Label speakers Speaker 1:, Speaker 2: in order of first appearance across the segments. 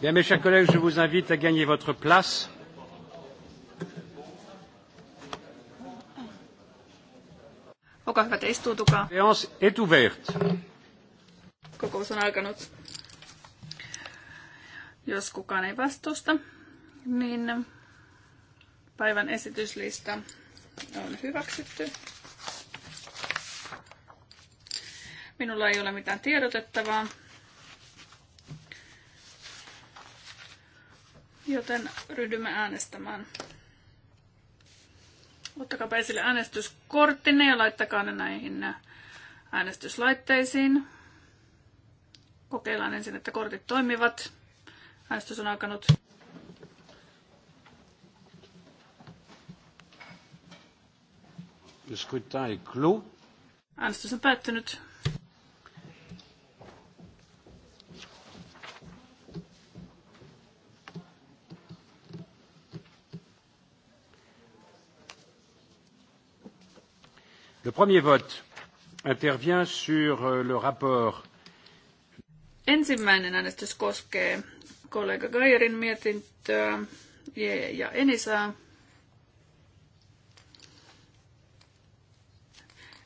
Speaker 1: Bien, mes chers collègues, je vous invite à gagner votre place.
Speaker 2: Olkaa hyvät, istuutukaa. Séance est ouverte. Kokous on alkanut. Jos kukaan ei vastusta, niin päivän esityslista on hyväksytty. Minulla ei ole mitään tiedotettavaa. Joten ryhdymme äänestämään. Ottakaa esille äänestyskorttinne ja laittakaa ne näihin äänestyslaitteisiin. Kokeillaan ensin, että kortit toimivat. Äänestys on alkanut.
Speaker 1: Le scrutin est clos.
Speaker 2: Äänestys on päättynyt.
Speaker 1: Le premier vote intervient sur euh, le rapport.
Speaker 2: Ensimmäinen äänestys koskee kollega Gajerin mietintöä ja Enisää.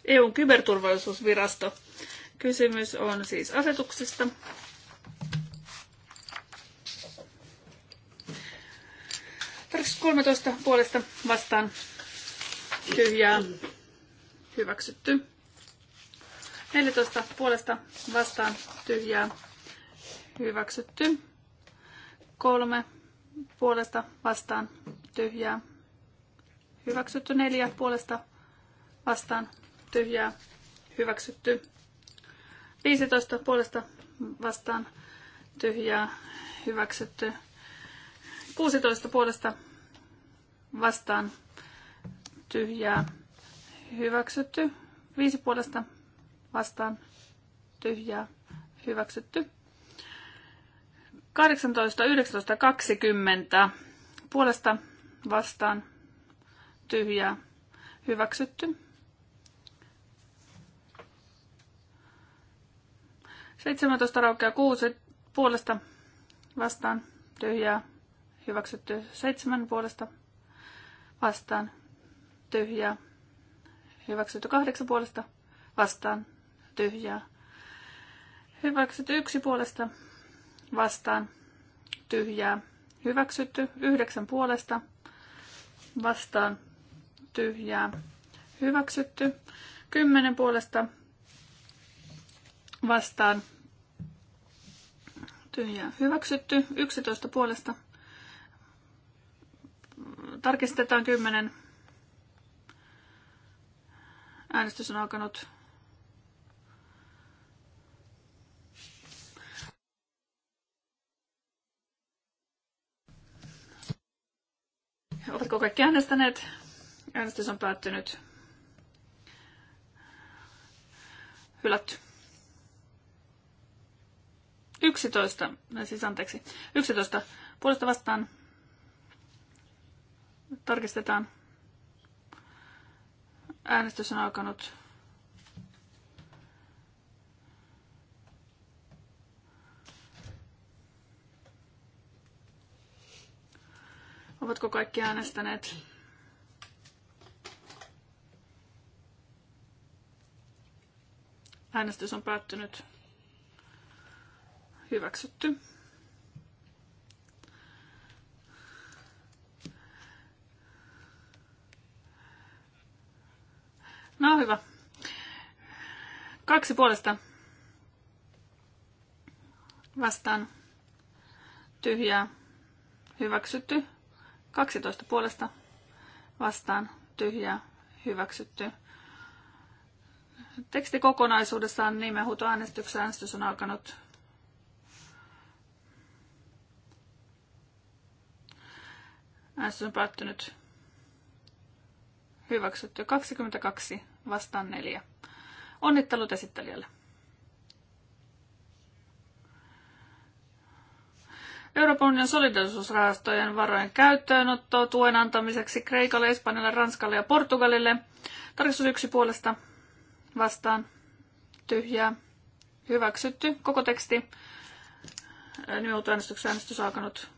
Speaker 2: EUn kyberturvallisuusvirasto. Kysymys on siis asetuksista. Tarkistus 13 puolesta vastaan tyhjää Hyväksytty. 14 puolesta vastaan tyhjää. Hyväksytty. 3 puolesta vastaan tyhjää. Hyväksytty. 4 puolesta vastaan tyhjää. Hyväksytty. 15 puolesta vastaan tyhjää. Hyväksytty. 16 puolesta vastaan tyhjää Hyväksytty. Viisi puolesta vastaan. Tyhjää. Hyväksytty. 18, 19, 20 puolesta vastaan. Tyhjää. Hyväksytty. 17 raukea 6 puolesta vastaan. Tyhjää. Hyväksytty. 7 puolesta vastaan. Tyhjää Hyväksytty kahdeksan puolesta vastaan tyhjää. Hyväksytty yksi puolesta vastaan tyhjää. Hyväksytty yhdeksän puolesta vastaan tyhjää. Hyväksytty kymmenen puolesta vastaan tyhjää. Hyväksytty yksitoista puolesta. Tarkistetaan kymmenen Äänestys on alkanut. Oletko kaikki äänestäneet? Äänestys on päättynyt. Hylätty. 11, no siis anteeksi, 11 puolesta vastaan tarkistetaan. Äänestys on alkanut. Ovatko kaikki äänestäneet? Äänestys on päättynyt. Hyväksytty. Kaksi puolesta vastaan tyhjää hyväksytty. 12 puolesta vastaan tyhjää hyväksytty. Teksti kokonaisuudessaan nimenhuuto äänestyksessä äänestys on alkanut. Äänestys on päättynyt. Hyväksytty 22 vastaan 4. Onnittelut esittelijälle. Euroopan unionin solidarisuusrahastojen varojen käyttöönotto tuen antamiseksi Kreikalle, Espanjalle, Ranskalle ja Portugalille. Tarkistus yksi puolesta vastaan tyhjää. Hyväksytty koko teksti. äänestyksen äänestys alkanut.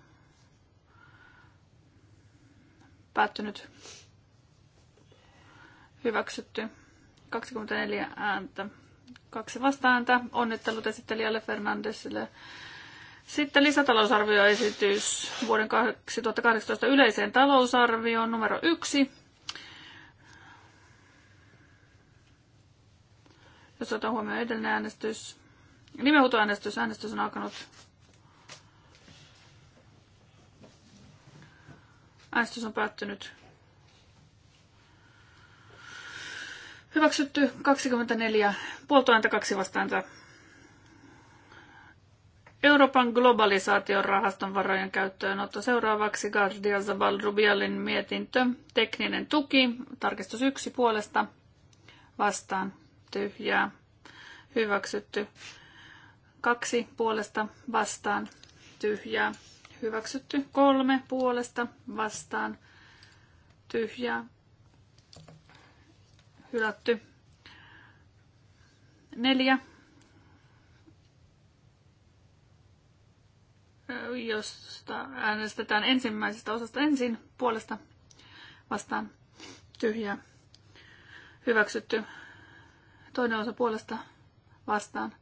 Speaker 2: Päättynyt. Hyväksytty. 24 ääntä, kaksi vastaääntä. Onnittelut esittelijälle Fernandesille. Sitten lisätalousarvioesitys vuoden 2018 yleiseen talousarvioon numero yksi. Jos otan huomioon edellinen äänestys, nimenhuutoäänestys, äänestys on alkanut. Äänestys on päättynyt. Hyväksytty 24, puolta ääntä kaksi vastaansa. Euroopan globalisaation rahaston varojen käyttöönotto. Seuraavaksi Gardia Zabal Rubialin mietintö. Tekninen tuki. Tarkistus yksi puolesta. Vastaan. Tyhjää. Hyväksytty. Kaksi puolesta. Vastaan. Tyhjää. Hyväksytty. Kolme puolesta. Vastaan. Tyhjää hylätty. Neljä. Josta äänestetään ensimmäisestä osasta ensin puolesta vastaan tyhjää. Hyväksytty. Toinen osa puolesta vastaan.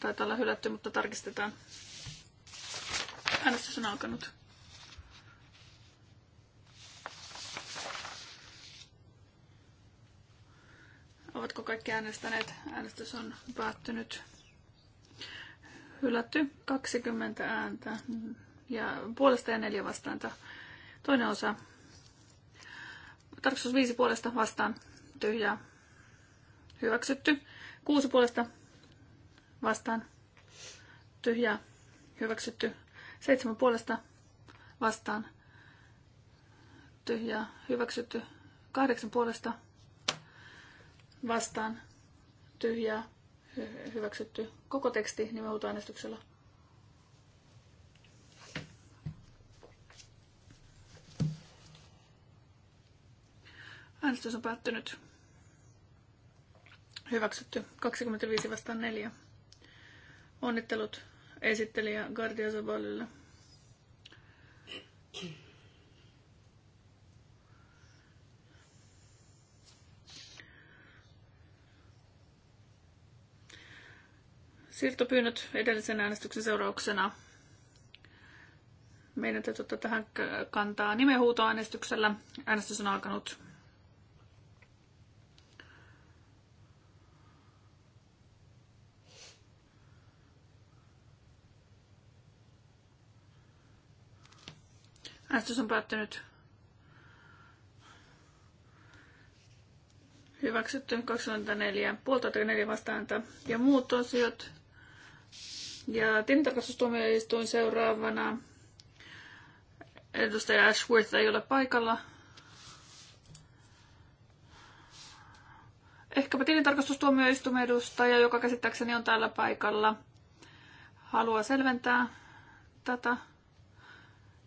Speaker 2: Taitaa olla hylätty, mutta tarkistetaan. Äänestys on alkanut. Ovatko kaikki äänestäneet? Äänestys on päättynyt. Hylätty 20 ääntä ja puolesta ja neljä vastaan. Toinen osa. Tarkoitus viisi puolesta vastaan. Tyhjää. Hyväksytty. Kuusi puolesta vastaan. Tyhjää. Hyväksytty. Seitsemän puolesta vastaan. Tyhjää. Hyväksytty. Kahdeksan puolesta vastaan vastaan tyhjää hyväksytty koko teksti nimenhuutoäänestyksellä. Äänestys on päättynyt. Hyväksytty 25 vastaan 4. Onnittelut esittelijä Gardia Zavallille. siirtopyynnöt edellisen äänestyksen seurauksena. Meidän täytyy ottaa tähän kantaa nimenhuutoäänestyksellä. Äänestys on alkanut. Äänestys on päättynyt. Hyväksytty 24, puolta 4 vastaanta. Ja muut osiot ja tilintarkastustuomioistuin seuraavana. Edustaja Ashworth ei ole paikalla. Ehkäpä tilintarkastustuomioistuimen edustaja, joka käsittääkseni on täällä paikalla, haluaa selventää tätä.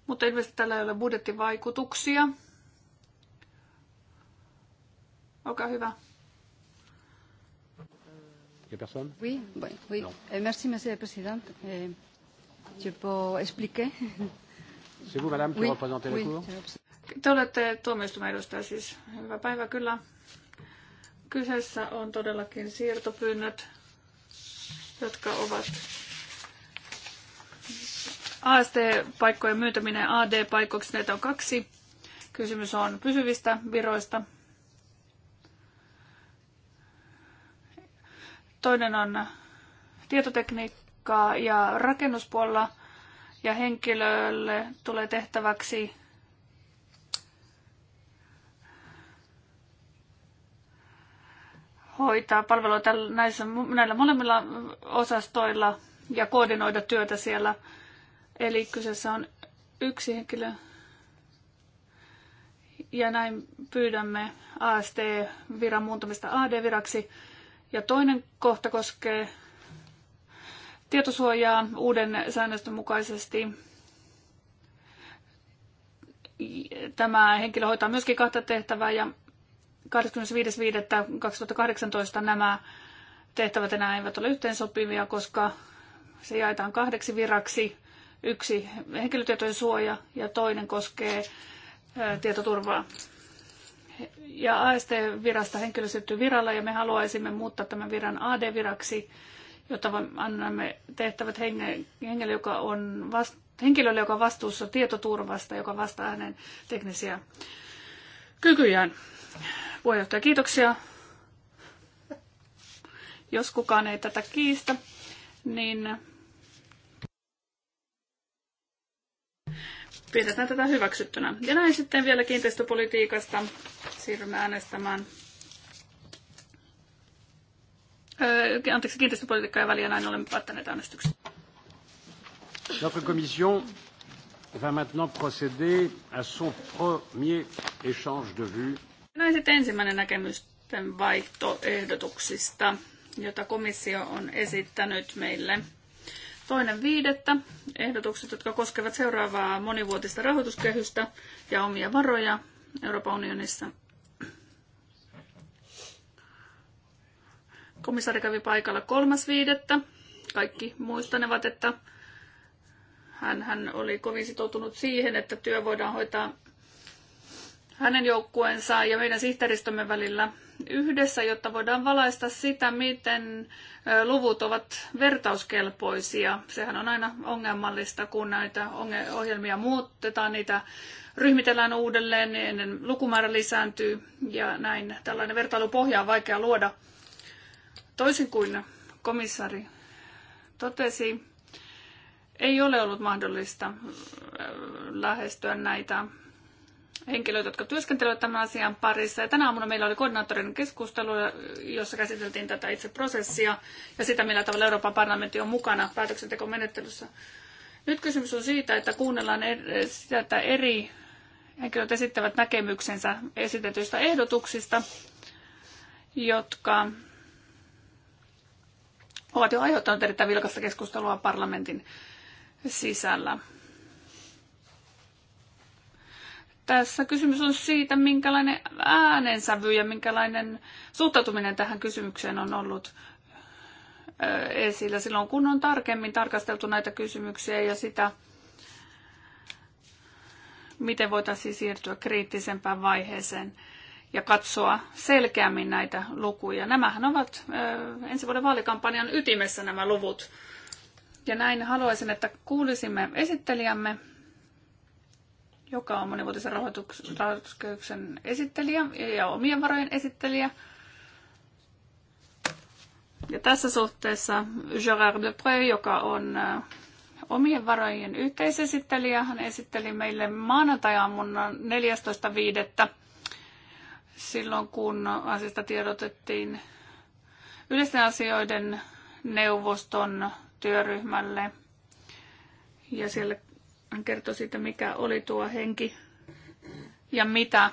Speaker 2: Mutta ilmeisesti tällä ei ole budjettivaikutuksia. Olkaa hyvä
Speaker 1: a personne
Speaker 3: Oui, oui. oui. Euh, merci, Monsieur le Président. Euh, je peux expliquer
Speaker 1: C'est vous, Madame, qui oui, représentez oui, le cours
Speaker 2: Te olette tuomioistuimen edustaja siis. Hyvä päivä kyllä. Kyseessä on todellakin siirtopyynnöt, jotka ovat AST-paikkojen myyntäminen AD-paikoiksi. Näitä on kaksi. Kysymys on pysyvistä viroista – toinen on tietotekniikkaa ja rakennuspuolella ja henkilölle tulee tehtäväksi hoitaa palveluita näissä, näillä molemmilla osastoilla ja koordinoida työtä siellä. Eli kyseessä on yksi henkilö. Ja näin pyydämme AST-viran muuntamista AD-viraksi. Ja toinen kohta koskee tietosuojaa uuden säännöstön mukaisesti. Tämä henkilö hoitaa myöskin kahta tehtävää ja 25.5.2018 nämä tehtävät enää eivät ole yhteensopivia, koska se jaetaan kahdeksi viraksi. Yksi henkilötietojen suoja ja toinen koskee tietoturvaa ja AST-virasta henkilö syttyy viralla ja me haluaisimme muuttaa tämän viran AD-viraksi, jotta annamme tehtävät hengelle, joka on vast, henkilölle, joka on vastuussa tietoturvasta, joka vastaa hänen teknisiä kykyjään. Puheenjohtaja, kiitoksia. Jos kukaan ei tätä kiistä, niin pidetään tätä hyväksyttynä. Ja näin sitten vielä kiinteistöpolitiikasta siirrymme äänestämään. Öö, anteeksi, kiinteistöpolitiikka ja väliä näin olemme päättäneet äänestyksen.
Speaker 1: Notre commission va maintenant procéder à son premier échange de vues.
Speaker 2: Näin sitten ensimmäinen näkemysten vaihtoehdotuksista, jota komissio on esittänyt meille. Toinen viidettä, ehdotukset, jotka koskevat seuraavaa monivuotista rahoituskehystä ja omia varoja Euroopan unionissa. Komissaari kävi paikalla kolmas viidettä. Kaikki muistanevat, että hän, hän oli kovin sitoutunut siihen, että työ voidaan hoitaa hänen joukkueensa ja meidän sihteeristömme välillä yhdessä, jotta voidaan valaista sitä, miten luvut ovat vertauskelpoisia. Sehän on aina ongelmallista, kun näitä ohjelmia muutetaan, niitä ryhmitellään uudelleen, niin lukumäärä lisääntyy ja näin. Tällainen vertailupohja on vaikea luoda. Toisin kuin komissari totesi, ei ole ollut mahdollista lähestyä näitä henkilöitä, jotka työskentelevät tämän asian parissa. Ja tänä aamuna meillä oli koordinaattorin keskustelu, jossa käsiteltiin tätä itse prosessia ja sitä, millä tavalla Euroopan parlamentti on mukana päätöksentekomenettelyssä. Nyt kysymys on siitä, että kuunnellaan sitä, että eri henkilöt esittävät näkemyksensä esitetyistä ehdotuksista, jotka ovat jo aiheuttaneet erittäin vilkasta keskustelua parlamentin sisällä. Tässä kysymys on siitä, minkälainen äänensävy ja minkälainen suhtautuminen tähän kysymykseen on ollut esillä silloin, kun on tarkemmin tarkasteltu näitä kysymyksiä ja sitä, miten voitaisiin siirtyä kriittisempään vaiheeseen ja katsoa selkeämmin näitä lukuja. Nämähän ovat ensi vuoden vaalikampanjan ytimessä nämä luvut. Ja näin haluaisin, että kuulisimme esittelijämme joka on monivuotisen rahoituskehyksen esittelijä ja omien varojen esittelijä. Ja tässä suhteessa Gérard Lepre, joka on äh, omien varojen yhteisesittelijä, hän esitteli meille maanantai 14.5. silloin, kun asiasta tiedotettiin yleisten asioiden neuvoston työryhmälle. Ja siellä hän kertoi siitä, mikä oli tuo henki ja mitä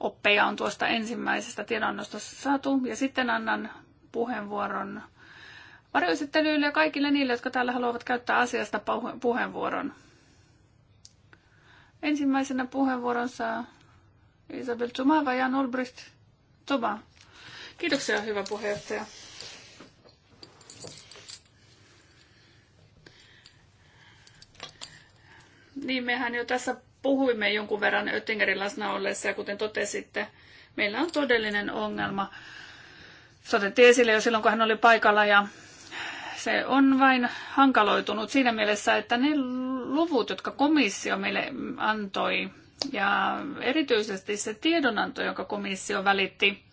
Speaker 2: oppeja on tuosta ensimmäisestä tiedonannosta saatu. Ja sitten annan puheenvuoron varjoesittelyille ja kaikille niille, jotka täällä haluavat käyttää asiasta puheenvuoron. Ensimmäisenä saa Isabel Tumava ja Nolbrist Toba. Kiitoksia, hyvä puheenjohtaja. Niin mehän jo tässä puhuimme jonkun verran Oettingerin läsnä ollessa ja kuten totesitte, meillä on todellinen ongelma. Se otettiin esille jo silloin, kun hän oli paikalla ja se on vain hankaloitunut siinä mielessä, että ne luvut, jotka komissio meille antoi ja erityisesti se tiedonanto, jonka komissio välitti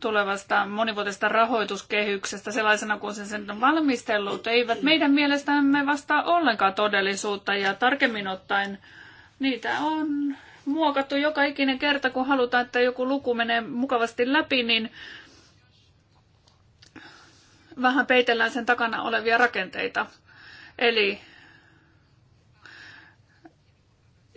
Speaker 2: tulevasta monivuotisesta rahoituskehyksestä sellaisena kuin se sen on valmistellut, eivät meidän mielestämme vastaa ollenkaan todellisuutta ja tarkemmin ottaen niitä on muokattu joka ikinen kerta, kun halutaan, että joku luku menee mukavasti läpi, niin vähän peitellään sen takana olevia rakenteita. Eli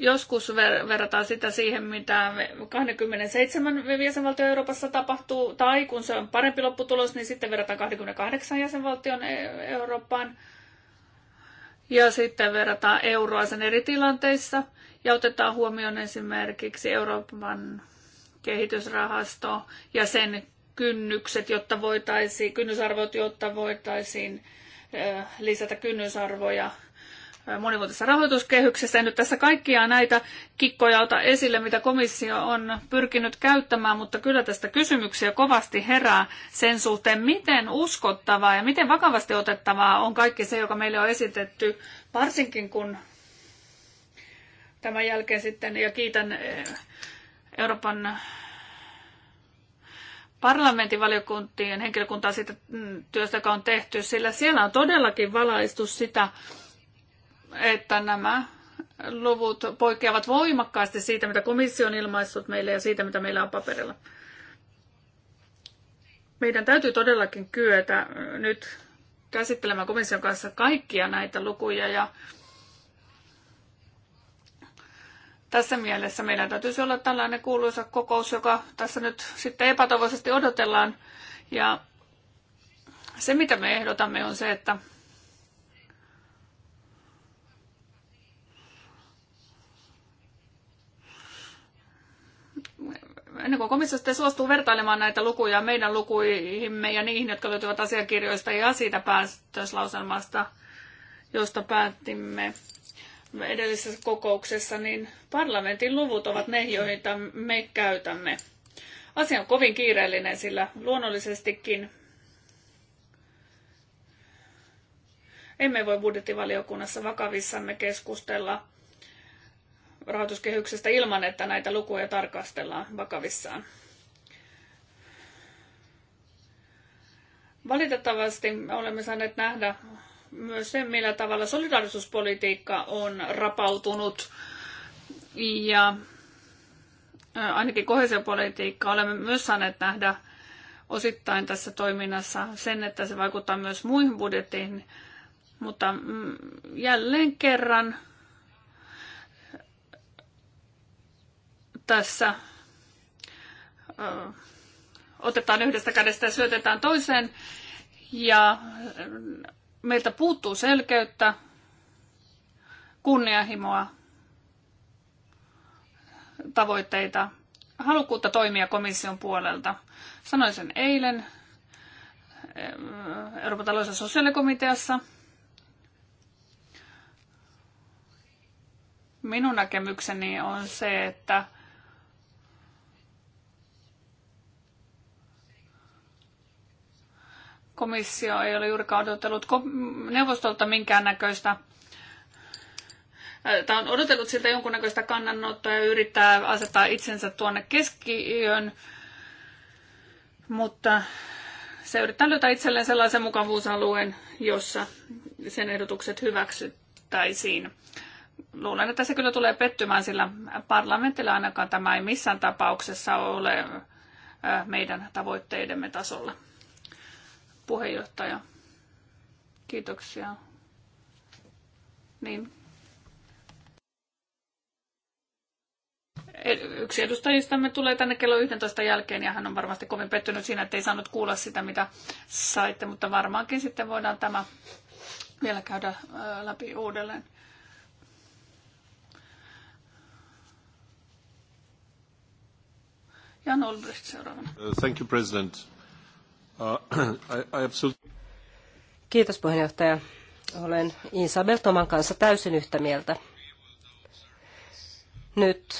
Speaker 2: Joskus ver- verrataan sitä siihen, mitä 27 jäsenvaltion Euroopassa tapahtuu, tai kun se on parempi lopputulos, niin sitten verrataan 28 jäsenvaltion e- Eurooppaan. Ja sitten verrataan euroa sen eri tilanteissa ja otetaan huomioon esimerkiksi Euroopan kehitysrahasto ja sen kynnykset, jotta voitaisiin, kynnysarvot, jotta voitaisiin lisätä kynnysarvoja monivuotisessa rahoituskehyksessä. En nyt tässä kaikkia näitä kikkoja ota esille, mitä komissio on pyrkinyt käyttämään, mutta kyllä tästä kysymyksiä kovasti herää sen suhteen, miten uskottavaa ja miten vakavasti otettavaa on kaikki se, joka meille on esitetty, varsinkin kun tämän jälkeen sitten, ja kiitän Euroopan parlamentin valiokuntien henkilökuntaa siitä mm, työstä, joka on tehty, sillä siellä on todellakin valaistus sitä, että nämä luvut poikkeavat voimakkaasti siitä, mitä komissio on ilmaissut meille ja siitä, mitä meillä on paperilla. Meidän täytyy todellakin kyetä nyt käsittelemään komission kanssa kaikkia näitä lukuja ja tässä mielessä meidän täytyisi olla tällainen kuuluisa kokous, joka tässä nyt sitten epätoivoisesti odotellaan. Ja se, mitä me ehdotamme, on se, että ennen kuin komissio sitten suostuu vertailemaan näitä lukuja meidän lukuihimme ja niihin, jotka löytyvät asiakirjoista ja siitä päätöslauselmasta, josta päätimme edellisessä kokouksessa, niin parlamentin luvut ovat ne, joita me käytämme. Asia on kovin kiireellinen, sillä luonnollisestikin emme voi budjettivaliokunnassa vakavissamme keskustella rahoituskehyksestä ilman, että näitä lukuja tarkastellaan vakavissaan. Valitettavasti olemme saaneet nähdä myös sen, millä tavalla solidaarisuuspolitiikka on rapautunut ja ainakin kohesiopolitiikka olemme myös saaneet nähdä osittain tässä toiminnassa sen, että se vaikuttaa myös muihin budjettiin, mutta mm, jälleen kerran tässä otetaan yhdestä kädestä ja syötetään toiseen. Ja meiltä puuttuu selkeyttä, kunnianhimoa, tavoitteita, halukkuutta toimia komission puolelta. Sanoin sen eilen Euroopan talous- ja sosiaalikomiteassa. Minun näkemykseni on se, että Komissio ei ole juurikaan odotellut neuvostolta minkäännäköistä Tämä on odotellut siltä jonkunnäköistä kannanottoa ja yrittää asettaa itsensä tuonne keskiöön, mutta se yrittää löytää itselleen sellaisen mukavuusalueen, jossa sen ehdotukset hyväksyttäisiin. Luulen, että se kyllä tulee pettymään, sillä parlamentilla ainakaan tämä ei missään tapauksessa ole meidän tavoitteidemme tasolla puheenjohtaja. Kiitoksia. Niin. Yksi edustajistamme tulee tänne kello 11 jälkeen ja hän on varmasti kovin pettynyt siinä, että ei saanut kuulla sitä, mitä saitte, mutta varmaankin sitten voidaan tämä vielä käydä läpi uudelleen. Jan Olbrich
Speaker 4: seuraavana. Thank you, President. Uh,
Speaker 3: Kiitos puheenjohtaja. Olen Isabel Toman kanssa täysin yhtä mieltä. Nyt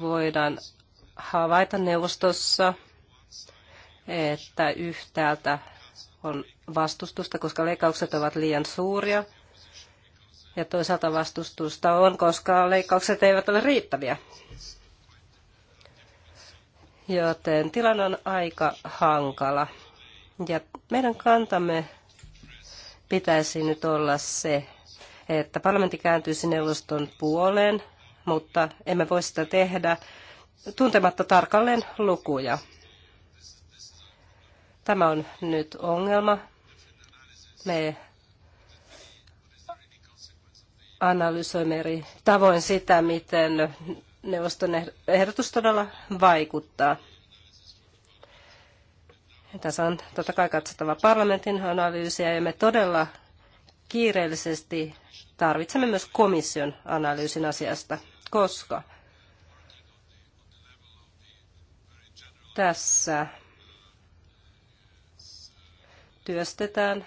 Speaker 3: voidaan havaita neuvostossa, että yhtäältä on vastustusta, koska leikkaukset ovat liian suuria, ja toisaalta vastustusta on, koska leikkaukset eivät ole riittäviä. Joten tilanne on aika hankala. Ja meidän kantamme pitäisi nyt olla se, että parlamentti kääntyisi neuvoston puoleen, mutta emme voi sitä tehdä tuntematta tarkalleen lukuja. Tämä on nyt ongelma. Me analysoimme eri tavoin sitä, miten neuvoston ehdotus todella vaikuttaa. Tässä on totta kai katsottava parlamentin analyysiä ja me todella kiireellisesti tarvitsemme myös komission analyysin asiasta, koska tässä työstetään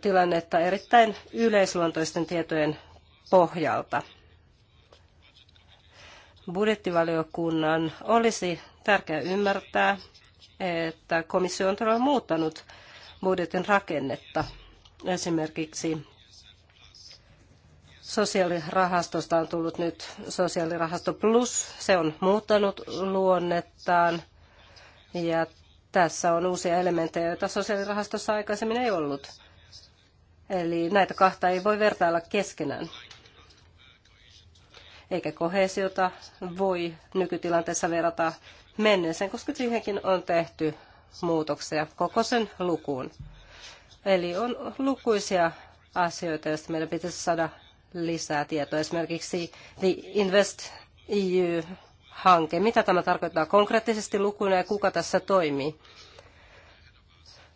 Speaker 3: tilannetta erittäin yleisluontoisten tietojen pohjalta. Budjettivaliokunnan olisi tärkeää ymmärtää, että komissio on todella muuttanut budjetin rakennetta. Esimerkiksi sosiaalirahastosta on tullut nyt sosiaalirahasto plus. Se on muuttanut luonnettaan ja tässä on uusia elementtejä, joita sosiaalirahastossa aikaisemmin ei ollut. Eli näitä kahta ei voi vertailla keskenään. Eikä kohesiota voi nykytilanteessa verrata menneeseen, koska siihenkin on tehty muutoksia koko sen lukuun. Eli on lukuisia asioita, joista meidän pitäisi saada lisää tietoa. Esimerkiksi The Invest EU-hanke. Mitä tämä tarkoittaa konkreettisesti lukuina ja kuka tässä toimii?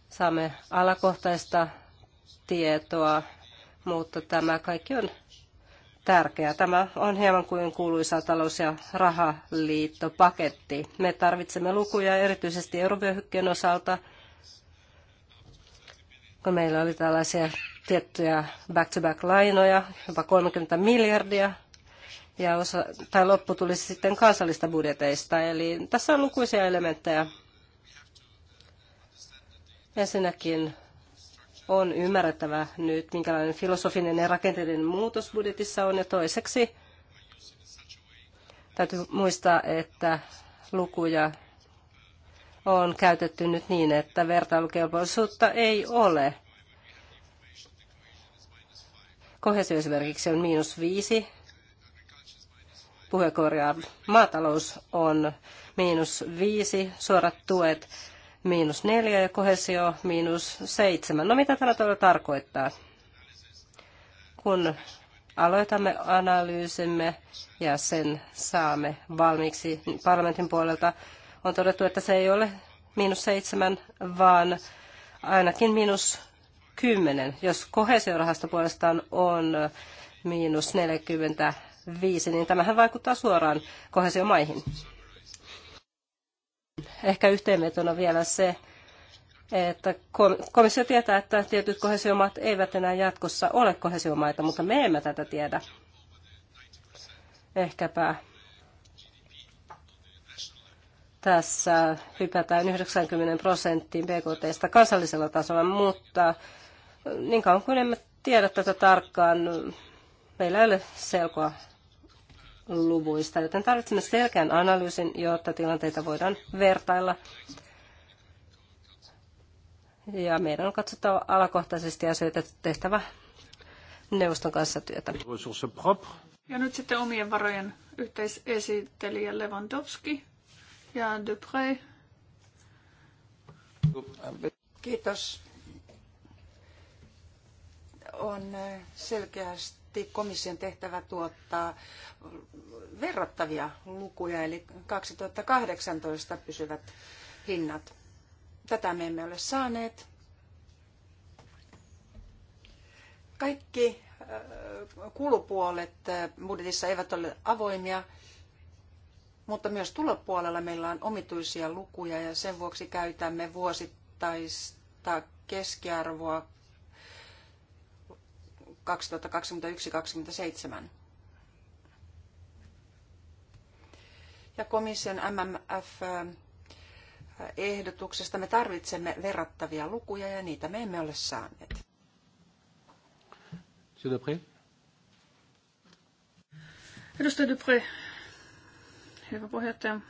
Speaker 3: Saamme alakohtaista tietoa, mutta tämä kaikki on tärkeää. Tämä on hieman kuin kuuluisa talous- ja rahaliittopaketti. Me tarvitsemme lukuja erityisesti eurovyöhykkeen osalta, kun meillä oli tällaisia tiettyjä back-to-back-lainoja, jopa 30 miljardia, ja osa, tai loppu tulisi sitten kansallista budjeteista. Eli tässä on lukuisia elementtejä. Ensinnäkin on ymmärrettävä nyt, minkälainen filosofinen ja rakenteellinen muutos budjetissa on. Ja toiseksi täytyy muistaa, että lukuja on käytetty nyt niin, että vertailukelpoisuutta ei ole. Kohesio esimerkiksi on miinus viisi. Puhekorjaa maatalous on miinus viisi, suorat tuet miinus neljä ja kohesio miinus seitsemän. No mitä tämä todella tarkoittaa? Kun aloitamme analyysimme ja sen saamme valmiiksi parlamentin puolelta, on todettu, että se ei ole miinus seitsemän, vaan ainakin miinus kymmenen. Jos kohesiorahasto puolestaan on miinus viisi, niin tämähän vaikuttaa suoraan kohesiomaihin. maihin ehkä yhteenvetona vielä se, että komissio tietää, että tietyt kohesiomaat eivät enää jatkossa ole kohesiomaita, mutta me emme tätä tiedä. Ehkäpä tässä hypätään 90 prosenttiin BKT kansallisella tasolla, mutta niin kauan kuin emme tiedä tätä tarkkaan, meillä ei ole selkoa luvuista, joten tarvitsemme selkeän analyysin, jotta tilanteita voidaan vertailla. Ja meidän on katsottava alakohtaisesti asioita tehtävä neuvoston kanssa työtä. Ja
Speaker 2: nyt sitten omien varojen yhteisesittelijä Lewandowski ja Dupré.
Speaker 4: Kiitos. On äh, selkeästi tietysti komission tehtävä tuottaa verrattavia lukuja, eli 2018 pysyvät hinnat. Tätä me emme ole saaneet. Kaikki äh, kulupuolet äh, budjetissa eivät ole avoimia, mutta myös tulopuolella meillä on omituisia lukuja ja sen vuoksi käytämme vuosittaista keskiarvoa 2021-2027. Ja komission MMF äh, ehdotuksesta me tarvitsemme verrattavia lukuja ja niitä me emme ole saaneet.
Speaker 2: Edustaja Dupré, hyvä puheenjohtaja.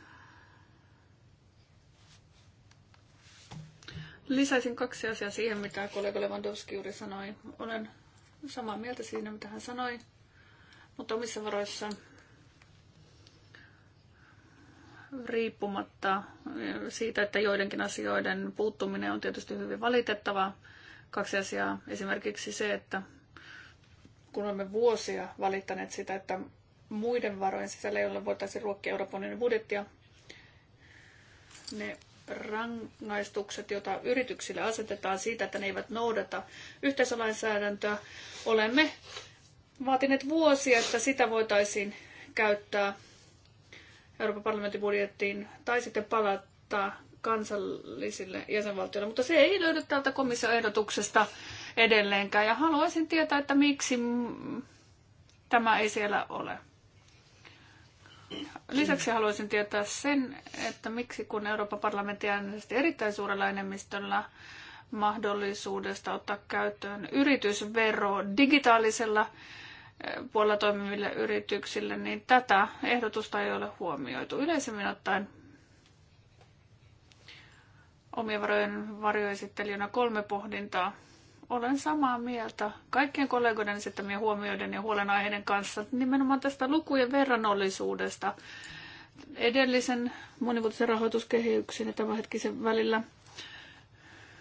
Speaker 2: Lisäisin kaksi asiaa siihen, mitä kollega Lewandowski juuri sanoi. Olen samaa mieltä siinä, mitä hän sanoi, mutta omissa varoissa riippumatta eh, siitä, että joidenkin asioiden puuttuminen on tietysti hyvin valitettavaa. Kaksi asiaa. Esimerkiksi se, että kun olemme vuosia valittaneet sitä, että muiden varojen sisällä, jolla voitaisiin ruokkia Euroopan budjettia, ne rangaistukset, joita yrityksille asetetaan siitä, että ne eivät noudata yhteisölainsäädäntöä. Olemme vaatineet vuosia, että sitä voitaisiin käyttää Euroopan parlamentin budjettiin tai sitten palata kansallisille jäsenvaltioille, mutta se ei löydy täältä komission ehdotuksesta edelleenkään. Ja haluaisin tietää, että miksi tämä ei siellä ole. Lisäksi haluaisin tietää sen, että miksi kun Euroopan parlamentti äänesti erittäin suurella enemmistöllä mahdollisuudesta ottaa käyttöön yritysvero digitaalisella eh, puolella toimiville yrityksille, niin tätä ehdotusta ei ole huomioitu. Yleisemmin ottaen omien varojen varjoesittelijänä kolme pohdintaa – olen samaa mieltä kaikkien kollegoiden esittämien huomioiden ja huolenaiheiden kanssa nimenomaan tästä lukujen verrannollisuudesta edellisen monivuotisen rahoituskehyksen ja tämänhetkisen välillä.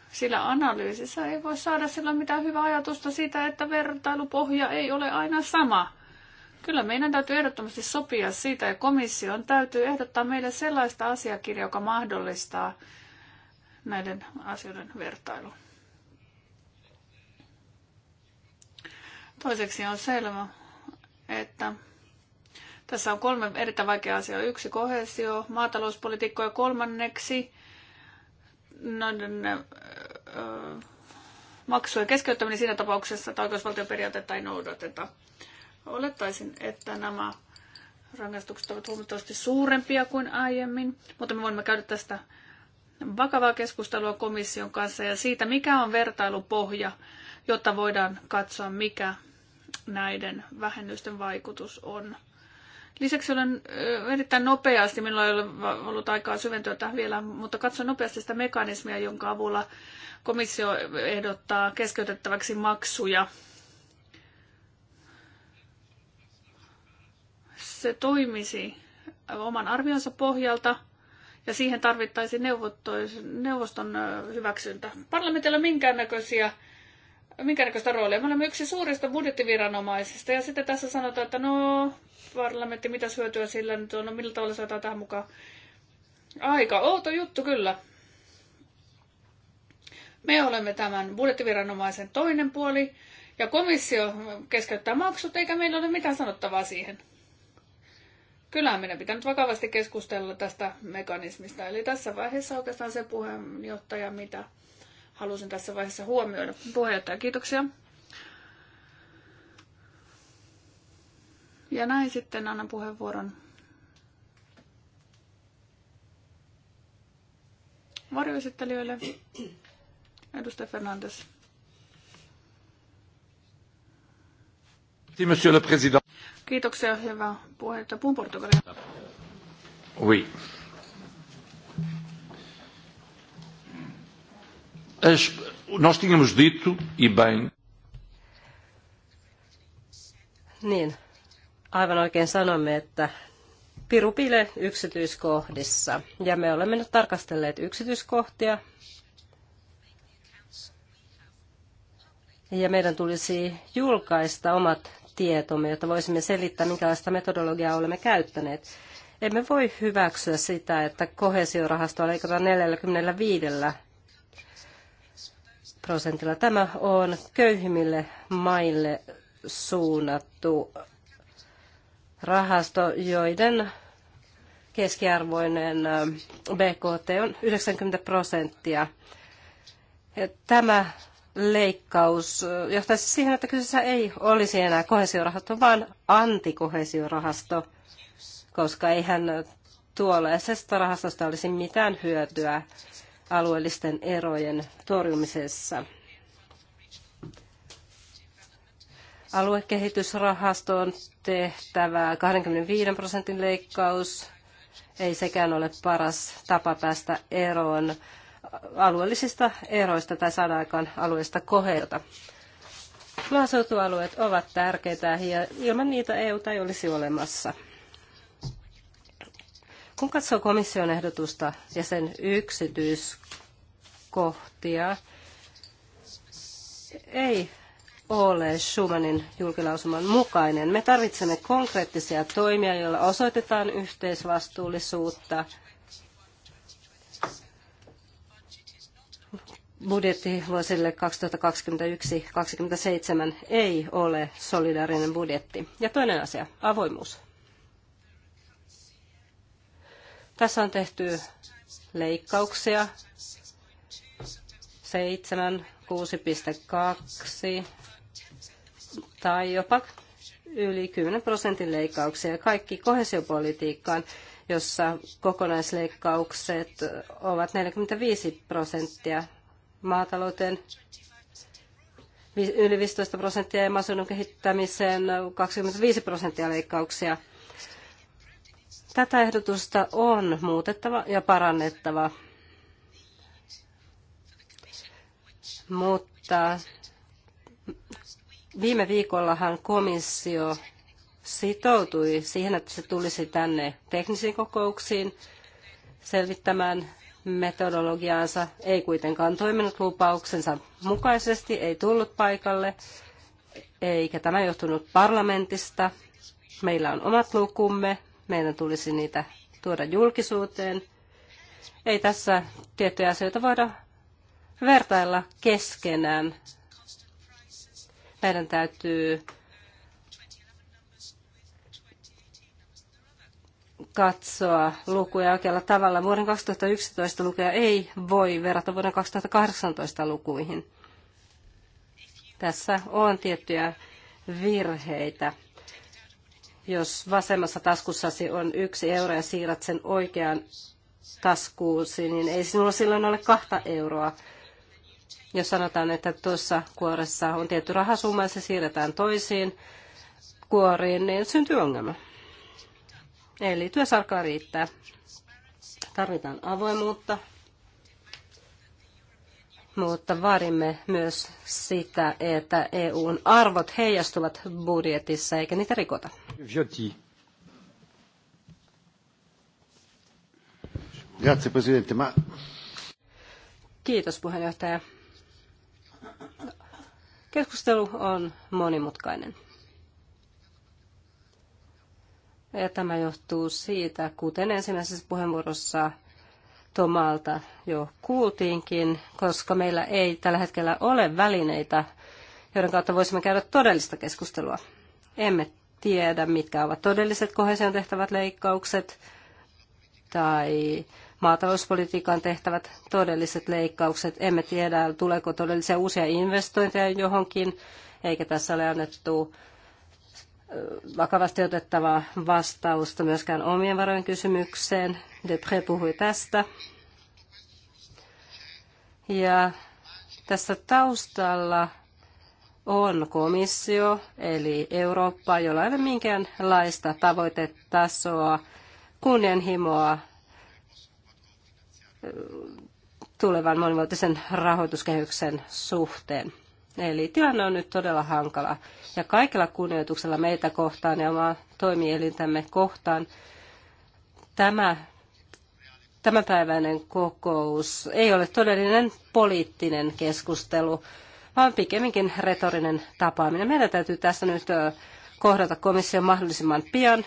Speaker 2: Sillä analyysissä ei voi saada silloin mitään hyvää ajatusta siitä, että vertailupohja ei ole aina sama. Kyllä meidän täytyy ehdottomasti sopia siitä ja komission täytyy ehdottaa meille sellaista asiakirjaa, joka mahdollistaa näiden asioiden vertailun. Toiseksi on selvä, että tässä on kolme erittäin vaikeaa asiaa. Yksi kohesio, maatalouspolitiikko ja kolmanneksi ne, ne, ö, maksujen keskeyttäminen siinä tapauksessa, että oikeusvaltioperiaatetta ei noudateta. Olettaisin, että nämä rangaistukset ovat huomattavasti suurempia kuin aiemmin, mutta me voimme käydä tästä vakavaa keskustelua komission kanssa ja siitä, mikä on vertailupohja, jotta voidaan katsoa, mikä näiden vähennysten vaikutus on. Lisäksi olen erittäin nopeasti, minulla ei ole ollut aikaa syventyä tähän vielä, mutta katson nopeasti sitä mekanismia, jonka avulla komissio ehdottaa keskeytettäväksi maksuja. Se toimisi oman arvionsa pohjalta ja siihen tarvittaisiin neuvoston hyväksyntä. Parlamentilla minkäännäköisiä minkäännäköistä roolia. Me olemme yksi suurista budjettiviranomaisista ja sitten tässä sanotaan, että no parlamentti, mitä hyötyä sillä nyt on, no millä tavalla se otetaan tähän mukaan. Aika outo juttu kyllä. Me olemme tämän budjettiviranomaisen toinen puoli ja komissio keskeyttää maksut eikä meillä ole mitään sanottavaa siihen. Kyllä meidän pitää nyt vakavasti keskustella tästä mekanismista. Eli tässä vaiheessa oikeastaan se puheenjohtaja, mitä halusin tässä vaiheessa huomioida. Puheenjohtaja, kiitoksia. Ja näin sitten annan puheenvuoron varjoesittelijöille. Edustaja Fernandes.
Speaker 1: Monsieur le Président.
Speaker 2: Kiitoksia, hyvä puheenjohtaja. Puhun Portugalia.
Speaker 1: Oui. As, nós tínhamos dito, e
Speaker 3: bem... Niin, aivan oikein sanomme, että piru piilee yksityiskohdissa. Ja me olemme nyt tarkastelleet yksityiskohtia. Ja meidän tulisi julkaista omat tietomme, jotta voisimme selittää, minkälaista metodologiaa olemme käyttäneet. Emme voi hyväksyä sitä, että kohesiorahastoa leikataan 45 prosentilla. Tämä on köyhimmille maille suunnattu rahasto, joiden keskiarvoinen BKT on 90 prosenttia. Tämä leikkaus johtaisi siihen, että kyseessä ei olisi enää kohesiorahasto, vaan antikohesiorahasto, koska eihän tuollaisesta rahastosta olisi mitään hyötyä alueellisten erojen torjumisessa. Aluekehitysrahastoon tehtävä 25 prosentin leikkaus ei sekään ole paras tapa päästä eroon alueellisista eroista tai saada aikaan alueellista koheilta. Maaseutualueet ovat tärkeitä ja ilman niitä EU ei olisi olemassa. Kun katsoo komission ehdotusta ja sen yksityiskohtia, ei ole Schumannin julkilausuman mukainen. Me tarvitsemme konkreettisia toimia, joilla osoitetaan yhteisvastuullisuutta. Budjetti vuosille 2021-2027 ei ole solidaarinen budjetti. Ja toinen asia, avoimuus. Tässä on tehty leikkauksia 7, 6,2 tai jopa yli 10 prosentin leikkauksia. Kaikki kohesiopolitiikkaan, jossa kokonaisleikkaukset ovat 45 prosenttia maatalouteen yli 15 prosenttia ja maaseudun kehittämiseen 25 prosenttia leikkauksia. Tätä ehdotusta on muutettava ja parannettava, mutta viime viikollahan komissio sitoutui siihen, että se tulisi tänne teknisiin kokouksiin selvittämään metodologiaansa, ei kuitenkaan toiminut lupauksensa mukaisesti, ei tullut paikalle, eikä tämä johtunut parlamentista. Meillä on omat lukumme, meidän tulisi niitä tuoda julkisuuteen. Ei tässä tiettyjä asioita voida vertailla keskenään. Meidän täytyy katsoa lukuja oikealla tavalla. Vuoden 2011 lukuja ei voi verrata vuoden 2018 lukuihin. Tässä on tiettyjä virheitä. Jos vasemmassa taskussasi on yksi euro ja siirrät sen oikeaan taskuusi, niin ei sinulla silloin ole kahta euroa. Jos sanotaan, että tuossa kuoressa on tietty rahasumma ja se siirretään toisiin kuoriin, niin syntyy ongelma. Eli työsarkaa riittää. Tarvitaan avoimuutta, mutta vaadimme myös sitä, että EUn arvot heijastuvat budjetissa eikä niitä rikota.
Speaker 1: Viotti. Grazie, Presidente. Ma...
Speaker 3: Kiitos puheenjohtaja. Keskustelu on monimutkainen. Ja tämä johtuu siitä, kuten ensimmäisessä puheenvuorossa Tomalta jo kuultiinkin, koska meillä ei tällä hetkellä ole välineitä, joiden kautta voisimme käydä todellista keskustelua. Emme tiedä, mitkä ovat todelliset kohesion tehtävät leikkaukset tai maatalouspolitiikan tehtävät todelliset leikkaukset. Emme tiedä, tuleeko todellisia uusia investointeja johonkin, eikä tässä ole annettu vakavasti otettavaa vastausta myöskään omien varojen kysymykseen. Depre puhui tästä. Ja tässä taustalla on komissio, eli Eurooppa, jolla ei ole minkäänlaista tavoitetasoa, kunnianhimoa tulevan monivuotisen rahoituskehyksen suhteen. Eli tilanne on nyt todella hankala. Ja kaikella kunnioituksella meitä kohtaan ja omaa toimielintämme kohtaan tämä tämänpäiväinen kokous ei ole todellinen poliittinen keskustelu, vaan pikemminkin retorinen tapaaminen. Meidän täytyy tässä nyt kohdata komission mahdollisimman pian.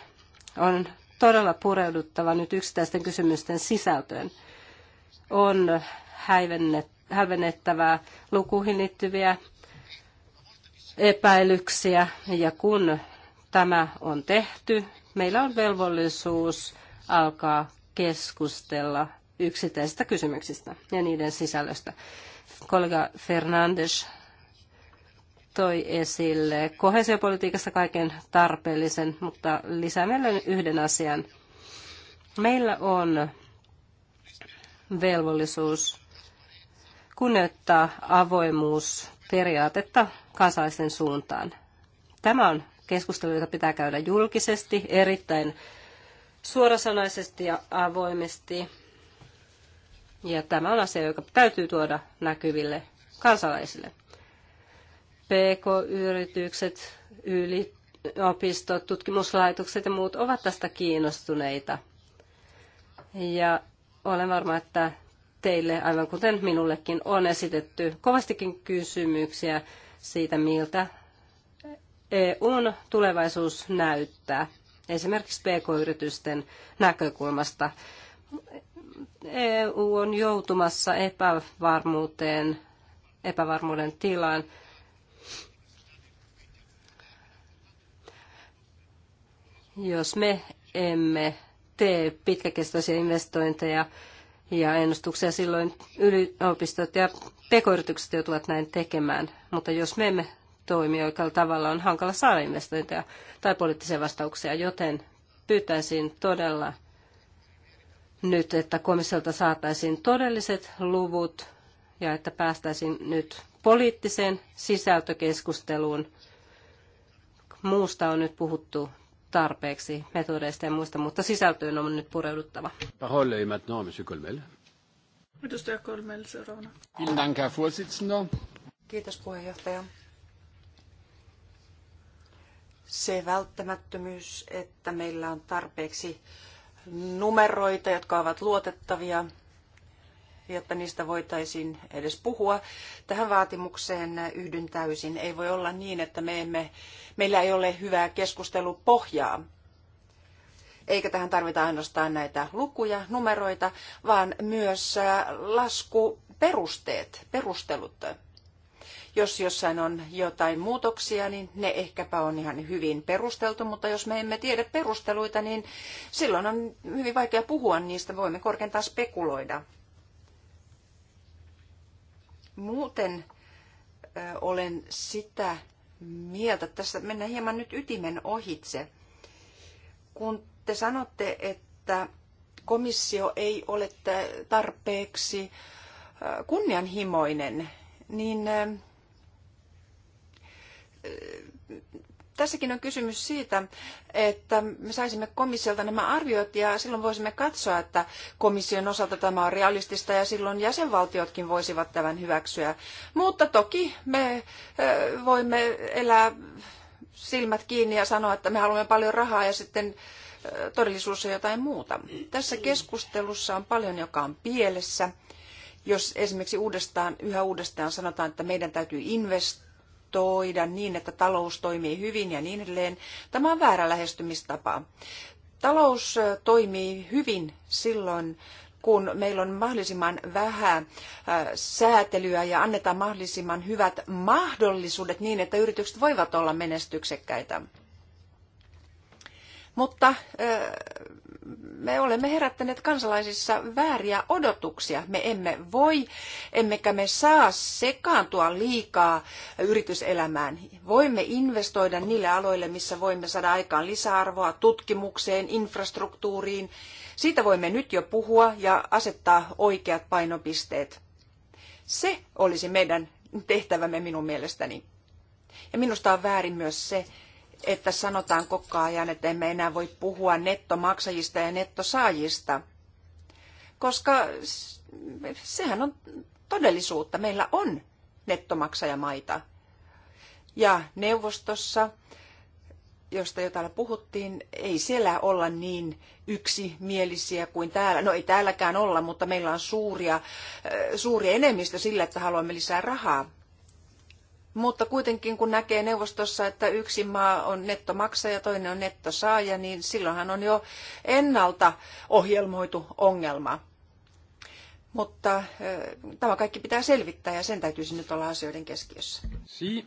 Speaker 3: On todella pureuduttava nyt yksittäisten kysymysten sisältöön. On häivennettävää lukuihin liittyviä epäilyksiä ja kun tämä on tehty, meillä on velvollisuus alkaa keskustella yksittäisistä kysymyksistä ja niiden sisällöstä. Kollega Fernandes toi esille kohesiopolitiikassa kaiken tarpeellisen, mutta lisäämällä yhden asian. Meillä on velvollisuus kunnioittaa avoimuusperiaatetta kansalaisten suuntaan. Tämä on keskustelu, jota pitää käydä julkisesti, erittäin suorasanaisesti ja avoimesti. Ja tämä on asia, joka täytyy tuoda näkyville kansalaisille. PK-yritykset, yliopistot, tutkimuslaitokset ja muut ovat tästä kiinnostuneita. Ja olen varma, että teille, aivan kuten minullekin, on esitetty kovastikin kysymyksiä siitä, miltä EUn tulevaisuus näyttää, esimerkiksi pk-yritysten näkökulmasta. EU on joutumassa epävarmuuteen, epävarmuuden tilaan. Jos me emme tee pitkäkestoisia investointeja ja ennustuksia silloin yliopistot ja pk joutuvat näin tekemään. Mutta jos me emme toimi oikealla tavalla, on hankala saada investointeja tai poliittisia vastauksia, joten pyytäisin todella nyt, että komissiolta saataisiin todelliset luvut ja että päästäisiin nyt poliittiseen sisältökeskusteluun. Muusta on nyt puhuttu tarpeeksi metodeista ja muista, mutta sisältöön on nyt pureuduttava.
Speaker 1: Parole est maintenant, monsieur Colmel.
Speaker 4: Edustaja Colmel seuraavana.
Speaker 1: Vielen Dank, Herr Vorsitzender.
Speaker 4: Kiitos puheenjohtaja. Se välttämättömyys, että meillä on tarpeeksi numeroita, jotka ovat luotettavia, jotta niistä voitaisiin edes puhua. Tähän vaatimukseen yhdyn täysin. Ei voi olla niin, että me emme, meillä ei ole hyvää keskustelupohjaa. Eikä tähän tarvita ainoastaan näitä lukuja, numeroita, vaan myös äh, laskuperusteet, perustelut. Jos jossain on jotain muutoksia, niin ne ehkäpä on ihan hyvin perusteltu, mutta jos me emme tiedä perusteluita, niin silloin on hyvin vaikea puhua niistä, voimme korkeintaan spekuloida. Muuten olen sitä mieltä, että tässä mennään hieman nyt ytimen ohitse. Kun te sanotte, että komissio ei ole tarpeeksi kunnianhimoinen, niin tässäkin on kysymys siitä, että me saisimme komissiolta nämä arviot ja silloin voisimme katsoa, että komission osalta tämä on realistista ja silloin jäsenvaltiotkin voisivat tämän hyväksyä. Mutta toki me voimme elää silmät kiinni ja sanoa, että me haluamme paljon rahaa ja sitten todellisuus on jotain muuta. Tässä keskustelussa on paljon, joka on pielessä. Jos esimerkiksi uudestaan, yhä uudestaan sanotaan, että meidän täytyy investoida, investoida niin, että talous toimii hyvin ja niin edelleen. Tämä on väärä lähestymistapa. Talous toimii hyvin silloin, kun meillä on mahdollisimman vähän säätelyä ja annetaan mahdollisimman hyvät mahdollisuudet niin, että yritykset voivat olla menestyksekkäitä. Mutta me olemme herättäneet kansalaisissa vääriä odotuksia. Me emme voi, emmekä me saa sekaantua liikaa yrityselämään. Voimme investoida niille aloille, missä voimme saada aikaan lisäarvoa tutkimukseen, infrastruktuuriin. Siitä voimme nyt jo puhua ja asettaa oikeat painopisteet. Se olisi meidän tehtävämme minun mielestäni. Ja minusta on väärin myös se, että sanotaan koko ajan, että emme enää voi puhua nettomaksajista ja nettosaajista, koska sehän on todellisuutta. Meillä on nettomaksajamaita. Ja neuvostossa, josta jo täällä puhuttiin, ei siellä olla niin yksimielisiä kuin täällä. No ei täälläkään olla, mutta meillä on suuria, suuri enemmistö sillä, että haluamme lisää rahaa mutta kuitenkin kun näkee neuvostossa, että yksi maa on nettomaksaja, toinen on nettosaaja, niin silloinhan on jo ennalta ohjelmoitu ongelma. Mutta tämä kaikki pitää selvittää ja sen täytyisi nyt olla asioiden keskiössä.
Speaker 1: Si.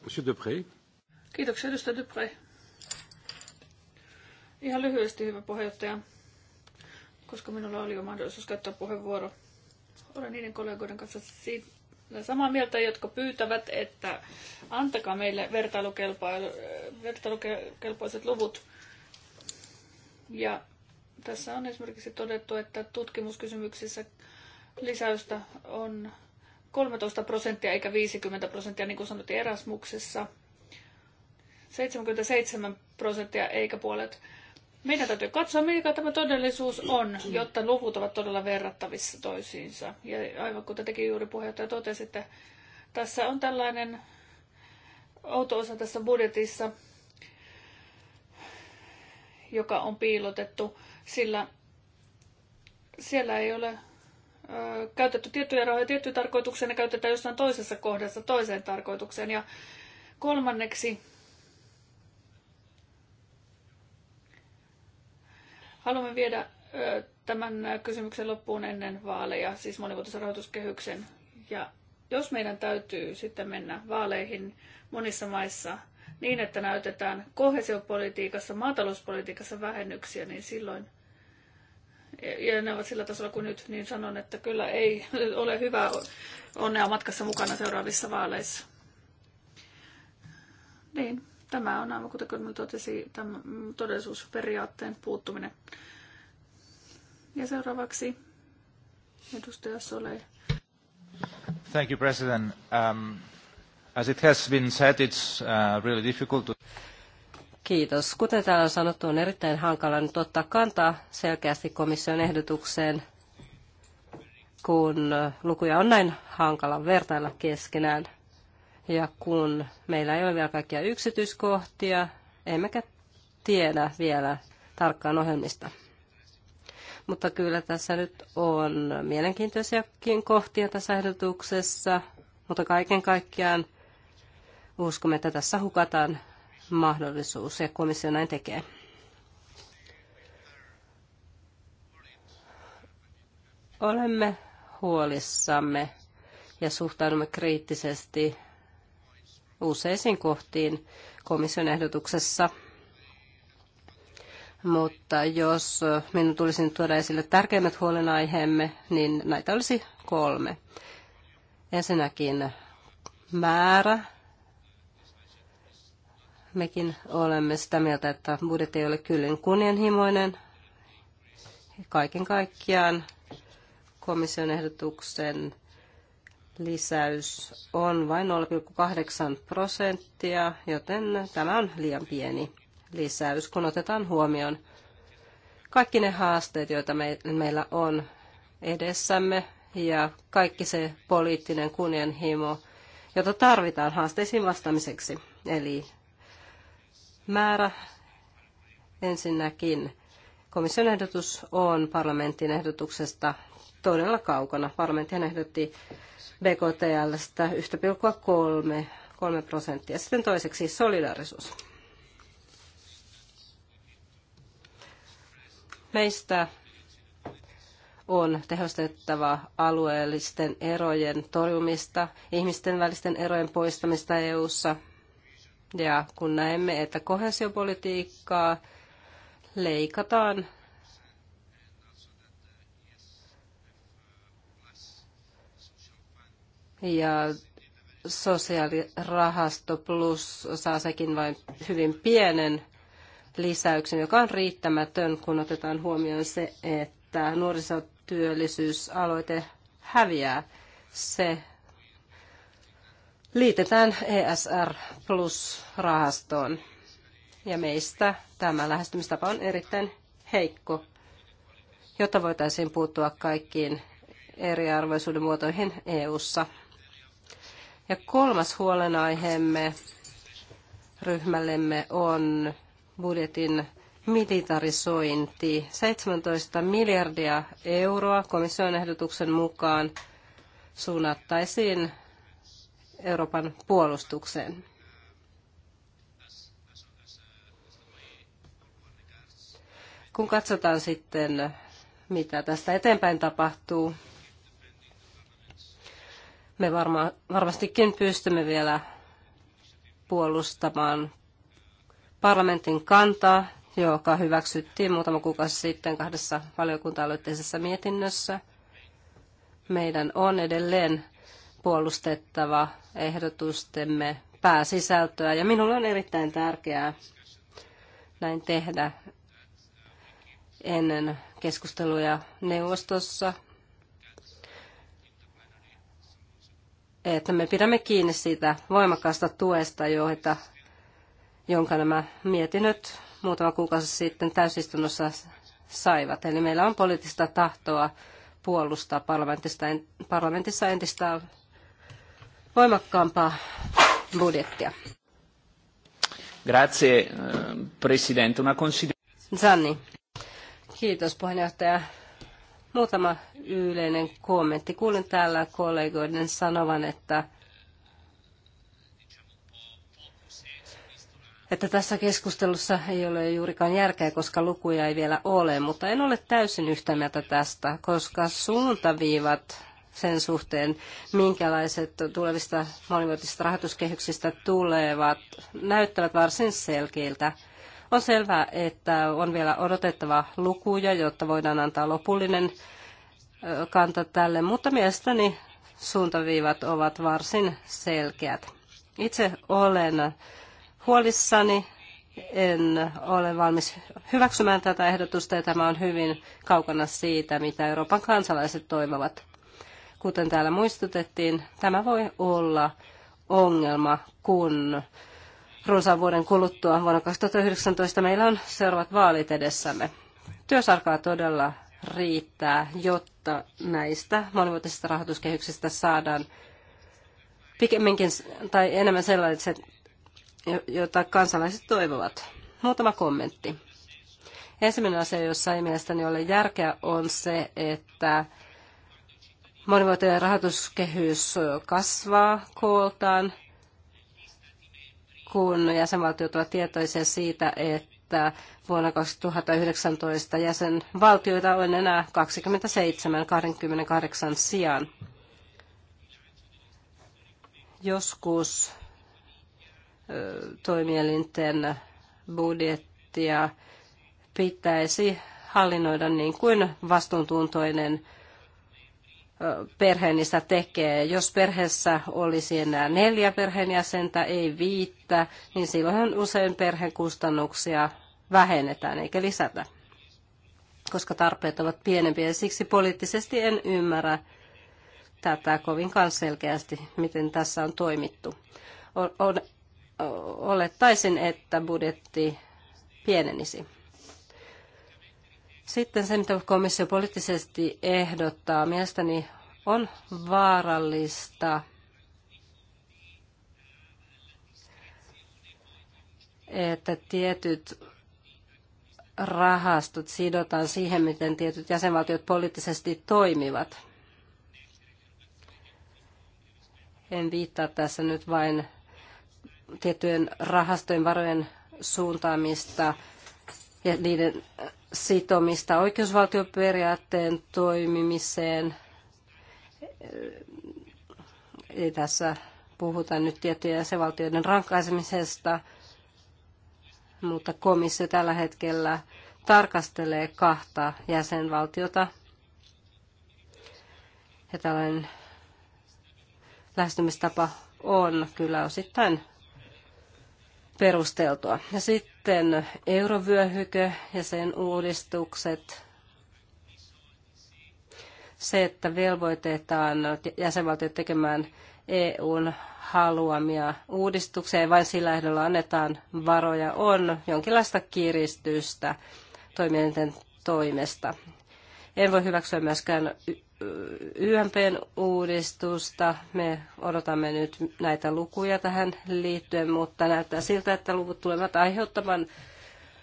Speaker 1: Monsieur Depré.
Speaker 4: Kiitoksia, edustaja Depré.
Speaker 2: Ihan lyhyesti, hyvä puheenjohtaja, koska minulla oli jo mahdollisuus käyttää puheenvuoro. Olen niiden kollegoiden kanssa siitä samaa mieltä, jotka pyytävät, että antakaa meille vertailukelpoiset luvut. Ja tässä on esimerkiksi todettu, että tutkimuskysymyksissä lisäystä on 13 prosenttia eikä 50 prosenttia, niin kuin sanottiin Erasmuksessa. 77 prosenttia eikä puolet meidän täytyy katsoa, mikä tämä todellisuus on, jotta luvut ovat todella verrattavissa toisiinsa. Ja aivan kuten tekin juuri puheenjohtaja että tässä on tällainen outo osa tässä budjetissa, joka on piilotettu, sillä siellä ei ole ö, käytetty tiettyjä rahoja tiettyyn tarkoitukseen ne käytetään jossain toisessa kohdassa toiseen tarkoitukseen. Ja kolmanneksi Haluamme viedä tämän kysymyksen loppuun ennen vaaleja, siis monivuotisen rahoituskehyksen. Ja jos meidän täytyy sitten mennä vaaleihin monissa maissa niin, että näytetään kohesiopolitiikassa, maatalouspolitiikassa vähennyksiä, niin silloin, ja ne ovat sillä tasolla kuin nyt, niin sanon, että kyllä ei ole hyvä onnea matkassa mukana seuraavissa vaaleissa. Niin. Tämä on aivan kuten kun totesi tämän todellisuusperiaatteen puuttuminen. Ja seuraavaksi edustaja Sole.
Speaker 3: Thank you, President. Um, as it has been said, it's uh, really difficult to... Kiitos. Kuten täällä on sanottu, on erittäin hankala nyt ottaa kantaa selkeästi komission ehdotukseen, kun lukuja on näin hankala vertailla keskenään. Ja kun meillä ei ole vielä kaikkia yksityiskohtia, emmekä tiedä vielä tarkkaan ohjelmista. Mutta kyllä tässä nyt on mielenkiintoisiakin kohtia tässä ehdotuksessa, mutta kaiken kaikkiaan uskomme, että tässä hukataan mahdollisuus ja komissio näin tekee. Olemme huolissamme ja suhtaudumme kriittisesti useisiin kohtiin komission ehdotuksessa. Mutta jos minun tulisi nyt tuoda esille tärkeimmät huolenaiheemme, niin näitä olisi kolme. Ensinnäkin määrä. Mekin olemme sitä mieltä, että budjetti ei ole kyllin kunnianhimoinen. Kaiken kaikkiaan komission ehdotuksen lisäys on vain 0,8 prosenttia, joten tämä on liian pieni lisäys, kun otetaan huomioon kaikki ne haasteet, joita meillä on edessämme ja kaikki se poliittinen kunnianhimo, jota tarvitaan haasteisiin vastaamiseksi. Eli määrä ensinnäkin. Komission ehdotus on parlamentin ehdotuksesta todella kaukana. Parlamentti ehdotti BKTLstä 1,3 kolme prosenttia. Sitten toiseksi solidaarisuus. Meistä on tehostettava alueellisten erojen torjumista, ihmisten välisten erojen poistamista EU:ssa. Ja kun näemme, että kohesiopolitiikkaa leikataan ja sosiaalirahasto plus saa sekin vain hyvin pienen lisäyksen, joka on riittämätön, kun otetaan huomioon se, että nuorisotyöllisyysaloite häviää. Se liitetään ESR plus rahastoon. Ja meistä tämä lähestymistapa on erittäin heikko, jotta voitaisiin puuttua kaikkiin eriarvoisuuden muotoihin EU:ssa. ssa ja kolmas huolenaiheemme ryhmällemme on budjetin militarisointi. 17 miljardia euroa komission ehdotuksen mukaan suunnattaisiin Euroopan puolustukseen. Kun katsotaan sitten, mitä tästä eteenpäin tapahtuu, me varma, varmastikin pystymme vielä puolustamaan parlamentin kantaa, joka hyväksyttiin muutama kuukausi sitten kahdessa valiokunta-aloitteisessa mietinnössä. Meidän on edelleen puolustettava ehdotustemme pääsisältöä ja minulle on erittäin tärkeää näin tehdä ennen keskusteluja neuvostossa että me pidämme kiinni siitä voimakkaasta tuesta, joita, jonka nämä mietinnöt muutama kuukausi sitten täysistunnossa saivat. Eli meillä on poliittista tahtoa puolustaa parlamentista, parlamentissa entistä voimakkaampaa budjettia.
Speaker 2: Grazie, eh, Presidente. Una
Speaker 3: Zanni. Kiitos puheenjohtaja. Muutama yleinen kommentti. Kuulin täällä kollegoiden sanovan, että, että tässä keskustelussa ei ole juurikaan järkeä, koska lukuja ei vielä ole, mutta en ole täysin yhtä mieltä tästä, koska suuntaviivat sen suhteen, minkälaiset tulevista monivuotisista rahoituskehyksistä tulevat, näyttävät varsin selkeiltä. On selvää, että on vielä odotettava lukuja, jotta voidaan antaa lopullinen kanta tälle, mutta mielestäni suuntaviivat ovat varsin selkeät. Itse olen huolissani, en ole valmis hyväksymään tätä ehdotusta ja tämä on hyvin kaukana siitä, mitä Euroopan kansalaiset toivovat. Kuten täällä muistutettiin, tämä voi olla ongelma, kun runsaan vuoden kuluttua vuonna 2019 meillä on seuraavat vaalit edessämme. Työsarkaa todella riittää, jotta näistä monivuotisista rahoituskehyksistä saadaan pikemminkin tai enemmän sellaiset, joita kansalaiset toivovat. Muutama kommentti. Ensimmäinen asia, jossa ei mielestäni ole järkeä, on se, että monivuotinen rahoituskehys kasvaa kooltaan – kun jäsenvaltiot ovat tietoisia siitä, että vuonna 2019 jäsenvaltioita on enää 27 28 sijaan. Joskus toimielinten budjettia pitäisi hallinnoida niin kuin vastuuntuntoinen perheenissä tekee. Jos perheessä olisi enää neljä perheenjäsentä, ei viittä, niin silloin usein perheen kustannuksia vähennetään eikä lisätä, koska tarpeet ovat pienempiä. Siksi poliittisesti en ymmärrä tätä kovinkaan selkeästi, miten tässä on toimittu. Olettaisin, että budjetti pienenisi. Sitten se, mitä komissio poliittisesti ehdottaa, mielestäni on vaarallista. että tietyt rahastot sidotaan siihen, miten tietyt jäsenvaltiot poliittisesti toimivat. En viittaa tässä nyt vain tiettyjen rahastojen varojen suuntaamista ja niiden sitomista oikeusvaltioperiaatteen toimimiseen. Eli tässä puhutaan nyt tiettyjen jäsenvaltioiden rankaisemisesta, mutta komissio tällä hetkellä tarkastelee kahta jäsenvaltiota. Ja tällainen lähestymistapa on kyllä osittain perusteltua. Ja sitten eurovyöhykö ja sen uudistukset. Se, että velvoitetaan jäsenvaltiot tekemään EUn haluamia uudistuksia ja vain sillä ehdolla annetaan varoja, on jonkinlaista kiristystä toimijoiden toimesta. En voi hyväksyä myöskään YMPn uudistusta. Me odotamme nyt näitä lukuja tähän liittyen, mutta näyttää siltä, että luvut tulevat aiheuttamaan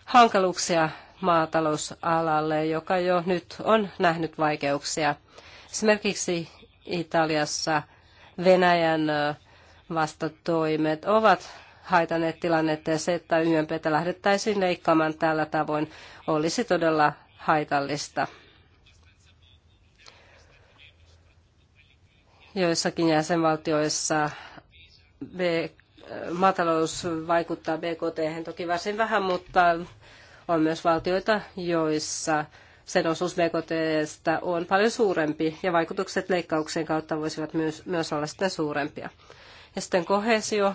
Speaker 3: hankaluuksia maatalousalalle, joka jo nyt on nähnyt vaikeuksia. Esimerkiksi Italiassa Venäjän vastatoimet ovat haitaneet tilannetta ja se, että YMPtä lähdettäisiin leikkaamaan tällä tavoin, olisi todella haitallista. Joissakin jäsenvaltioissa B, maatalous vaikuttaa BKT toki varsin vähän, mutta on myös valtioita, joissa sen osuus BKT on paljon suurempi ja vaikutukset leikkauksien kautta voisivat myös, myös olla sitten suurempia. Ja sitten kohesio.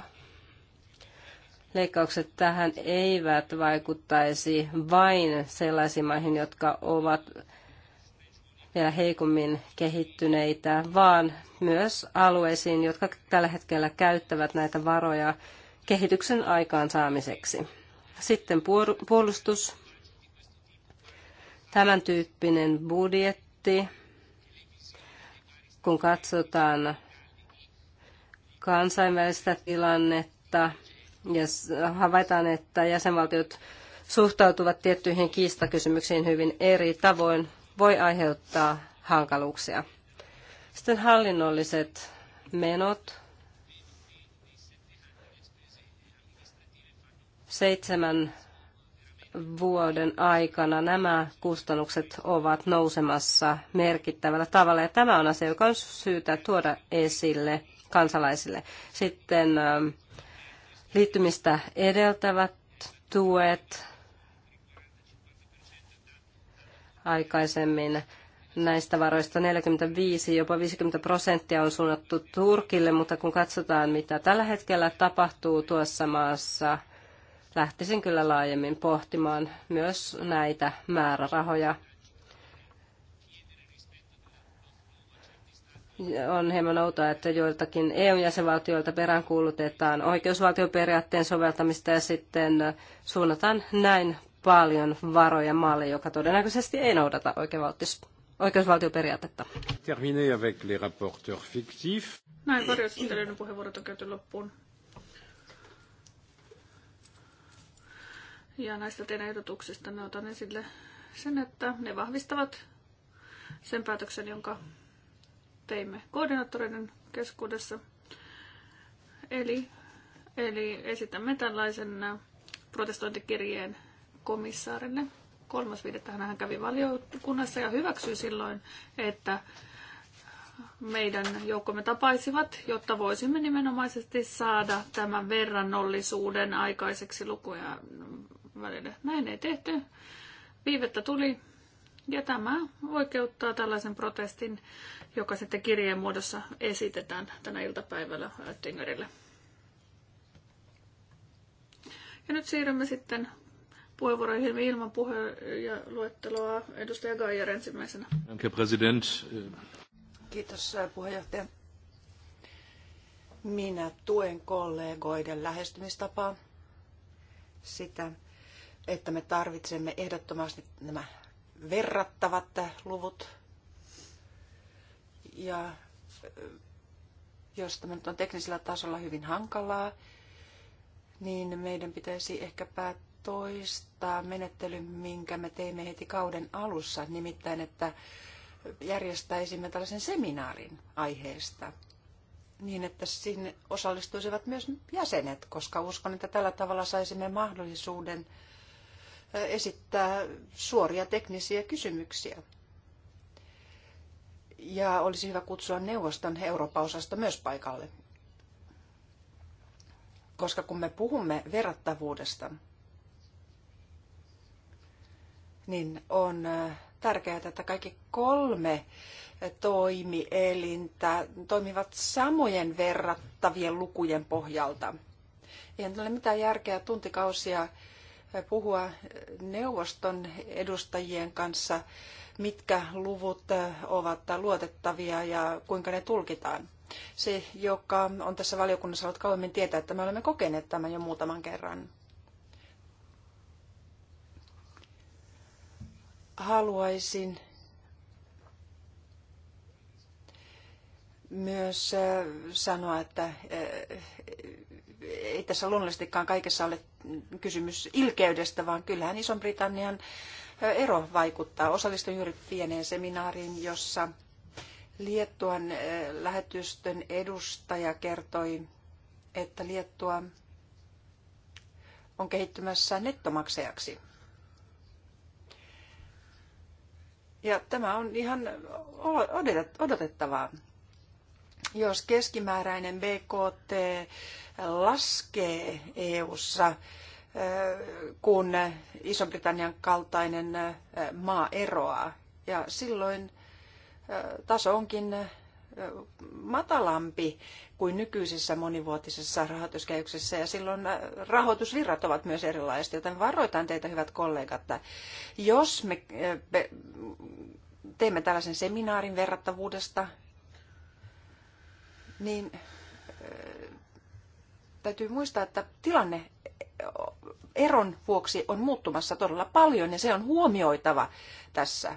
Speaker 3: Leikkaukset tähän eivät vaikuttaisi vain sellaisiin maihin, jotka ovat vielä heikommin kehittyneitä, vaan myös alueisiin, jotka tällä hetkellä käyttävät näitä varoja kehityksen aikaansaamiseksi. Sitten puolustus, tämän tyyppinen budjetti, kun katsotaan kansainvälistä tilannetta ja havaitaan, että jäsenvaltiot suhtautuvat tiettyihin kiistakysymyksiin hyvin eri tavoin voi aiheuttaa hankaluuksia. Sitten hallinnolliset menot. Seitsemän vuoden aikana nämä kustannukset ovat nousemassa merkittävällä tavalla. Ja tämä on asia, joka on syytä tuoda esille kansalaisille. Sitten liittymistä edeltävät tuet, aikaisemmin. Näistä varoista 45, jopa 50 prosenttia on suunnattu Turkille, mutta kun katsotaan, mitä tällä hetkellä tapahtuu tuossa maassa, lähtisin kyllä laajemmin pohtimaan myös näitä määrärahoja. on hieman outoa, että joiltakin EU-jäsenvaltioilta peräänkuulutetaan oikeusvaltioperiaatteen soveltamista ja sitten suunnataan näin paljon varoja maalle, joka todennäköisesti ei noudata oikeusvaltioperiaatetta.
Speaker 1: Terminé avec les rapporteurs fictifs.
Speaker 2: Näin varjostelijoiden puheenvuorot on käyty loppuun. Ja näistä teidän ehdotuksista ne otan esille sen, että ne vahvistavat sen päätöksen, jonka teimme koordinaattoreiden keskuudessa. Eli, eli esitämme tällaisen protestointikirjeen komissaarille. 3.5. hän kävi valiokunnassa ja hyväksyi silloin, että meidän joukkomme tapaisivat, jotta voisimme nimenomaisesti saada tämän verrannollisuuden aikaiseksi lukuja välille. Näin ei tehty. Viivettä tuli ja tämä oikeuttaa tällaisen protestin, joka sitten kirjeen muodossa esitetään tänä iltapäivällä Oettingerille. Ja nyt siirrymme sitten puheenvuoroihin ilman puhe-
Speaker 4: ja luetteloa. Edustaja Gaier ensimmäisenä. Kiitos äh, puheenjohtaja. Minä tuen kollegoiden lähestymistapaa sitä, että me tarvitsemme ehdottomasti nämä verrattavat luvut. Ja äh, jos tämä nyt on teknisellä tasolla hyvin hankalaa, niin meidän pitäisi ehkä päättää toistaa menettely, minkä me teimme heti kauden alussa, nimittäin että järjestäisimme tällaisen seminaarin aiheesta niin, että sinne osallistuisivat myös jäsenet, koska uskon, että tällä tavalla saisimme mahdollisuuden esittää suoria teknisiä kysymyksiä. Ja olisi hyvä kutsua neuvoston Eurooppa-osasta myös paikalle. Koska kun me puhumme verrattavuudesta, niin on äh, tärkeää, että kaikki kolme toimielintä toimivat samojen verrattavien lukujen pohjalta. Ei ole mitään järkeä tuntikausia äh, puhua äh, neuvoston edustajien kanssa, mitkä luvut ovat luotettavia ja kuinka ne tulkitaan. Se, joka on tässä valiokunnassa ollut kauemmin tietää, että me olemme kokeneet tämän jo muutaman kerran. haluaisin myös äh, sanoa, että äh, ei tässä luonnollisestikaan kaikessa ole kysymys ilkeydestä, vaan kyllähän iso britannian äh, ero vaikuttaa. Osallistuin juuri pieneen seminaariin, jossa Liettuan lähetystön edustaja kertoi, että Liettua on kehittymässä nettomaksajaksi Ja tämä on ihan odotettavaa. Jos keskimääräinen BKT laskee EU:ssa, kun Iso-Britannian kaltainen maa eroaa, ja silloin taso onkin matalampi kuin nykyisessä monivuotisessa rahoituskehyksessä ja silloin äh, rahoitusvirrat ovat myös erilaiset, joten varoitan teitä hyvät kollegat, että jos me äh, teemme tällaisen seminaarin verrattavuudesta, niin äh, täytyy muistaa, että tilanne eron vuoksi on muuttumassa todella paljon ja se on huomioitava tässä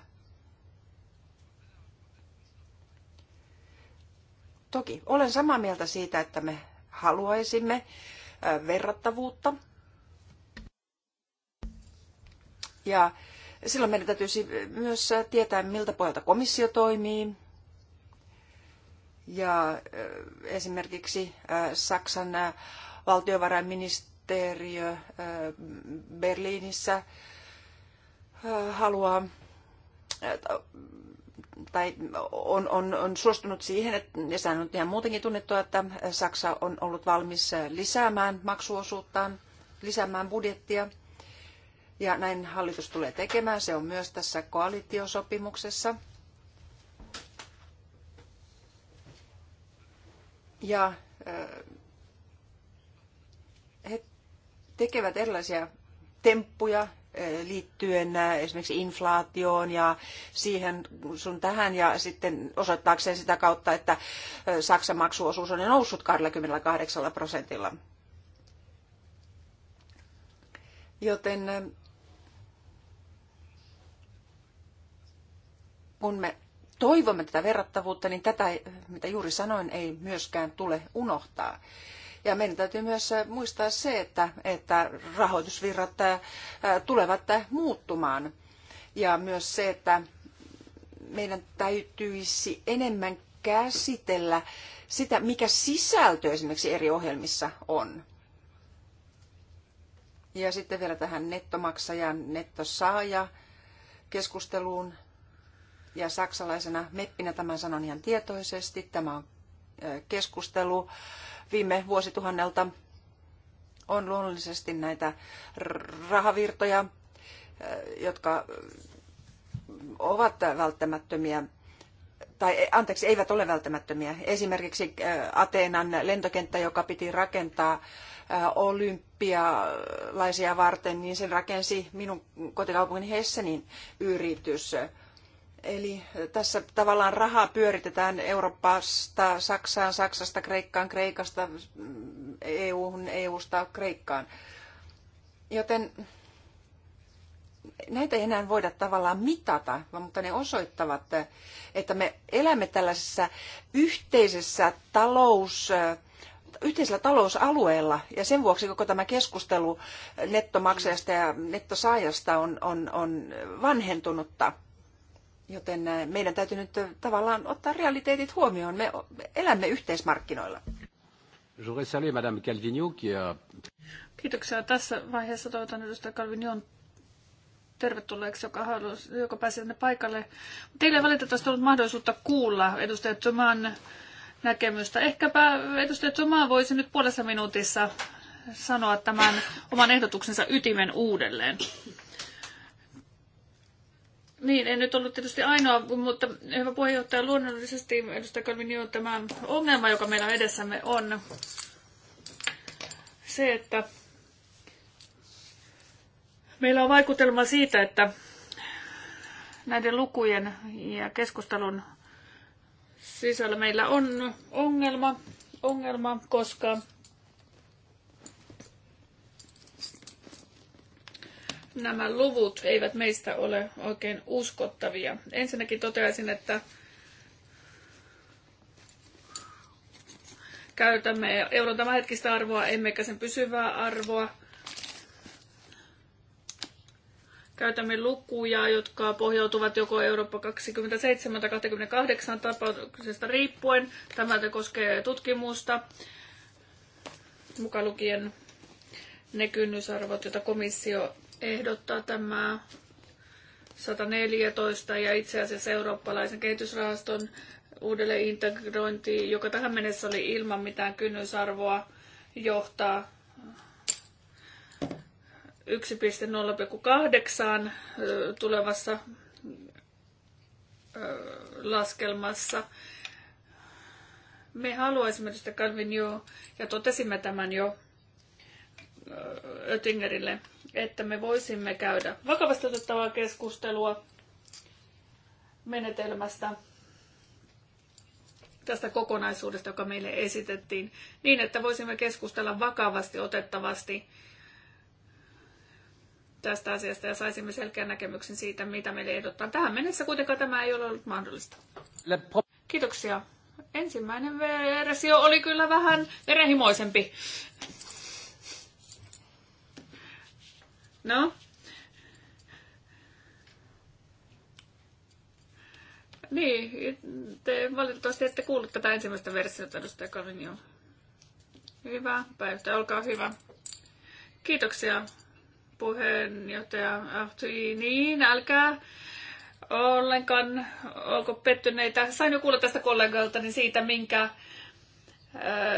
Speaker 4: Toki olen samaa mieltä siitä, että me haluaisimme verrattavuutta. Ja silloin meidän täytyisi myös tietää, miltä pohjalta komissio toimii. Ja esimerkiksi Saksan valtiovarainministeriö Berliinissä haluaa tai on, on, on suostunut siihen, että, ja sehän on ihan muutenkin tunnettua, että Saksa on ollut valmis lisäämään maksuosuuttaan, lisäämään budjettia. Ja näin hallitus tulee tekemään. Se on myös tässä koalitiosopimuksessa. Ja he tekevät erilaisia temppuja liittyen esimerkiksi inflaatioon ja siihen sun tähän ja sitten osoittaakseen sitä kautta, että Saksan maksuosuus on noussut 28 prosentilla. Joten kun me toivomme tätä verrattavuutta, niin tätä, mitä juuri sanoin, ei myöskään tule unohtaa. Ja meidän täytyy myös muistaa se, että, että rahoitusvirrat tulevat muuttumaan. Ja myös se, että meidän täytyisi enemmän käsitellä sitä, mikä sisältö esimerkiksi eri ohjelmissa on. Ja sitten vielä tähän nettomaksaja, nettosaaja keskusteluun. Ja saksalaisena meppinä tämän sanon ihan tietoisesti. Tämä on keskustelu viime vuosituhannelta on luonnollisesti näitä rahavirtoja, äh, jotka ovat välttämättömiä tai eh, anteeksi, eivät ole välttämättömiä. Esimerkiksi äh, Ateenan lentokenttä, joka piti rakentaa äh, olympialaisia varten, niin sen rakensi minun kotikaupungin Hessenin yritys. Eli tässä tavallaan rahaa pyöritetään Euroopasta Saksaan, Saksasta Kreikkaan, Kreikasta EU-hun, EU-sta Kreikkaan. Joten näitä ei enää voida tavallaan mitata, mutta ne osoittavat, että me elämme tällaisessa yhteisessä talous, yhteisellä talousalueella ja sen vuoksi koko tämä keskustelu nettomaksajasta ja nettosaajasta on, on, on vanhentunutta. Joten meidän täytyy nyt tavallaan ottaa realiteetit huomioon. Me elämme yhteismarkkinoilla.
Speaker 1: Euh,
Speaker 4: Kiitoksia. Tässä vaiheessa toivotan edustaja Calvinion tervetulleeksi,
Speaker 2: joka, halusi, joka pääsi tänne paikalle. Teille ei valitettavasti ollut mahdollisuutta kuulla edustaja Toman näkemystä. Ehkäpä edustaja Toman voisi nyt puolessa minuutissa sanoa tämän oman ehdotuksensa ytimen uudelleen. Niin, en nyt ollut tietysti ainoa, mutta hyvä puheenjohtaja, luonnollisesti edustaja Kalvinio, tämä ongelma, joka meillä edessämme on, se, että meillä on vaikutelma siitä, että näiden lukujen ja keskustelun sisällä meillä on ongelma, ongelma koska nämä luvut eivät meistä ole oikein uskottavia. Ensinnäkin toteaisin, että käytämme euron tämänhetkistä arvoa, emmekä sen pysyvää arvoa. Käytämme lukuja, jotka pohjautuvat joko Eurooppa 27 tai 28 tapauksesta riippuen. Tämä koskee tutkimusta, mukaan lukien ne kynnysarvot, joita komissio ehdottaa tämä 114 ja itse asiassa eurooppalaisen kehitysrahaston uudelle integrointi, joka tähän mennessä oli ilman mitään kynnysarvoa, johtaa 1.0,8 tulevassa laskelmassa. Me haluaisimme tästä Calvin jo, ja totesimme tämän jo Oettingerille että me voisimme käydä vakavasti otettavaa keskustelua menetelmästä tästä kokonaisuudesta, joka meille esitettiin, niin että voisimme keskustella vakavasti otettavasti tästä asiasta ja saisimme selkeän näkemyksen siitä, mitä meille ehdottaa. Tähän mennessä kuitenkaan tämä ei ole ollut mahdollista. Kiitoksia. Ensimmäinen versio oli kyllä vähän verenhimoisempi. No? Niin, te valitettavasti ette kuullut tätä ensimmäistä versiota, edustaja Kalinio. Hyvä, päivä, olkaa hyvä. Kiitoksia puheenjohtaja Niin, älkää ollenkaan olko pettyneitä. Sain jo kuulla tästä kollegalta niin siitä, minkä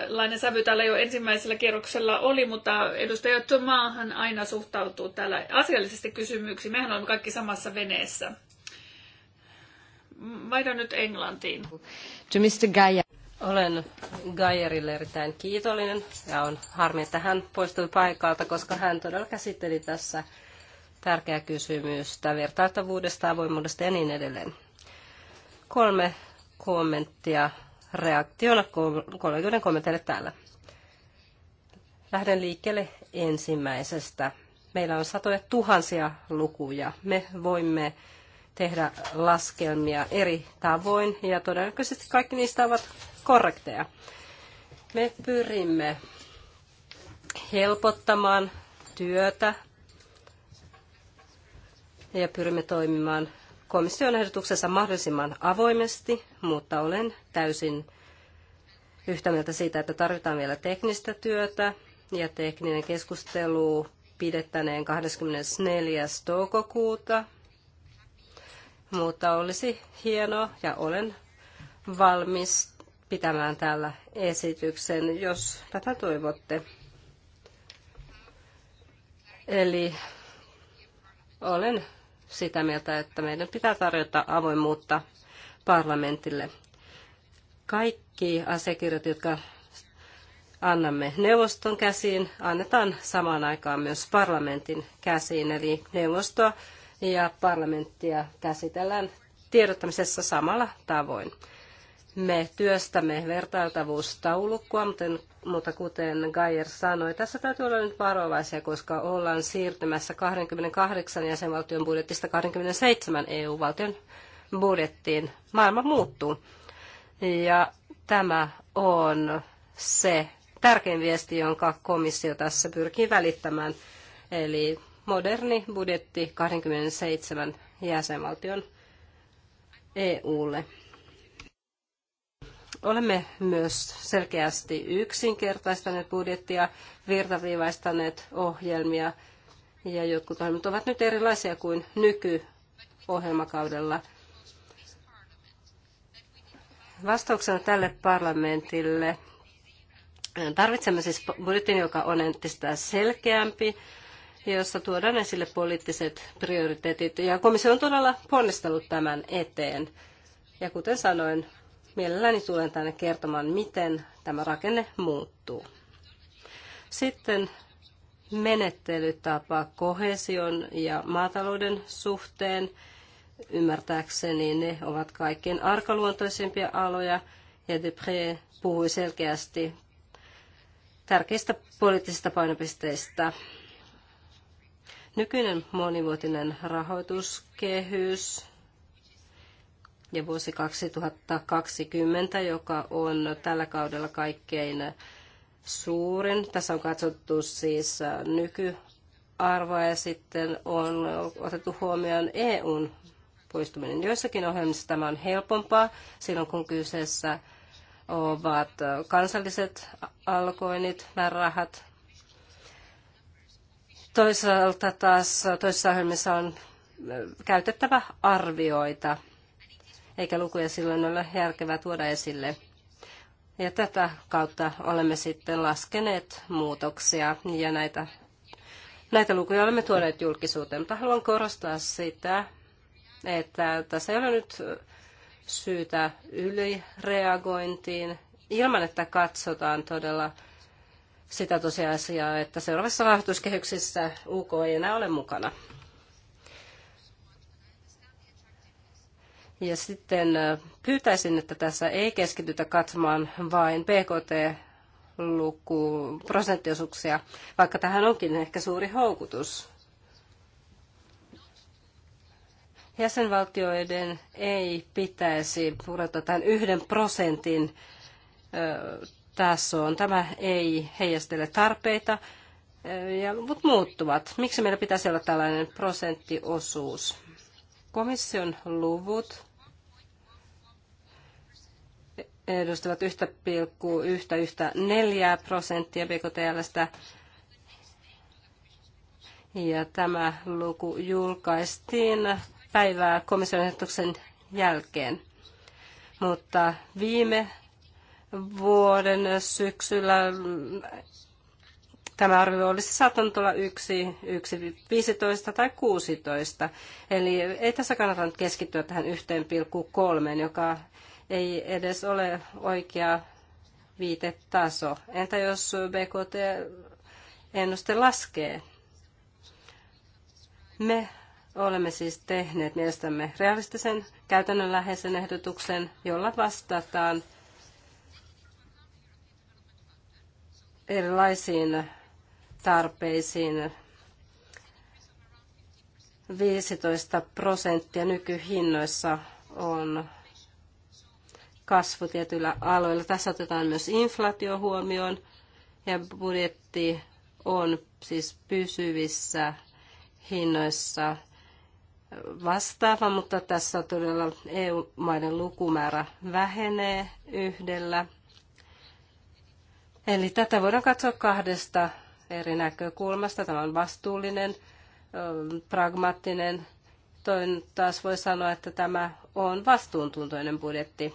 Speaker 2: lainen sävy täällä jo ensimmäisellä kierroksella oli, mutta edustaja maahan aina suhtautuu täällä asiallisesti kysymyksiin. Mehän olemme kaikki samassa veneessä. Vaihdan nyt Englantiin. To
Speaker 3: Mr. Gaia. Olen Gaierille erittäin kiitollinen ja on harmi, että hän poistui paikalta, koska hän todella käsitteli tässä tärkeää kysymystä vertailtavuudesta, avoimuudesta ja niin edelleen. Kolme kommenttia reaktioilla kollegoiden kommenteille täällä. Lähden liikkeelle ensimmäisestä. Meillä on satoja tuhansia lukuja. Me voimme tehdä laskelmia eri tavoin ja todennäköisesti kaikki niistä ovat korrekteja. Me pyrimme helpottamaan työtä ja pyrimme toimimaan komission ehdotuksensa mahdollisimman avoimesti, mutta olen täysin yhtä mieltä siitä, että tarvitaan vielä teknistä työtä ja tekninen keskustelu pidettäneen 24. toukokuuta. Mutta olisi hienoa ja olen valmis pitämään täällä esityksen, jos tätä toivotte. Eli olen sitä mieltä, että meidän pitää tarjota avoimuutta parlamentille. Kaikki asiakirjat, jotka annamme neuvoston käsiin, annetaan samaan aikaan myös parlamentin käsiin. Eli neuvostoa ja parlamenttia käsitellään tiedottamisessa samalla tavoin. Me työstämme vertailtavuustaulukkoa, mutta kuten Geyer sanoi, tässä täytyy olla nyt varovaisia, koska ollaan siirtymässä 28 jäsenvaltion budjetista 27 EU-valtion budjettiin. Maailma muuttuu. Ja tämä on se tärkein viesti, jonka komissio tässä pyrkii välittämään. Eli moderni budjetti 27 jäsenvaltion EUlle. Olemme myös selkeästi yksinkertaistaneet budjettia, virtaviivaistaneet ohjelmia ja jotkut ohjelmat ovat nyt erilaisia kuin nykyohjelmakaudella. Vastauksena tälle parlamentille tarvitsemme siis budjetin, joka on entistä selkeämpi, jossa tuodaan esille poliittiset prioriteetit. Ja komissio on todella ponnistellut tämän eteen. Ja kuten sanoin, Mielelläni tulen tänne kertomaan, miten tämä rakenne muuttuu. Sitten menettelytapa kohesion ja maatalouden suhteen. Ymmärtääkseni ne ovat kaikkein arkaluontoisimpia aloja ja Dupré puhui selkeästi tärkeistä poliittisista painopisteistä. Nykyinen monivuotinen rahoituskehys ja vuosi 2020, joka on tällä kaudella kaikkein suurin. Tässä on katsottu siis nykyarvoa ja sitten on otettu huomioon EUn poistuminen. Joissakin ohjelmissa tämä on helpompaa silloin, kun kyseessä ovat kansalliset alkoinit, määrärahat. Toisaalta taas toisissa ohjelmissa on käytettävä arvioita eikä lukuja silloin ole järkevää tuoda esille. Ja tätä kautta olemme sitten laskeneet muutoksia ja näitä, näitä lukuja olemme tuoneet julkisuuteen. Mutta haluan korostaa sitä, että tässä ei ole nyt syytä ylireagointiin ilman, että katsotaan todella sitä tosiasiaa, että seuraavassa rahoituskehyksessä UK ei enää ole mukana. Ja sitten pyytäisin, että tässä ei keskitytä katsomaan vain PKT luku prosenttiosuuksia, vaikka tähän onkin ehkä suuri houkutus. Jäsenvaltioiden ei pitäisi pureta tämän yhden prosentin tasoon. Tämä ei heijastele tarpeita, mutta muuttuvat. Miksi meillä pitäisi olla tällainen prosenttiosuus? Komission luvut edustavat 1,114 prosenttia BKTLstä. Ja tämä luku julkaistiin päivää komission ehdotuksen jälkeen. Mutta viime vuoden syksyllä tämä arvio olisi saattanut olla 1, 1, 15 tai 16. Eli ei tässä kannata nyt keskittyä tähän 1,3, joka ei edes ole oikea viitetaso. Entä jos BKT-ennuste laskee? Me olemme siis tehneet mielestämme realistisen käytännönläheisen ehdotuksen, jolla vastataan erilaisiin tarpeisiin 15 prosenttia nykyhinnoissa on kasvu tietyillä aloilla. Tässä otetaan myös inflaatio huomioon ja budjetti on siis pysyvissä hinnoissa vastaava, mutta tässä todella EU-maiden lukumäärä vähenee yhdellä. Eli tätä voidaan katsoa kahdesta eri näkökulmasta. Tämä on vastuullinen, pragmaattinen. Toinen taas voi sanoa, että tämä on vastuuntuntoinen budjetti.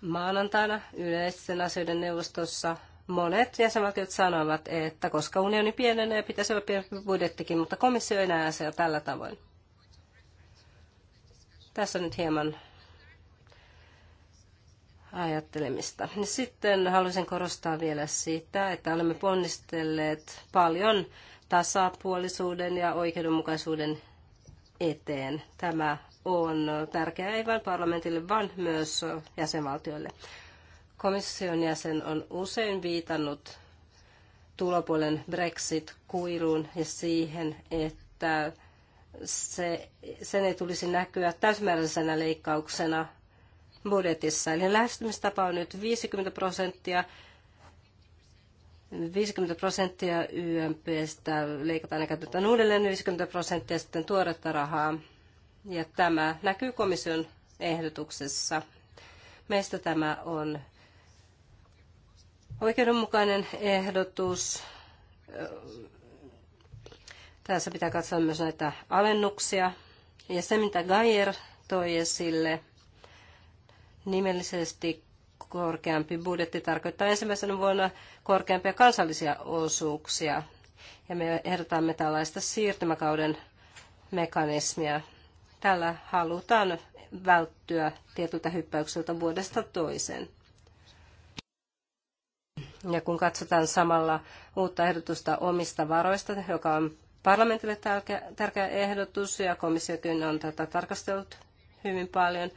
Speaker 3: Maanantaina yleisten asioiden neuvostossa monet jäsenvaltiot sanovat, että koska unioni pienenee, pitäisi olla pienempi budjettikin, mutta komissio ei näe asiaa tällä tavoin. Tässä nyt hieman ajattelemista. sitten haluaisin korostaa vielä sitä, että olemme ponnistelleet paljon tasapuolisuuden ja oikeudenmukaisuuden eteen. Tämä on tärkeä ei vain parlamentille, vaan myös jäsenvaltioille. Komission jäsen on usein viitannut tulopuolen Brexit-kuiluun ja siihen, että se, sen ei tulisi näkyä täysimääräisenä leikkauksena budjetissa. Eli lähestymistapa on nyt 50 prosenttia 50 prosenttia YMPstä leikataan ja käytetään uudelleen 50 prosenttia sitten tuoretta rahaa ja tämä näkyy komission ehdotuksessa. Meistä tämä on oikeudenmukainen ehdotus. Tässä pitää katsoa myös näitä alennuksia. Ja se, mitä Gayer toi esille, nimellisesti korkeampi budjetti tarkoittaa ensimmäisenä vuonna korkeampia kansallisia osuuksia. Ja me ehdotamme tällaista siirtymäkauden mekanismia. Tällä halutaan välttyä tietyltä hyppäykseltä vuodesta toiseen. Ja kun katsotaan samalla uutta ehdotusta omista varoista, joka on parlamentille tärkeä, ehdotus ja komissiokin on tätä tarkastellut hyvin paljon,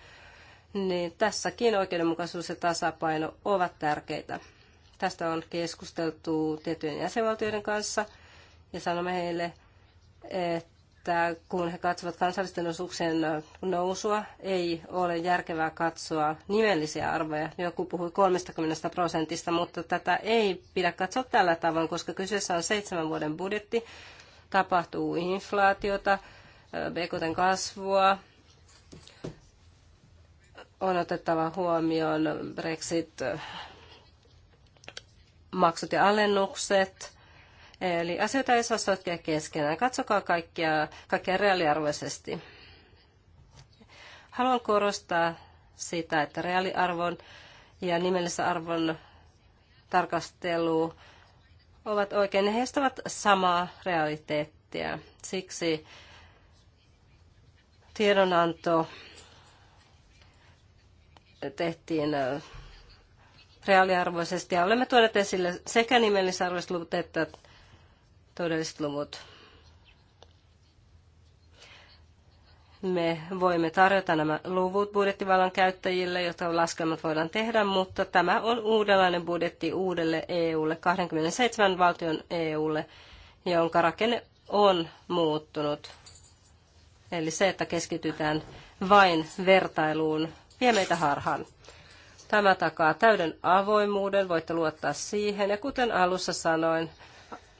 Speaker 3: niin tässäkin oikeudenmukaisuus ja tasapaino ovat tärkeitä. Tästä on keskusteltu tiettyjen jäsenvaltioiden kanssa ja sanomme heille, että että kun he katsovat kansallisten osuuksien nousua, ei ole järkevää katsoa nimellisiä arvoja. Joku puhui 30 prosentista, mutta tätä ei pidä katsoa tällä tavoin, koska kyseessä on seitsemän vuoden budjetti, tapahtuu inflaatiota, BKTn kasvua, on otettava huomioon Brexit, maksut ja alennukset – Eli asioita ei saa sotkea keskenään. Katsokaa kaikkia, kaikkea reaaliarvoisesti. Haluan korostaa sitä, että reaaliarvon ja nimellisen arvon tarkastelu ovat oikein. Ne heistävät samaa realiteettia. Siksi tiedonanto tehtiin reaaliarvoisesti ja olemme tuoneet esille sekä nimellisarvoiset luvut että todelliset luvut. Me voimme tarjota nämä luvut budjettivallan käyttäjille, jotta laskelmat voidaan tehdä, mutta tämä on uudenlainen budjetti uudelle EUlle, 27 valtion EUlle, jonka rakenne on muuttunut. Eli se, että keskitytään vain vertailuun, vie meitä harhaan. Tämä takaa täyden avoimuuden, voitte luottaa siihen. Ja kuten alussa sanoin,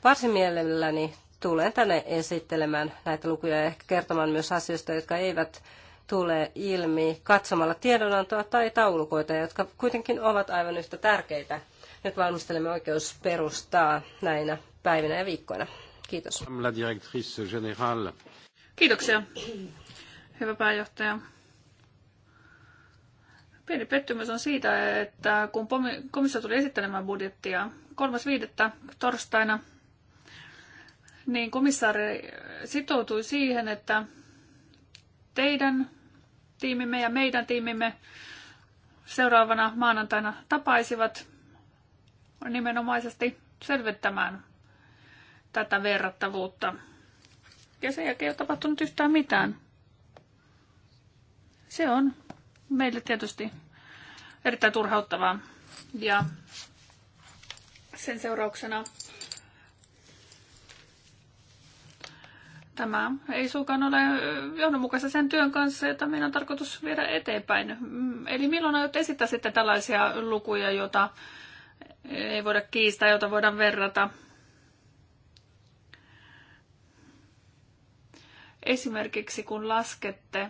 Speaker 3: Varsin mielelläni tulen tänne esittelemään näitä lukuja ja ehkä kertomaan myös asioista, jotka eivät tule ilmi katsomalla tiedonantoa tai taulukoita, jotka kuitenkin ovat aivan yhtä tärkeitä. Nyt valmistelemme oikeusperustaa näinä päivinä ja viikkoina. Kiitos.
Speaker 1: La directrice générale.
Speaker 3: Kiitoksia. Hyvä pääjohtaja.
Speaker 2: Pieni pettymys on siitä, että kun komissio tuli esittelemään budjettia 3.5. torstaina, niin komissaari sitoutui siihen, että teidän tiimimme ja meidän tiimimme seuraavana maanantaina tapaisivat nimenomaisesti selvittämään tätä verrattavuutta. Ja sen jälkeen ei ole tapahtunut yhtään mitään. Se on meille tietysti erittäin turhauttavaa. Ja sen seurauksena Tämä ei suinkaan ole johdonmukaista sen työn kanssa, jota meidän on tarkoitus viedä eteenpäin. Eli milloin aiot esittää sitten tällaisia lukuja, joita ei voida kiistää, joita voidaan verrata? Esimerkiksi kun laskette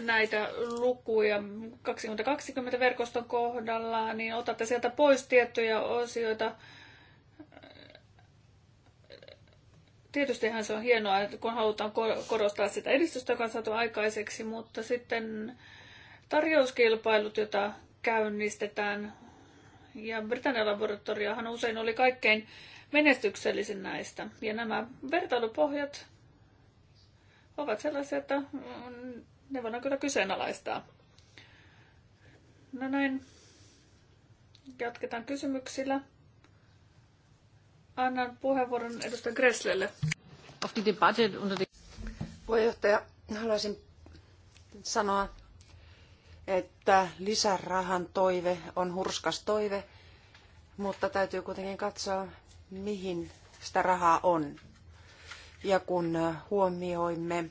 Speaker 2: näitä lukuja 2020 verkoston kohdalla, niin otatte sieltä pois tiettyjä osioita, Tietysti se on hienoa, kun halutaan korostaa sitä edistystä, joka on saatu aikaiseksi, mutta sitten tarjouskilpailut, joita käynnistetään, ja Britannian laboratoriohan usein oli kaikkein menestyksellisin näistä. Ja nämä vertailupohjat ovat sellaisia, että ne voidaan kyllä kyseenalaistaa. No näin. Jatketaan kysymyksillä. Annan puheenvuoron edustaja Gresslelle.
Speaker 4: Puheenjohtaja, haluaisin sanoa, että lisärahan toive on hurskas toive, mutta täytyy kuitenkin katsoa, mihin sitä rahaa on. Ja kun huomioimme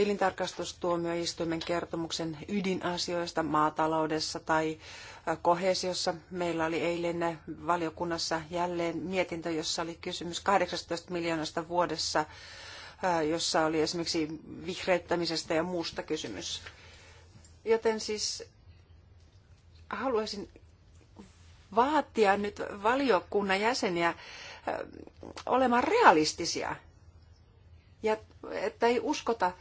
Speaker 4: tilintarkastustuomioistuimen kertomuksen ydinasioista maataloudessa tai kohesiossa. Meillä oli eilen valiokunnassa jälleen mietintö, jossa oli kysymys 18 miljoonasta vuodessa, jossa oli esimerkiksi vihreyttämisestä ja muusta kysymys. Joten siis haluaisin vaatia nyt valiokunnan jäseniä olemaan realistisia ja että ei uskota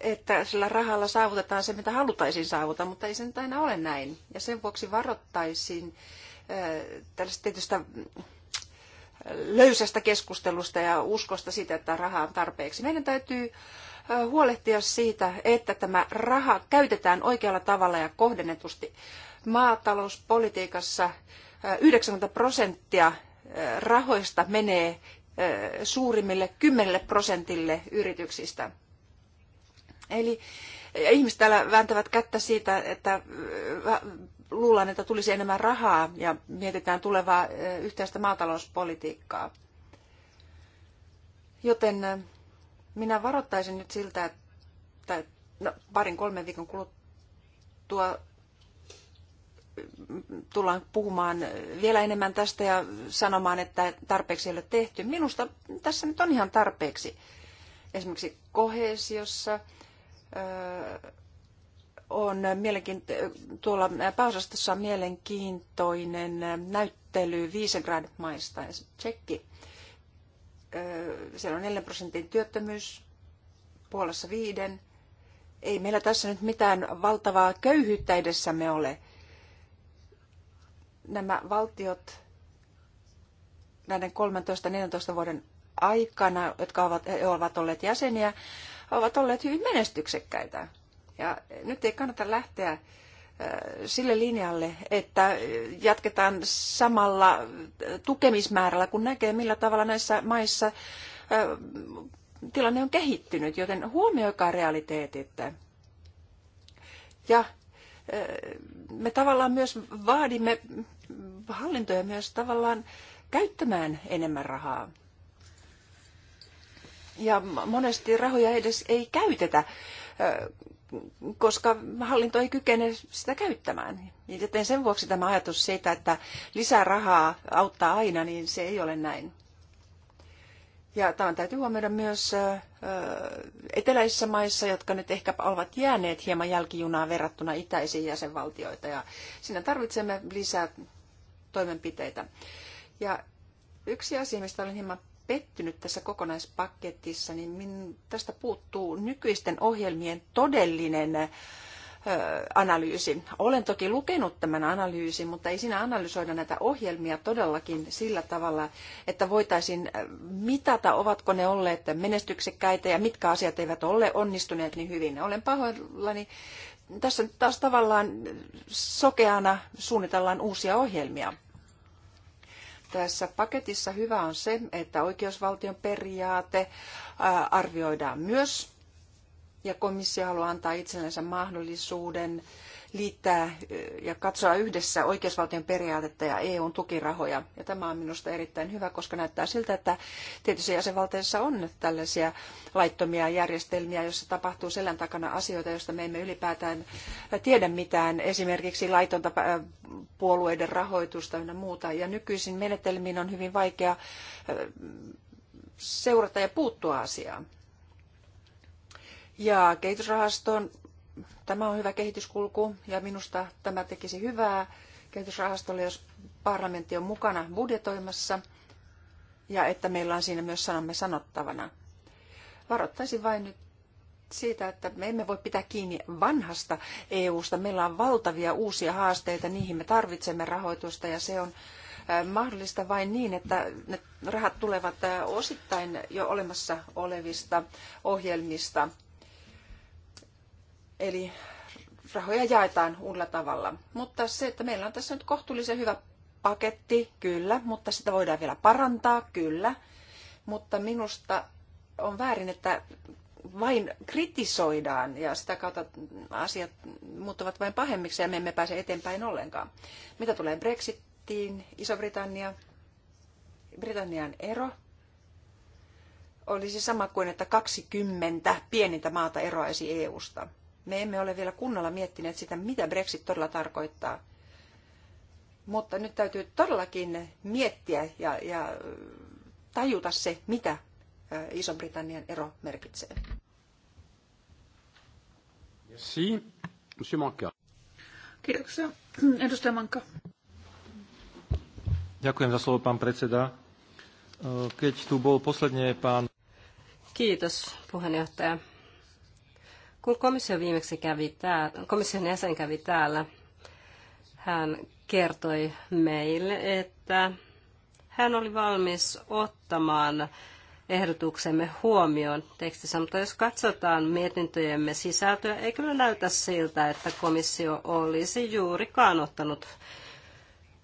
Speaker 4: että sillä rahalla saavutetaan se, mitä halutaisiin saavuttaa, mutta ei se nyt aina ole näin. Ja sen vuoksi varoittaisin tällaista tietystä mm, löysästä keskustelusta ja uskosta siitä, että rahaa on tarpeeksi. Meidän täytyy huolehtia siitä, että tämä raha käytetään oikealla tavalla ja kohdennetusti. Maatalouspolitiikassa 90 prosenttia rahoista menee suurimmille 10 prosentille yrityksistä. Eli ihmiset täällä vääntävät kättä siitä, että luullaan, että tulisi enemmän rahaa ja mietitään tulevaa yhteistä maatalouspolitiikkaa. Joten minä varoittaisin nyt siltä, että no, parin kolmen viikon kuluttua mm, tullaan puhumaan vielä enemmän tästä ja sanomaan, että tarpeeksi ei ole tehty. Minusta tässä nyt on ihan tarpeeksi. Esimerkiksi kohesiossa on mielenkiint- tuolla pääosastossa on mielenkiintoinen näyttely Visegrad maista, tsekki. Siellä on 4 prosentin työttömyys, Puolassa viiden. Ei meillä tässä nyt mitään valtavaa köyhyyttä edessämme ole. Nämä valtiot näiden 13-14 vuoden aikana, jotka ovat, ovat olleet jäseniä, ovat olleet hyvin menestyksekkäitä. Ja nyt ei kannata lähteä sille linjalle, että jatketaan samalla tukemismäärällä, kun näkee millä tavalla näissä maissa tilanne on kehittynyt, joten huomioikaa realiteetit. Ja me tavallaan myös vaadimme hallintoja myös tavallaan käyttämään enemmän rahaa. Ja monesti rahoja edes ei käytetä, koska hallinto ei kykene sitä käyttämään. Joten sen vuoksi tämä ajatus siitä, että lisää rahaa auttaa aina, niin se ei ole näin. Ja tämä täytyy huomioida myös eteläisissä maissa, jotka nyt ehkä ovat jääneet hieman jälkijunaan verrattuna itäisiin jäsenvaltioita. Ja siinä tarvitsemme lisää toimenpiteitä. Ja yksi asia, mistä olen hieman pettynyt tässä kokonaispaketissa, niin min, tästä puuttuu nykyisten ohjelmien todellinen ö, analyysi. Olen toki lukenut tämän analyysin, mutta ei siinä analysoida näitä ohjelmia todellakin sillä tavalla, että voitaisiin mitata, ovatko ne olleet menestyksekkäitä ja mitkä asiat eivät ole onnistuneet niin hyvin. Olen pahoillani. Tässä nyt taas tavallaan sokeana suunnitellaan uusia ohjelmia tässä paketissa hyvä on se, että oikeusvaltion periaate arvioidaan myös, ja komissio haluaa antaa itsellensä mahdollisuuden liittää ja katsoa yhdessä oikeusvaltion periaatetta ja EUn tukirahoja. Ja tämä on minusta erittäin hyvä, koska näyttää siltä, että tietyissä jäsenvaltioissa on tällaisia laittomia järjestelmiä, joissa tapahtuu selän takana asioita, joista me emme ylipäätään tiedä mitään, esimerkiksi laitonta puolueiden rahoitusta ynnä muuta. Ja nykyisin menetelmiin on hyvin vaikea seurata ja puuttua asiaan. Ja kehitysrahaston tämä on hyvä kehityskulku ja minusta tämä tekisi hyvää kehitysrahastolle, jos parlamentti on mukana budjetoimassa ja että meillä on siinä myös sanamme sanottavana. Varoittaisin vain nyt siitä, että me emme voi pitää kiinni vanhasta EU: EU-sta. Meillä on valtavia uusia haasteita, niihin me tarvitsemme rahoitusta ja se on mahdollista vain niin, että ne rahat tulevat osittain jo olemassa olevista ohjelmista – Eli rahoja jaetaan uudella tavalla. Mutta se, että meillä on tässä nyt kohtuullisen hyvä paketti, kyllä, mutta sitä voidaan vielä parantaa, kyllä. Mutta minusta on väärin, että vain kritisoidaan ja sitä kautta asiat muuttuvat vain pahemmiksi ja me emme pääse eteenpäin ollenkaan. Mitä tulee Brexittiin, Iso-Britannia, Britannian ero olisi sama kuin, että 20 pienintä maata eroaisi EU-sta. Me emme ole vielä kunnolla miettineet sitä, mitä Brexit todella tarkoittaa. Mutta nyt täytyy todellakin miettiä ja, ja tajuta se, mitä Iso-Britannian ero merkitsee.
Speaker 1: Merci. Monsieur Manka.
Speaker 4: Kiitoksia. Edustaja Manka.
Speaker 1: Ďakujem za slovo, pán predseda. E, keď tu bol posledne pán...
Speaker 3: Kiitos, puheenjohtaja. Kun komissio viimeksi kävi täällä, komission jäsen kävi täällä, hän kertoi meille, että hän oli valmis ottamaan ehdotuksemme huomioon tekstissä, mutta jos katsotaan mietintöjemme sisältöä, ei kyllä näytä siltä, että komissio olisi juurikaan ottanut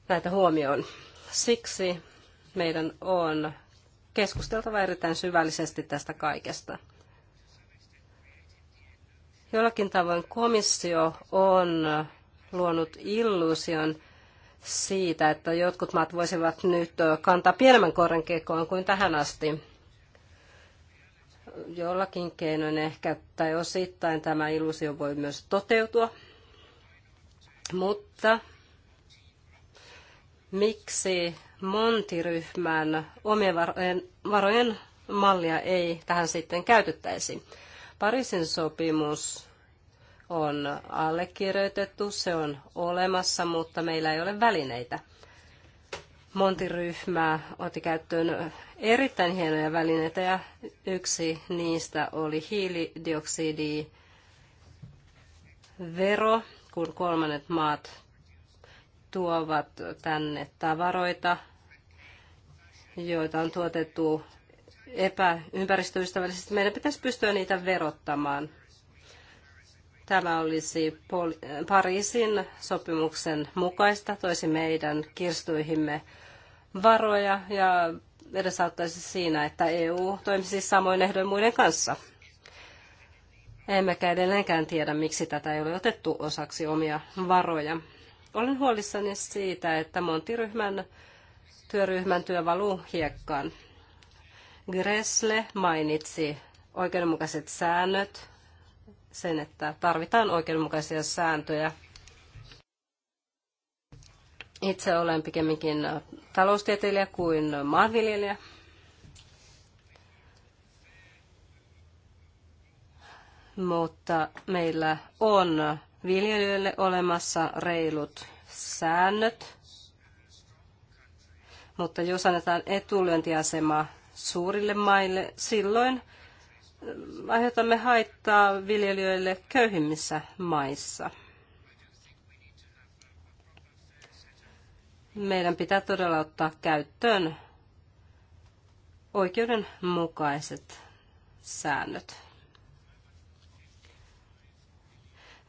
Speaker 3: näitä huomioon. Siksi meidän on keskusteltava erittäin syvällisesti tästä kaikesta. Jollakin tavoin komissio on luonut illuusion siitä, että jotkut maat voisivat nyt kantaa pienemmän korren kekoon kuin tähän asti. Jollakin keinoin ehkä tai osittain tämä illuusio voi myös toteutua, mutta miksi Montiryhmän omien varojen mallia ei tähän sitten käytettäisi? Pariisin sopimus on allekirjoitettu, se on olemassa, mutta meillä ei ole välineitä. Montiryhmä otti käyttöön erittäin hienoja välineitä ja yksi niistä oli hiilidioksidi vero, kun kolmannet maat tuovat tänne tavaroita, joita on tuotettu epäympäristöystävällisesti, meidän pitäisi pystyä niitä verottamaan. Tämä olisi Pariisin sopimuksen mukaista, toisi meidän kirstuihimme varoja ja edesauttaisi siinä, että EU toimisi samoin ehdoin muiden kanssa. Emmekä edelleenkään tiedä, miksi tätä ei ole otettu osaksi omia varoja. Olen huolissani siitä, että Montiryhmän työryhmän työ valuu hiekkaan. Gressle mainitsi oikeudenmukaiset säännöt, sen, että tarvitaan oikeudenmukaisia sääntöjä. Itse olen pikemminkin taloustieteilijä kuin maanviljelijä. Mutta meillä on viljelijöille olemassa reilut säännöt, mutta jos annetaan etulyöntiasema suurille maille, silloin mm, aiheutamme haittaa viljelijöille köyhimmissä maissa. Meidän pitää todella ottaa käyttöön oikeudenmukaiset säännöt.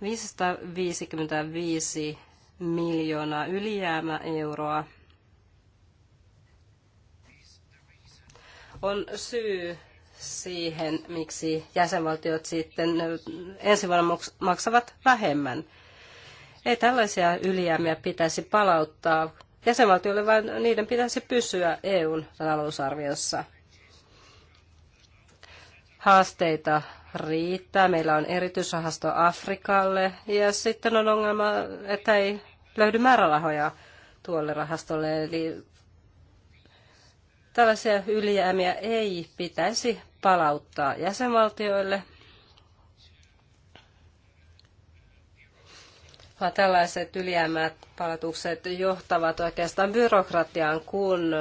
Speaker 3: 555 miljoonaa ylijäämä euroa – on syy siihen, miksi jäsenvaltiot sitten ensi vuonna maksavat vähemmän. Ei tällaisia ylijäämiä pitäisi palauttaa jäsenvaltioille, vaan niiden pitäisi pysyä EUn talousarviossa. Haasteita riittää. Meillä on erityisrahasto Afrikalle ja sitten on ongelma, että ei löydy määrärahoja tuolle rahastolle. Eli Tällaisia ylijäämiä ei pitäisi palauttaa jäsenvaltioille, vaan tällaiset ylijäämät palautukset johtavat oikeastaan byrokratiaan, kun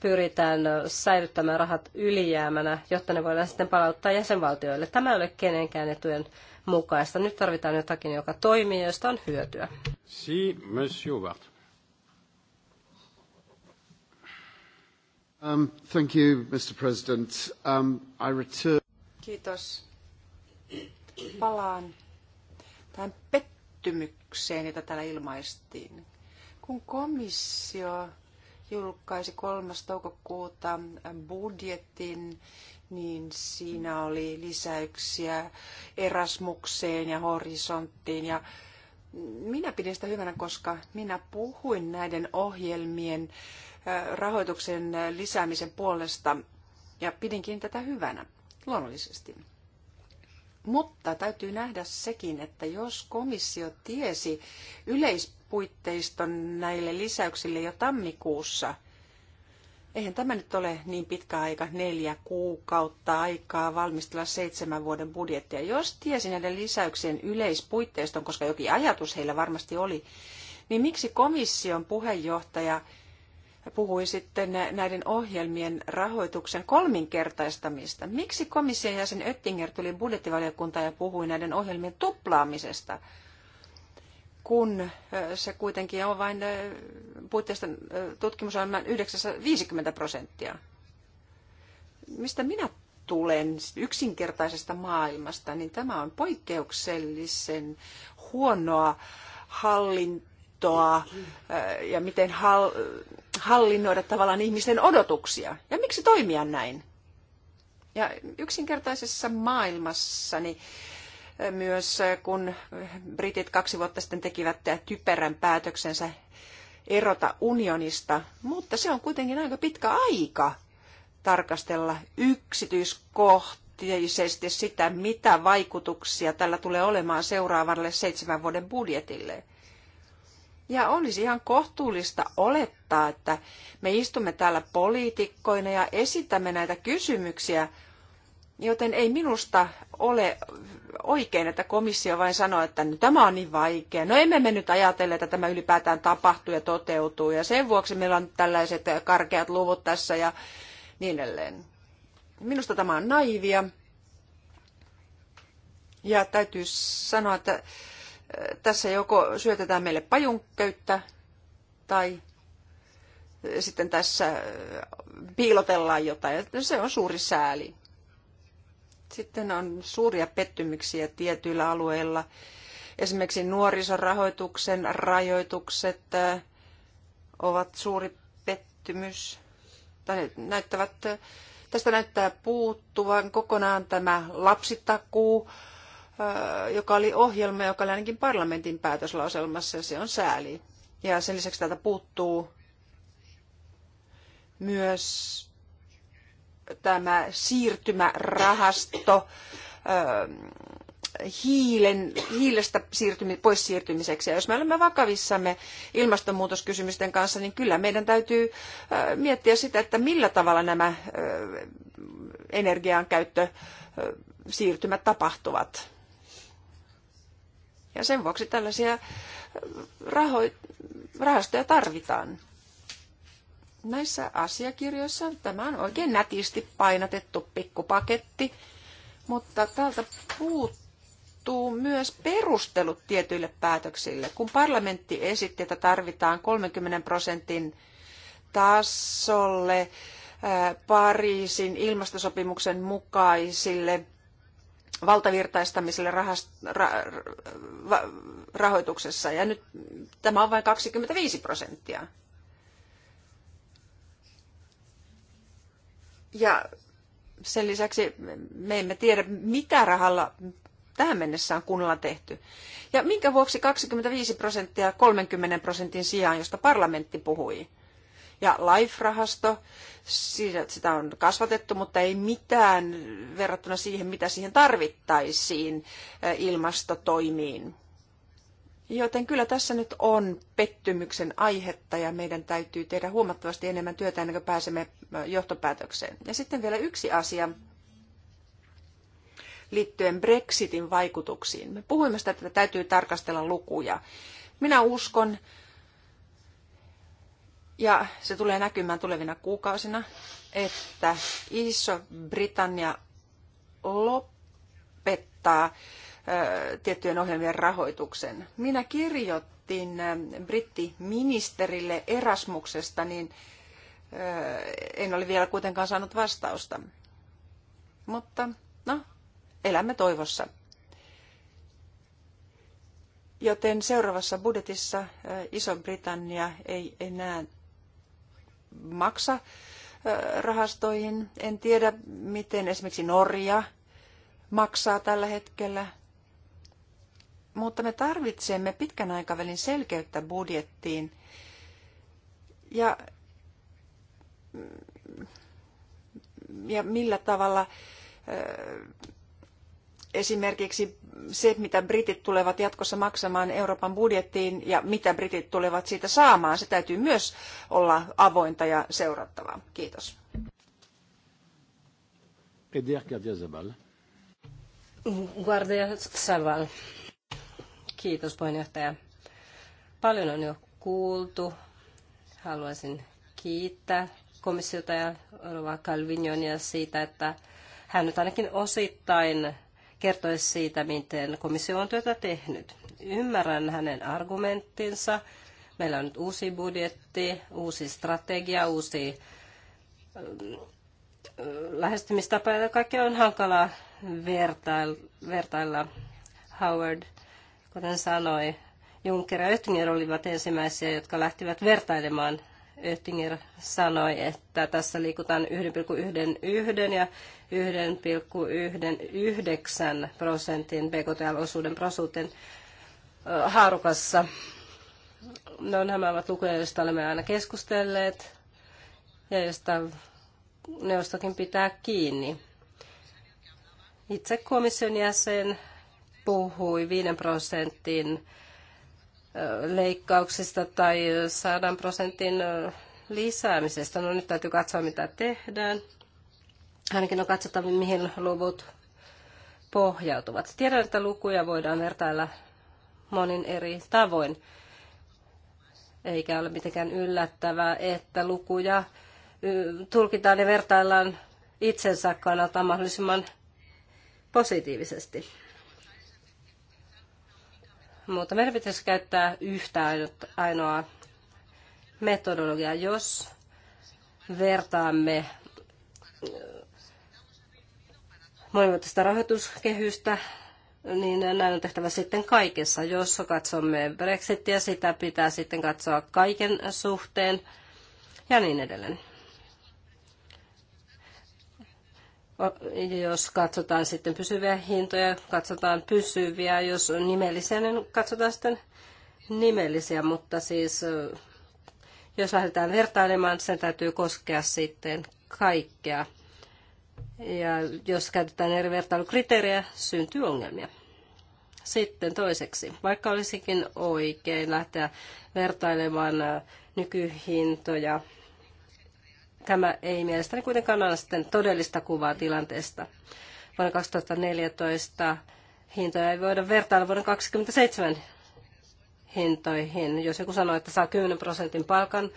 Speaker 3: pyritään säilyttämään rahat ylijäämänä, jotta ne voidaan sitten palauttaa jäsenvaltioille. Tämä ei ole kenenkään etujen mukaista. Nyt tarvitaan jotakin, joka toimii ja josta on hyötyä.
Speaker 1: Si, monsieur Ward.
Speaker 2: Um, thank you, Mr. President. Um, I return...
Speaker 4: Kiitos. Palaan tähän pettymykseen, jota täällä ilmaistiin. Kun komissio julkaisi 3. toukokuuta budjetin, niin siinä oli lisäyksiä Erasmukseen ja Horisonttiin. Ja minä pidin sitä hyvänä, koska minä puhuin näiden ohjelmien rahoituksen lisäämisen puolesta ja pidinkin tätä hyvänä, luonnollisesti. Mutta täytyy nähdä sekin, että jos komissio tiesi yleispuitteiston näille lisäyksille jo tammikuussa – Eihän tämä nyt ole niin pitkä aika, neljä kuukautta aikaa valmistella seitsemän vuoden budjettia. Jos tiesin näiden lisäyksien yleispuitteiston, koska jokin ajatus heillä varmasti oli, niin miksi komission puheenjohtaja puhui sitten näiden ohjelmien rahoituksen kolminkertaistamista? Miksi komission jäsen Öttinger tuli budjettivaliokuntaan ja puhui näiden ohjelmien tuplaamisesta? kun äh, se kuitenkin on vain äh, puitteista äh, tutkimusohjelman 950 prosenttia. Mistä minä tulen yksinkertaisesta maailmasta, niin tämä on poikkeuksellisen huonoa hallintoa ja miten hallinnoida tavallaan ihmisten odotuksia. Ja miksi toimia näin? Ja yksinkertaisessa maailmassa, niin myös, kun britit kaksi vuotta sitten tekivät typerän päätöksensä erota unionista, mutta se on kuitenkin aika pitkä aika tarkastella yksityiskohtaisesti sitä, mitä vaikutuksia tällä tulee olemaan seuraavalle seitsemän vuoden budjetille. Ja olisi ihan kohtuullista olettaa, että me istumme täällä poliitikkoina ja esitämme näitä kysymyksiä Joten ei minusta ole oikein, että komissio vain sanoo, että no, tämä on niin vaikea. No emme me nyt ajatelle, että tämä ylipäätään tapahtuu ja toteutuu. Ja sen vuoksi meillä on tällaiset karkeat luvut tässä ja niin edelleen. Minusta tämä on naivia. Ja täytyy sanoa, että äh, tässä joko syötetään meille pajunköyttä tai äh, sitten tässä äh, piilotellaan jotain. Se on suuri sääli. Sitten on suuria pettymyksiä tietyillä alueilla. Esimerkiksi nuorisorahoituksen rajoitukset äh, ovat suuri pettymys. Tai näyttävät, äh, tästä näyttää puuttuvan kokonaan tämä lapsitakuu, äh, joka oli ohjelma, joka oli ainakin parlamentin päätöslauselmassa, ja se on sääli. Ja sen lisäksi täältä puuttuu myös tämä siirtymärahasto hiilen, hiilestä siirtymi, pois siirtymiseksi. Ja jos me olemme vakavissamme ilmastonmuutoskysymysten kanssa, niin kyllä meidän täytyy miettiä sitä, että millä tavalla nämä energian käyttö siirtymät tapahtuvat. Ja sen vuoksi tällaisia rahoit, rahastoja tarvitaan näissä asiakirjoissa tämä on oikein nätisti painatettu pikkupaketti, mutta täältä puuttuu myös perustelut tietyille päätöksille. Kun parlamentti esitti, että tarvitaan 30 prosentin tasolle Pariisin ilmastosopimuksen mukaisille valtavirtaistamiselle rahast, ra, ra, rahoituksessa. Ja nyt tämä on vain 25 prosenttia. Ja sen lisäksi me emme tiedä, mitä rahalla tähän mennessä on kunnolla tehty. Ja minkä vuoksi 25 prosenttia 30 prosentin sijaan, josta parlamentti puhui. Ja LIFE-rahasto, sitä on kasvatettu, mutta ei mitään verrattuna siihen, mitä siihen tarvittaisiin eh, ilmastotoimiin. Joten kyllä tässä nyt on pettymyksen aihetta ja meidän täytyy tehdä huomattavasti enemmän työtä ennen kuin pääsemme johtopäätökseen. Ja sitten vielä yksi asia liittyen Brexitin vaikutuksiin. Me puhuimme sitä, että täytyy tarkastella lukuja. Minä uskon, ja se tulee näkymään tulevina kuukausina, että Iso-Britannia lopettaa tiettyjen ohjelmien rahoituksen. Minä kirjoitin brittiministerille Erasmuksesta, niin en ole vielä kuitenkaan saanut vastausta. Mutta no, elämme toivossa. Joten seuraavassa budjetissa Iso-Britannia ei enää maksa rahastoihin. En tiedä, miten esimerkiksi Norja maksaa tällä hetkellä mutta me tarvitsemme pitkän aikavälin selkeyttä budjettiin. Ja, mm, ja millä tavalla esimerkiksi se, mitä britit tulevat jatkossa maksamaan Euroopan budjettiin ja mitä britit tulevat siitä saamaan, se täytyy myös olla avointa ja seurattavaa. Kiitos.
Speaker 1: Eder Gardia Zaval.
Speaker 3: Guardia Zaval. Kiitos puheenjohtaja. Paljon on jo kuultu. Haluaisin kiittää komissiota ja Rova Calvinionia siitä, että hän nyt ainakin osittain kertoi siitä, miten komissio on työtä tehnyt. Ymmärrän hänen argumenttinsa. Meillä on nyt uusi budjetti, uusi strategia, uusi mm, lähestymistapa, ja kaikki on hankalaa vertailla. Howard Kuten sanoi, Juncker ja Oettinger olivat ensimmäisiä, jotka lähtivät vertailemaan. Oettinger sanoi, että tässä liikutaan 1,11 ja 1,19 prosentin BKTL-osuuden prosuutin haarukassa. No nämä ovat lukuja, joista olemme aina keskustelleet ja joista neuvostokin pitää kiinni. Itse komission jäsen puhui 5 prosentin leikkauksista tai 100 prosentin lisäämisestä. No nyt täytyy katsoa, mitä tehdään. Ainakin on katsottava, mihin luvut pohjautuvat. Tiedän, että lukuja voidaan vertailla monin eri tavoin. Eikä ole mitenkään yllättävää, että lukuja tulkitaan ja vertaillaan itsensä kannalta mahdollisimman positiivisesti. Mutta meidän pitäisi käyttää yhtä ainoa metodologiaa, jos vertaamme äh, monimuotoista rahoituskehystä, niin näin on tehtävä sitten kaikessa. Jos katsomme Brexitia, sitä pitää sitten katsoa kaiken suhteen ja niin edelleen. Jos katsotaan sitten pysyviä hintoja, katsotaan pysyviä, jos on nimellisiä, niin katsotaan sitten nimellisiä, mutta siis jos lähdetään vertailemaan, sen täytyy koskea sitten kaikkea. Ja jos käytetään eri vertailukriteerejä, syntyy ongelmia. Sitten toiseksi, vaikka olisikin oikein lähteä vertailemaan nykyhintoja Tämä ei mielestäni kuitenkaan anna sitten todellista kuvaa tilanteesta. Vuonna 2014 hintoja ei voida vertailla vuoden 2027 hintoihin. Jos joku sanoo, että saa 10 prosentin palkan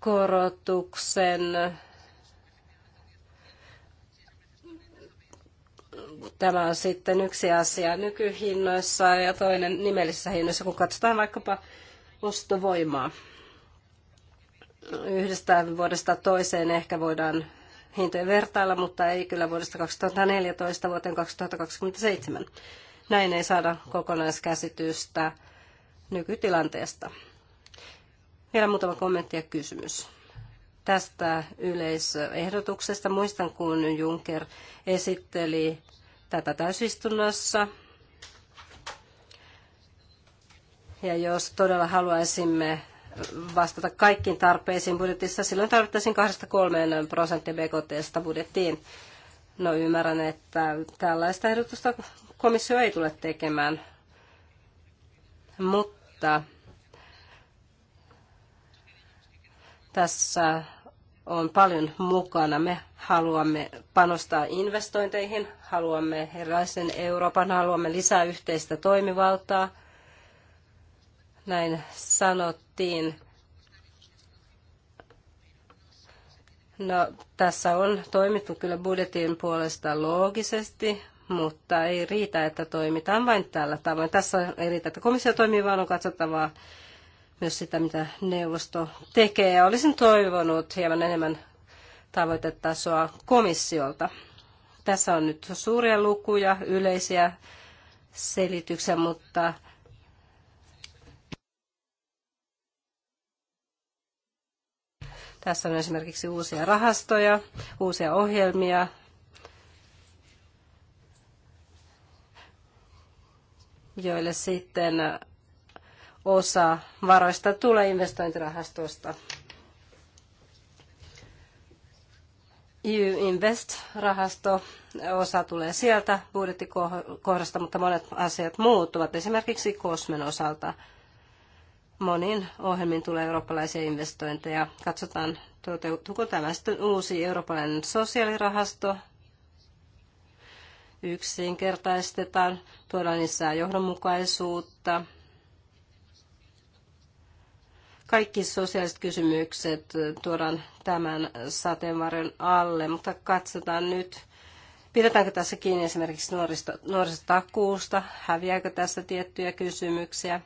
Speaker 3: korotuksen, tämä on sitten yksi asia nykyhinnoissa ja toinen nimellisissä hinnoissa, kun katsotaan vaikkapa ostovoimaa yhdestä vuodesta toiseen ehkä voidaan hintoja vertailla, mutta ei kyllä vuodesta 2014 vuoteen 2027. Näin ei saada kokonaiskäsitystä nykytilanteesta. Vielä muutama kommentti ja kysymys. Tästä yleisehdotuksesta muistan, kun Juncker esitteli tätä täysistunnossa. Ja jos todella haluaisimme vastata kaikkiin tarpeisiin budjetissa, silloin tarvittaisiin 2-3 prosenttia BKTstä budjettiin. No ymmärrän, että tällaista ehdotusta komissio ei tule tekemään, mutta tässä on paljon mukana. Me haluamme panostaa investointeihin, haluamme erilaisen Euroopan, haluamme lisää yhteistä toimivaltaa. Näin sanot tehtiin. No, tässä on toimittu kyllä budjetin puolesta loogisesti, mutta ei riitä, että toimitaan vain tällä tavoin. Tässä ei riitä, että komissio toimii, vaan on katsottavaa myös sitä, mitä neuvosto tekee. Ja olisin toivonut hieman enemmän tavoitetasoa komissiolta. Tässä on nyt suuria lukuja, yleisiä selityksiä, mutta Tässä on esimerkiksi uusia rahastoja, uusia ohjelmia. joille sitten osa varoista tulee investointirahastosta. EU Invest-rahasto, osa tulee sieltä budjettikohdasta, mutta monet asiat muuttuvat, esimerkiksi Kosmen osalta – moniin ohjelmiin tulee eurooppalaisia investointeja. Katsotaan, toteutuuko tämä sitten uusi eurooppalainen sosiaalirahasto. Yksinkertaistetaan, tuodaan lisää johdonmukaisuutta. Kaikki sosiaaliset kysymykset tuodaan tämän sateenvarjon alle, mutta katsotaan nyt, pidetäänkö tässä kiinni esimerkiksi nuorista, nuorisotakuusta, häviääkö tässä tiettyjä kysymyksiä.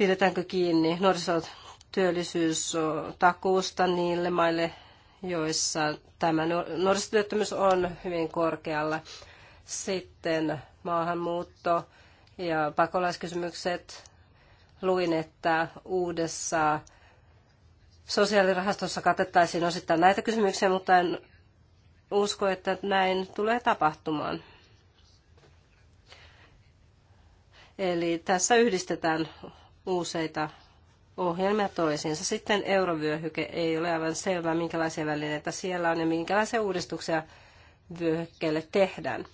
Speaker 3: Pidetäänkö kiinni nuorisotyöllisyystakuusta niille maille, joissa tämä nuorisotyöttömyys on hyvin korkealla. Sitten maahanmuutto ja pakolaiskysymykset. Luin, että uudessa sosiaalirahastossa katettaisiin osittain näitä kysymyksiä, mutta en usko, että näin tulee tapahtumaan. Eli tässä yhdistetään useita ohjelmia toisiinsa. Sitten eurovyöhyke ei ole aivan selvää, minkälaisia välineitä siellä on ja minkälaisia uudistuksia vyöhykkeelle tehdään.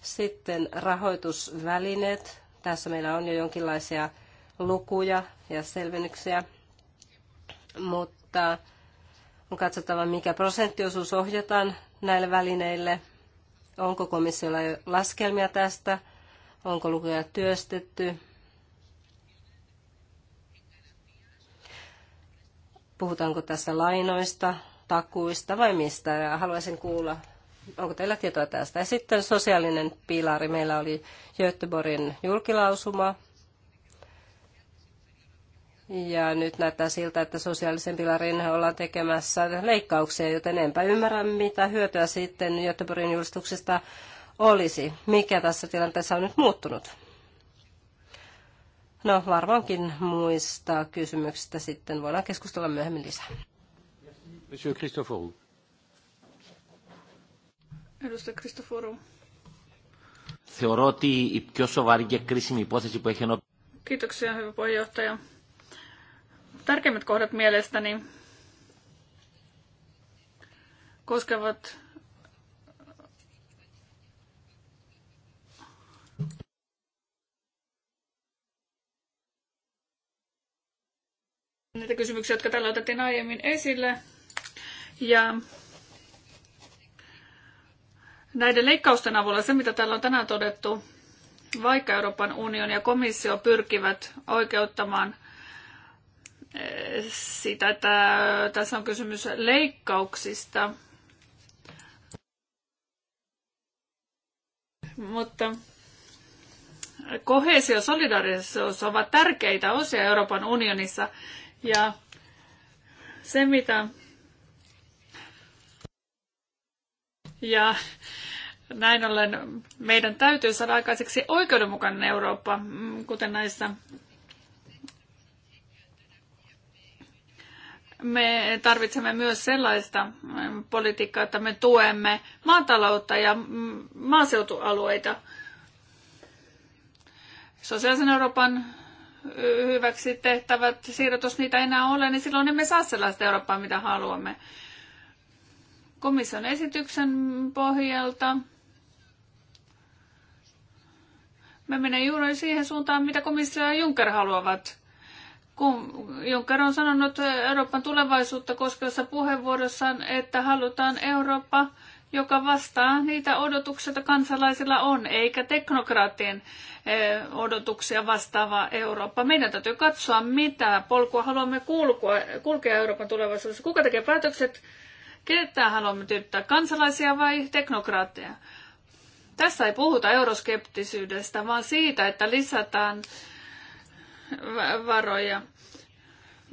Speaker 3: Sitten rahoitusvälineet. Tässä meillä on jo jonkinlaisia lukuja ja selvennyksiä, mutta on katsottava, mikä prosenttiosuus ohjataan näille välineille. Onko komissiolla laskelmia tästä? Onko lukuja työstetty? Puhutaanko tässä lainoista, takuista vai mistä? Ja haluaisin kuulla, onko teillä tietoa tästä. Ja sitten sosiaalinen pilari. Meillä oli Göteborgin julkilausuma. Ja nyt näyttää siltä, että sosiaalisen pilarin ollaan tekemässä leikkauksia, joten enpä ymmärrä, mitä hyötyä sitten Göteborgin julistuksesta olisi. Mikä tässä tilanteessa on nyt muuttunut? No varmaankin muista kysymyksistä sitten voidaan keskustella myöhemmin lisää.
Speaker 1: Monsieur Christoforu.
Speaker 2: Edustaja Christoforu.
Speaker 1: Θεωρώ ότι η πιο σοβαρή και κρίσιμη υπόθεση που έχει ενώπιον.
Speaker 2: Kiitoksia, hyvä puheenjohtaja. Tärkeimmät kohdat mielestäni koskevat niitä kysymyksiä, jotka täällä otettiin aiemmin esille. Ja näiden leikkausten avulla se, mitä täällä on tänään todettu, vaikka Euroopan unioni ja komissio pyrkivät oikeuttamaan eh, sitä, että tässä on kysymys leikkauksista, mutta kohesio ja solidaarisuus ovat tärkeitä osia Euroopan unionissa ja se, mitä... Ja näin ollen meidän täytyy saada aikaiseksi oikeudenmukainen Eurooppa, mm, kuten näissä me tarvitsemme myös sellaista mm, politiikkaa, että me tuemme maataloutta ja mm, maaseutualueita. Sosiaalisen Euroopan hyväksi tehtävät siirrot, jos niitä enää ole, niin silloin emme saa sellaista Eurooppaa, mitä haluamme. Komission esityksen pohjalta me menemme juuri siihen suuntaan, mitä komissio ja Juncker haluavat. Kun Juncker on sanonut Euroopan tulevaisuutta koskevassa puheenvuorossaan, että halutaan Eurooppa, joka vastaa niitä odotuksia, joita kansalaisilla on, eikä teknokraattien Eh, odotuksia vastaava Eurooppa. Meidän täytyy katsoa, mitä polkua haluamme kulkua, kulkea Euroopan tulevaisuudessa. Kuka tekee päätökset? Ketään haluamme tyyttää? Kansalaisia vai teknokraatteja? Tässä ei puhuta euroskeptisyydestä, vaan siitä, että lisätään varoja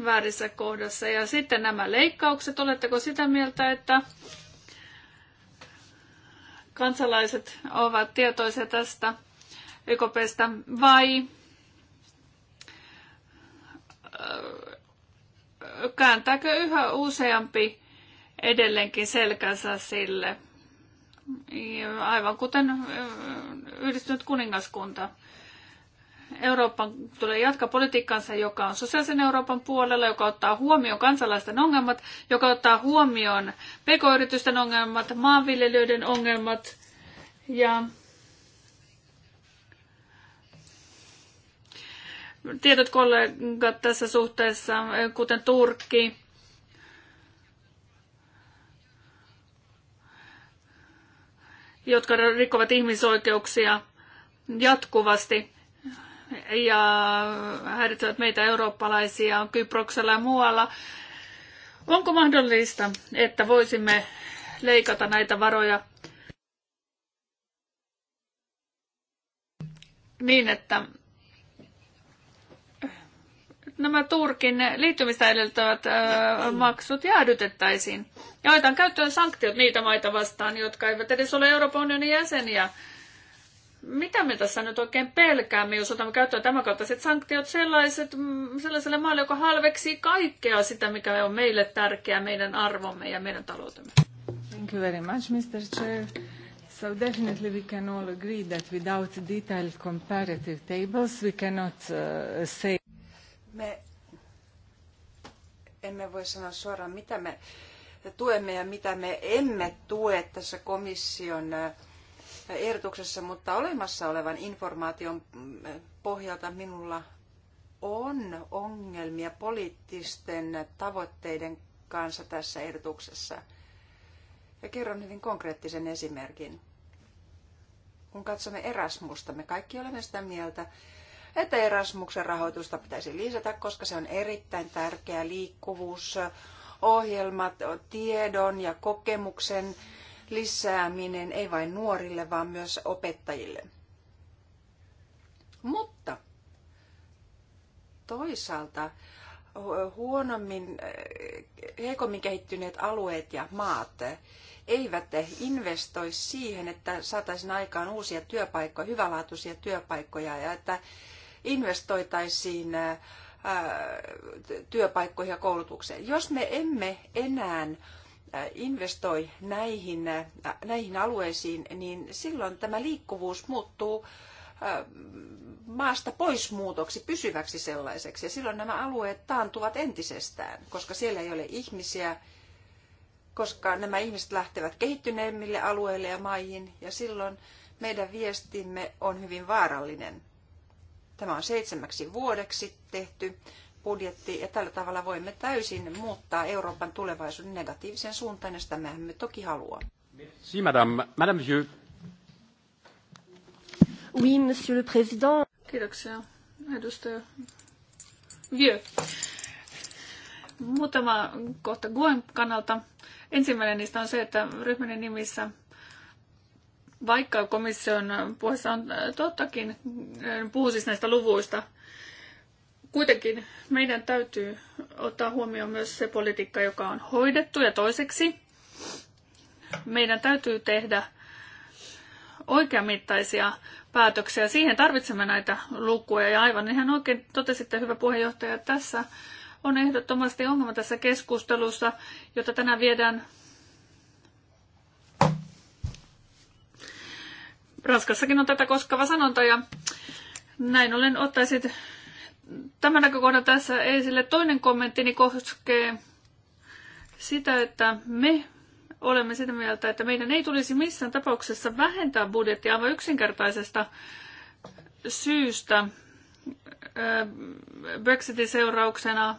Speaker 2: väärissä kohdassa. Ja sitten nämä leikkaukset, oletteko sitä mieltä, että kansalaiset ovat tietoisia tästä? EKPstä vai kääntääkö yhä useampi edelleenkin selkänsä sille, aivan kuten yhdistynyt kuningaskunta. Euroopan tulee jatkaa politiikkansa, joka on sosiaalisen Euroopan puolella, joka ottaa huomioon kansalaisten ongelmat, joka ottaa huomioon pk-yritysten ongelmat, maanviljelijöiden ongelmat ja tietyt kollegat tässä suhteessa, kuten Turkki, jotka rikkovat ihmisoikeuksia jatkuvasti ja häiritsevät meitä eurooppalaisia Kyproksella ja muualla. Onko mahdollista, että voisimme leikata näitä varoja niin, että nämä Turkin liittymistä edeltävät maksut jäädytettäisiin. Ja otetaan käyttöön sanktiot niitä maita vastaan, jotka eivät edes ole Euroopan unionin jäseniä. Mitä me tässä nyt oikein pelkäämme, jos otamme käyttöön tämän kaltaiset sanktiot sellaiset, mm, sellaiselle maalle, joka halveksii kaikkea sitä, mikä on meille tärkeää, meidän arvomme ja meidän taloutemme?
Speaker 4: Thank you very much, Mr. Chair. So definitely we can all agree that without detailed comparative
Speaker 3: tables we cannot uh, say
Speaker 4: me emme voi sanoa suoraan, mitä me tuemme ja mitä me emme tue tässä komission ehdotuksessa, mutta olemassa olevan informaation pohjalta minulla on ongelmia poliittisten tavoitteiden kanssa tässä ehdotuksessa. Ja kerron hyvin konkreettisen esimerkin. Kun katsomme Erasmusta, me kaikki olemme sitä mieltä, että Erasmuksen rahoitusta pitäisi lisätä, koska se on erittäin tärkeä liikkuvuus, ohjelmat, tiedon ja kokemuksen lisääminen ei vain nuorille, vaan myös opettajille. Mutta toisaalta huonommin, heikommin kehittyneet alueet ja maat eivät investoi siihen, että saataisiin aikaan uusia työpaikkoja, hyvälaatuisia työpaikkoja ja että investoitaisiin työpaikkoihin ja koulutukseen. Jos me emme enää investoi näihin, näihin alueisiin, niin silloin tämä liikkuvuus muuttuu maasta pois muutoksi, pysyväksi sellaiseksi. Ja silloin nämä alueet taantuvat entisestään, koska siellä ei ole ihmisiä, koska nämä ihmiset lähtevät kehittyneemmille alueille ja maihin, ja silloin meidän viestimme on hyvin vaarallinen. Tämä on seitsemäksi vuodeksi tehty budjetti ja tällä tavalla voimme täysin muuttaa Euroopan tulevaisuuden negatiivisen suuntaan ja sitä me emme toki halua.
Speaker 1: Si, madame. Madame Vieux.
Speaker 3: Oui, monsieur le président.
Speaker 2: Kiitoksia, edustaja Vieux. Muutama kohta Guen kannalta. Ensimmäinen niistä on se, että ryhmän nimissä vaikka komission puheessa on äh, tottakin, äh, puhuu siis näistä luvuista, kuitenkin meidän täytyy ottaa huomioon myös se politiikka, joka on hoidettu ja toiseksi meidän täytyy tehdä oikeamittaisia päätöksiä. Siihen tarvitsemme näitä lukuja ja aivan ihan oikein totesitte, hyvä puheenjohtaja, että tässä on ehdottomasti ongelma tässä keskustelussa, jota tänään viedään Ranskassakin on tätä koskava sanonta ja näin ollen ottaisin tämän näkökohdan tässä esille. Toinen kommenttini koskee sitä, että me olemme sitä mieltä, että meidän ei tulisi missään tapauksessa vähentää budjettia aivan yksinkertaisesta syystä. Brexitin seurauksena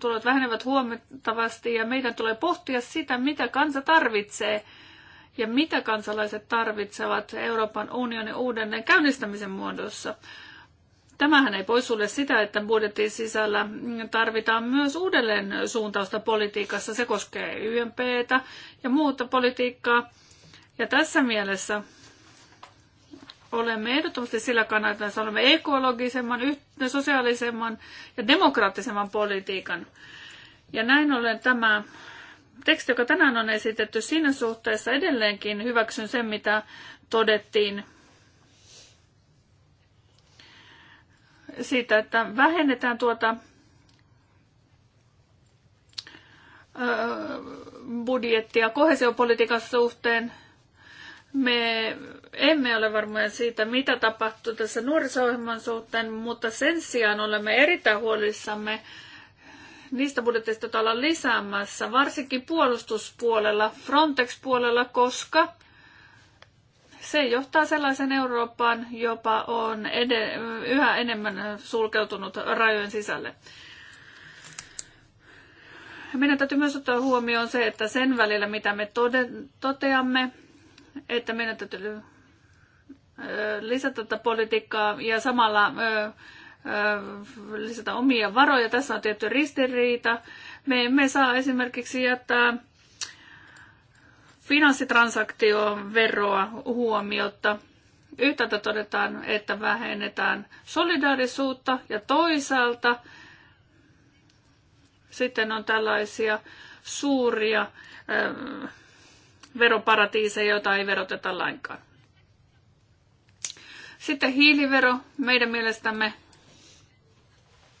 Speaker 2: tulot vähenevät huomattavasti ja meidän tulee pohtia sitä, mitä kansa tarvitsee – ja mitä kansalaiset tarvitsevat Euroopan unionin uudelleen käynnistämisen muodossa. Tämähän ei poissulje sitä, että budjetin sisällä tarvitaan myös uudelleen suuntausta politiikassa. Se koskee YMPtä ja muuta politiikkaa. Ja tässä mielessä olemme ehdottomasti sillä kannalla, että olemme ekologisemman, sosiaalisemman ja demokraattisemman politiikan. Ja näin ollen tämä teksti, joka tänään on esitetty, siinä suhteessa edelleenkin hyväksyn sen, mitä todettiin siitä, että vähennetään tuota budjettia kohesiopolitiikan suhteen. Me emme ole varmoja siitä, mitä tapahtuu tässä nuorisohjelman suhteen, mutta sen sijaan olemme erittäin huolissamme niistä budjeteista, joita ollaan lisäämässä, varsinkin puolustuspuolella, Frontex-puolella, koska se johtaa sellaisen Eurooppaan, jopa on ed- yhä enemmän sulkeutunut rajojen sisälle. Meidän täytyy myös ottaa huomioon se, että sen välillä, mitä me toteamme, että meidän täytyy lisätä tätä politiikkaa ja samalla lisätä omia varoja. Tässä on tietty ristiriita. Me emme saa esimerkiksi jättää finanssitransaktioveroa huomiota. Yhtäältä todetaan, että vähennetään solidaarisuutta ja toisaalta sitten on tällaisia suuria ö, veroparatiiseja, joita ei veroteta lainkaan. Sitten hiilivero meidän mielestämme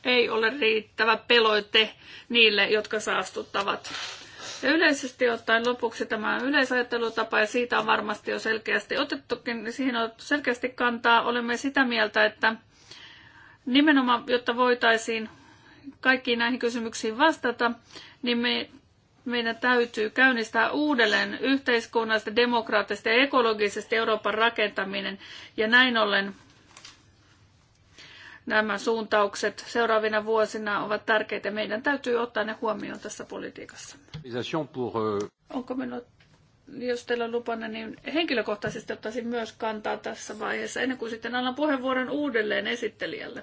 Speaker 2: ei ole riittävä peloite niille, jotka saastuttavat. Ja yleisesti ottaen lopuksi tämä yleisajattelutapa, ja siitä on varmasti jo selkeästi otettukin, niin siihen on selkeästi kantaa. Olemme sitä mieltä, että nimenomaan, jotta voitaisiin kaikkiin näihin kysymyksiin vastata, niin me, meidän täytyy käynnistää uudelleen yhteiskunnallisesti, demokraattista ja ekologisesti Euroopan rakentaminen. Ja näin ollen nämä suuntaukset seuraavina vuosina ovat tärkeitä. Meidän täytyy ottaa ne huomioon tässä politiikassa.
Speaker 1: Euh,
Speaker 2: Onko minulla, jos teillä on lupana, niin henkilökohtaisesti ottaisin myös kantaa tässä vaiheessa, ennen kuin sitten annan puheenvuoron uudelleen esittelijälle.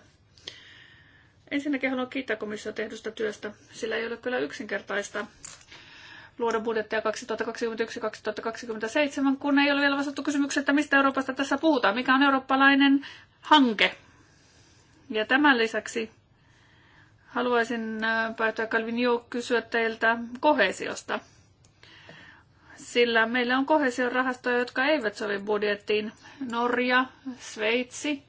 Speaker 2: Ensinnäkin haluan kiittää komissio tehdystä työstä, sillä ei ole kyllä yksinkertaista luoda budjettia 2021-2027, kun ei ole vielä vastattu kysymykseen, että mistä Euroopasta tässä puhutaan, mikä on eurooppalainen hanke, ja tämän lisäksi haluaisin äh, päättää Calvin Jou kysyä teiltä kohesiosta. Sillä meillä on kohesion rahastoja, jotka eivät sovi budjettiin. Norja, Sveitsi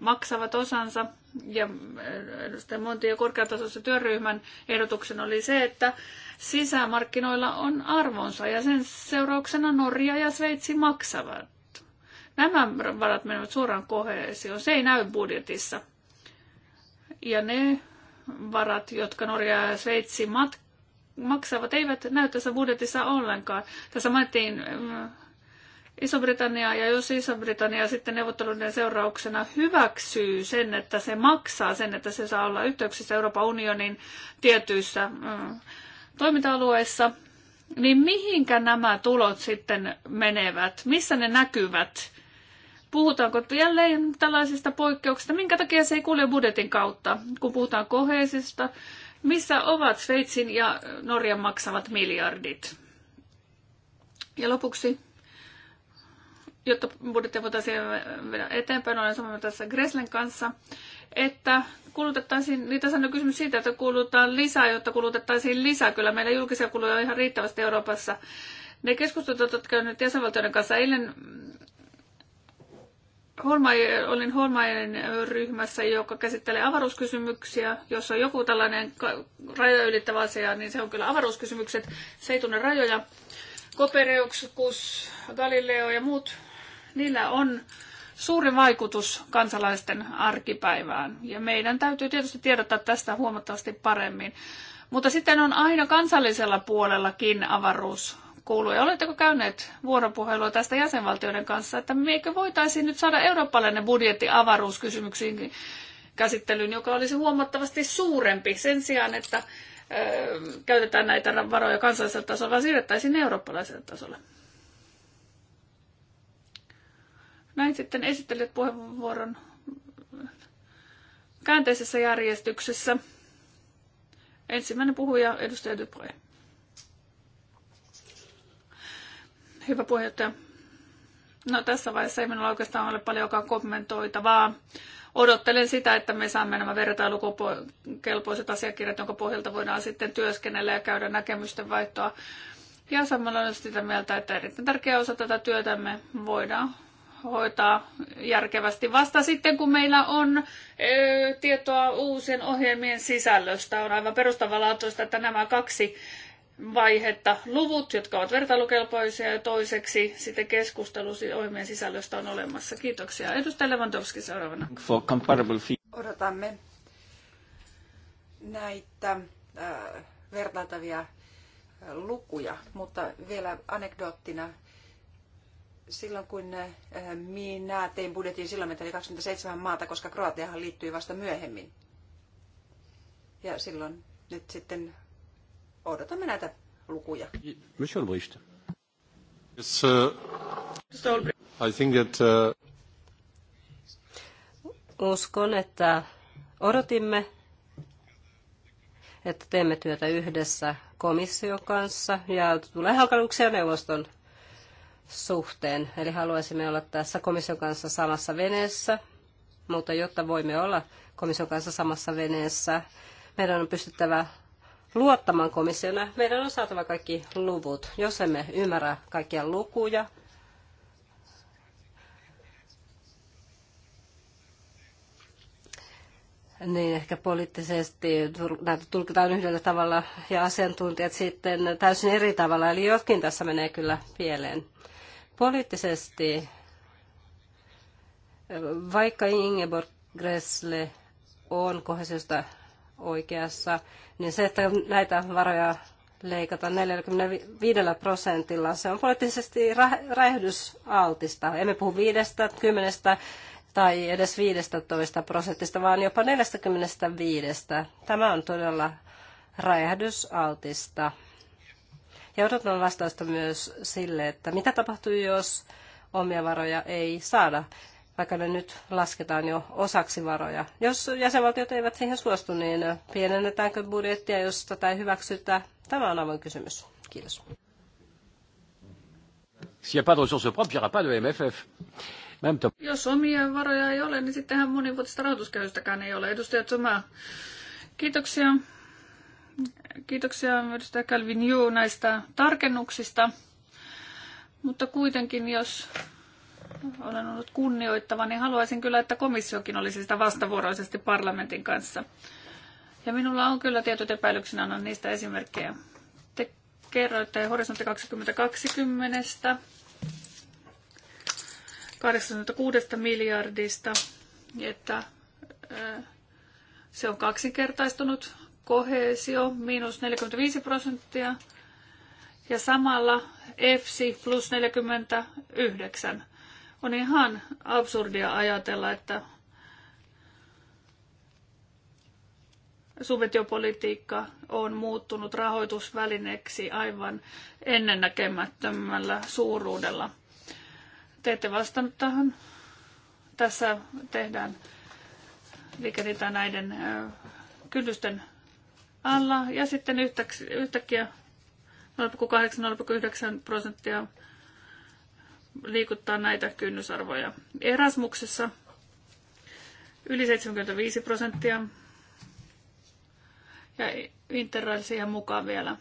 Speaker 2: maksavat osansa ja äh, edustaja Monti ja korkeatasoisen työryhmän ehdotuksen oli se, että sisämarkkinoilla on arvonsa ja sen seurauksena Norja ja Sveitsi maksavat Nämä varat menevät suoraan koheesioon. Se ei näy budjetissa. Ja ne varat, jotka Norja ja Sveitsi mat- maksavat, eivät näy tässä budjetissa ollenkaan. Tässä mainittiin äh, Iso-Britannia, ja jos Iso-Britannia sitten neuvotteluiden seurauksena hyväksyy sen, että se maksaa sen, että se saa olla yhteyksissä Euroopan unionin tietyissä äh, toiminta-alueissa, niin mihinkä nämä tulot sitten menevät? Missä ne näkyvät? Puhutaanko jälleen tällaisista poikkeuksista? Minkä takia se ei kulje budjetin kautta, kun puhutaan koheisista? Missä ovat Sveitsin ja Norjan maksavat miljardit? Ja lopuksi, jotta budjettia voitaisiin vedä eteenpäin, olen samaa tässä Greslen kanssa, että kulutettaisiin, niin tässä on kysymys siitä, että kulutetaan lisää, jotta kulutettaisiin lisää. Kyllä meillä julkisia kuluja on ihan riittävästi Euroopassa. Ne keskustelut, jotka nyt jäsenvaltioiden kanssa eilen Holmaier, olin Holmaierin ryhmässä, joka käsittelee avaruuskysymyksiä. Jos on joku tällainen raja ylittävä asia, niin se on kyllä avaruuskysymykset. Se ei tunne rajoja. Kopereukskus, Galileo ja muut, niillä on suuri vaikutus kansalaisten arkipäivään. Ja meidän täytyy tietysti tiedottaa tästä huomattavasti paremmin. Mutta sitten on aina kansallisella puolellakin avaruus kuuluu. Ja oletteko käyneet vuoropuhelua tästä jäsenvaltioiden kanssa, että eikö voitaisiin nyt saada eurooppalainen budjetti avaruuskysymyksiin käsittelyyn, joka olisi huomattavasti suurempi sen sijaan, että käytetään näitä varoja kansallisella tasolla, vaan siirrettäisiin eurooppalaiselle tasolle. Näin sitten esittelijät puheenvuoron käänteisessä järjestyksessä. Ensimmäinen puhuja, edustaja Dupré. Hyvä puheenjohtaja. No tässä vaiheessa ei minulla oikeastaan ole paljonkaan kommentoitavaa. Odottelen sitä, että me saamme nämä vertailukelpoiset asiakirjat, jonka pohjalta voidaan sitten työskennellä ja käydä näkemysten vaihtoa. Ja samalla olen sitä mieltä, että erittäin tärkeä osa tätä työtämme voidaan hoitaa järkevästi vasta sitten, kun meillä on tietoa uusien ohjelmien sisällöstä. On aivan perustavanlaatuista, että nämä kaksi vaihetta luvut, jotka ovat vertailukelpoisia ja toiseksi sitten keskustelu ohjelmien sisällöstä on olemassa. Kiitoksia. Edustaja
Speaker 4: Lewandowski seuraavana. For comparable fee. Odotamme näitä äh, vertailtavia äh, lukuja, mutta vielä anekdoottina. Silloin kun äh, minä tein budjetin, silloin meitä oli 27 maata, koska Kroatiahan liittyi vasta myöhemmin. Ja silloin nyt sitten odotamme näitä lukuja.
Speaker 1: Monsieur Yes, uh, I think that, uh...
Speaker 3: Uskon, että odotimme, että teemme työtä yhdessä komission kanssa ja tulee hankaluuksia neuvoston suhteen. Eli haluaisimme olla tässä komission kanssa samassa veneessä, mutta jotta voimme olla komission kanssa samassa veneessä, meidän on pystyttävä luottamaan komissiona, meidän on saatava kaikki luvut. Jos emme ymmärrä kaikkia lukuja, niin ehkä poliittisesti näitä tulkitaan yhdellä tavalla ja asiantuntijat sitten täysin eri tavalla, eli jotkin tässä menee kyllä pieleen. Poliittisesti, vaikka Ingeborg Gressle on kohesiosta oikeassa, niin se, että näitä varoja leikata 45 prosentilla, se on poliittisesti räjähdysaltista. Emme puhu 5, 10 tai edes 15 prosentista, vaan jopa 45. Tämä on todella räjähdysaltista. Ja odotan vastausta myös sille, että mitä tapahtuu, jos omia varoja ei saada vaikka ne nyt lasketaan jo osaksi varoja. Jos jäsenvaltiot eivät siihen suostu, niin pienennetäänkö budjettia, jos tätä ei hyväksytä? Tämä on avoin kysymys. Kiitos. Jos omia
Speaker 2: varoja ei ole, niin sittenhän monivuotista rahoituskäytöstäkään ei ole. Edustaja Tsoma, kiitoksia. Kiitoksia edustaja Calvin Ju näistä tarkennuksista. Mutta kuitenkin, jos olen ollut kunnioittava, niin haluaisin kyllä, että komissiokin olisi sitä vastavuoroisesti parlamentin kanssa. Ja minulla on kyllä tietyt epäilyksenä, annan niistä esimerkkejä. Te kerroitte Horisontti 2020, 86 miljardista, että se on kaksinkertaistunut, kohesio miinus 45 prosenttia ja samalla EFSI plus 49 on ihan absurdia ajatella, että subventiopolitiikka on muuttunut rahoitusvälineeksi aivan ennennäkemättömällä suuruudella. Te ette vastannut tähän. Tässä tehdään liikennetään näiden kynnysten alla ja sitten yhtäkkiä 0,8-0,9 prosenttia liikuttaa näitä kynnysarvoja. Erasmuksessa yli 75 prosenttia ja Interrail siihen mukaan vielä.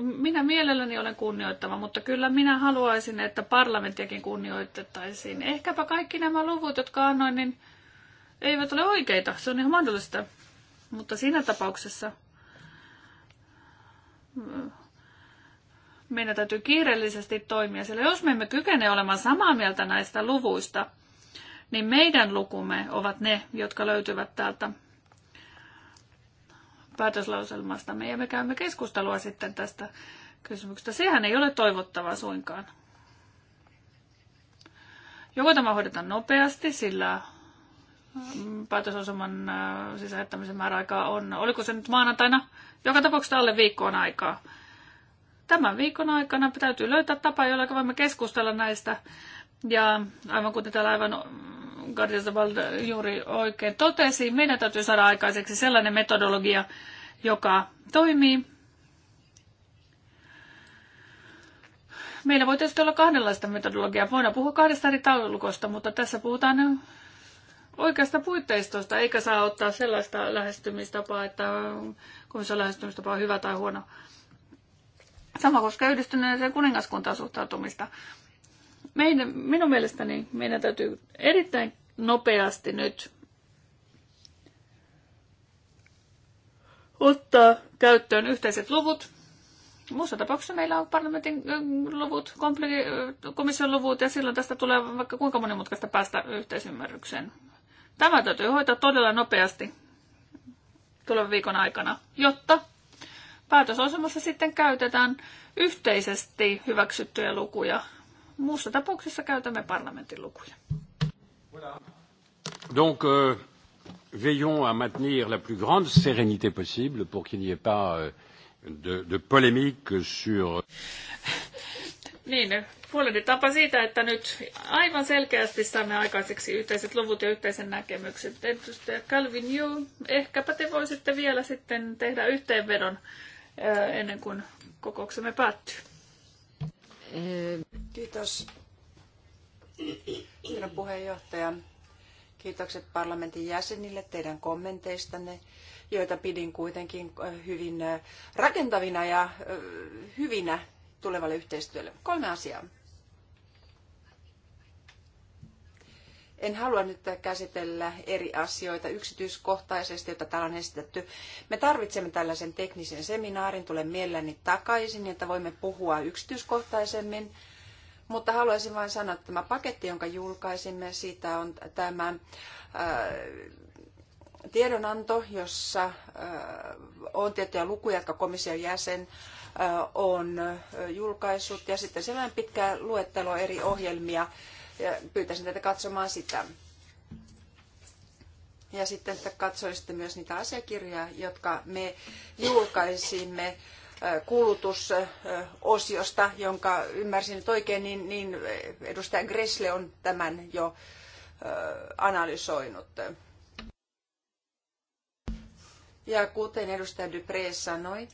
Speaker 2: Minä mielelläni olen kunnioittava, mutta kyllä minä haluaisin, että parlamenttiakin kunnioitettaisiin. Ehkäpä kaikki nämä luvut, jotka annoin, niin eivät ole oikeita. Se on ihan mahdollista. Mutta siinä tapauksessa meidän täytyy kiireellisesti toimia, sillä jos me emme kykene olemaan samaa mieltä näistä luvuista, niin meidän lukumme ovat ne, jotka löytyvät täältä päätöslauselmasta. Me emme käymme keskustelua sitten tästä kysymyksestä. Sehän ei ole toivottavaa suinkaan. Joko tämä hoidetaan nopeasti, sillä mm, päätösosuman äh, sisäjättämisen määräaikaa on, oliko se nyt maanantaina, joka tapauksessa alle viikkoon aikaa. Tämän viikon aikana täytyy löytää tapa, jolla voimme keskustella näistä. Ja aivan kuten täällä aivan Gardia Zaval juuri oikein totesi, meidän täytyy saada aikaiseksi sellainen metodologia, joka toimii. Meillä voi tietysti olla kahdenlaista metodologiaa. Voidaan puhua kahdesta eri taulukosta, mutta tässä puhutaan oikeasta puitteistosta, eikä saa ottaa sellaista lähestymistapaa, että se lähestymistapa on hyvä tai huono. Sama koskee yhdistyneeseen kuningaskuntaan suhtautumista. Meidän, minun mielestäni meidän täytyy erittäin nopeasti nyt ottaa käyttöön yhteiset luvut. Muussa tapauksessa meillä on parlamentin luvut, komission luvut ja silloin tästä tulee vaikka kuinka monimutkaista päästä yhteisymmärrykseen. Tämä täytyy hoitaa todella nopeasti tulevan viikon aikana, jotta Päätösosumassa sitten käytetään yhteisesti hyväksyttyjä lukuja. Muussa tapauksessa käytämme parlamentin lukuja.
Speaker 1: Donc, euh, veillons à maintenir la plus grande sérénité possible pour qu'il n'y ait pas euh, de, de polémique sur...
Speaker 2: Niin, huolehditaanpa siitä, että nyt aivan selkeästi saamme aikaiseksi yhteiset luvut ja yhteisen näkemykset. Edustaja Calvin ehkäpä te voisitte vielä sitten tehdä yhteenvedon ennen kuin kokouksemme päättyy.
Speaker 4: Kiitos. Herra puheenjohtaja, kiitokset parlamentin jäsenille teidän kommenteistanne, joita pidin kuitenkin hyvin rakentavina ja hyvinä tulevalle yhteistyölle. Kolme asiaa. En halua nyt käsitellä eri asioita yksityiskohtaisesti, joita täällä on esitetty. Me tarvitsemme tällaisen teknisen seminaarin, tulen mielelläni takaisin, niin että voimme puhua yksityiskohtaisemmin. Mutta haluaisin vain sanoa, että tämä paketti, jonka julkaisimme, siitä on tämä ää, äh, tiedonanto, jossa ää, äh, on tiettyjä lukuja, jotka komission jäsen ää, äh, on julkaissut. Ja sitten sellainen pitkä luettelo eri ohjelmia, ja pyytäisin teitä katsomaan sitä. Ja sitten, että katsoisitte myös niitä asiakirjoja, jotka me julkaisimme kulutusosiosta, jonka ymmärsin nyt oikein, niin, niin edustaja Gressle on tämän jo analysoinut. Ja kuten edustaja Dupré sanoi,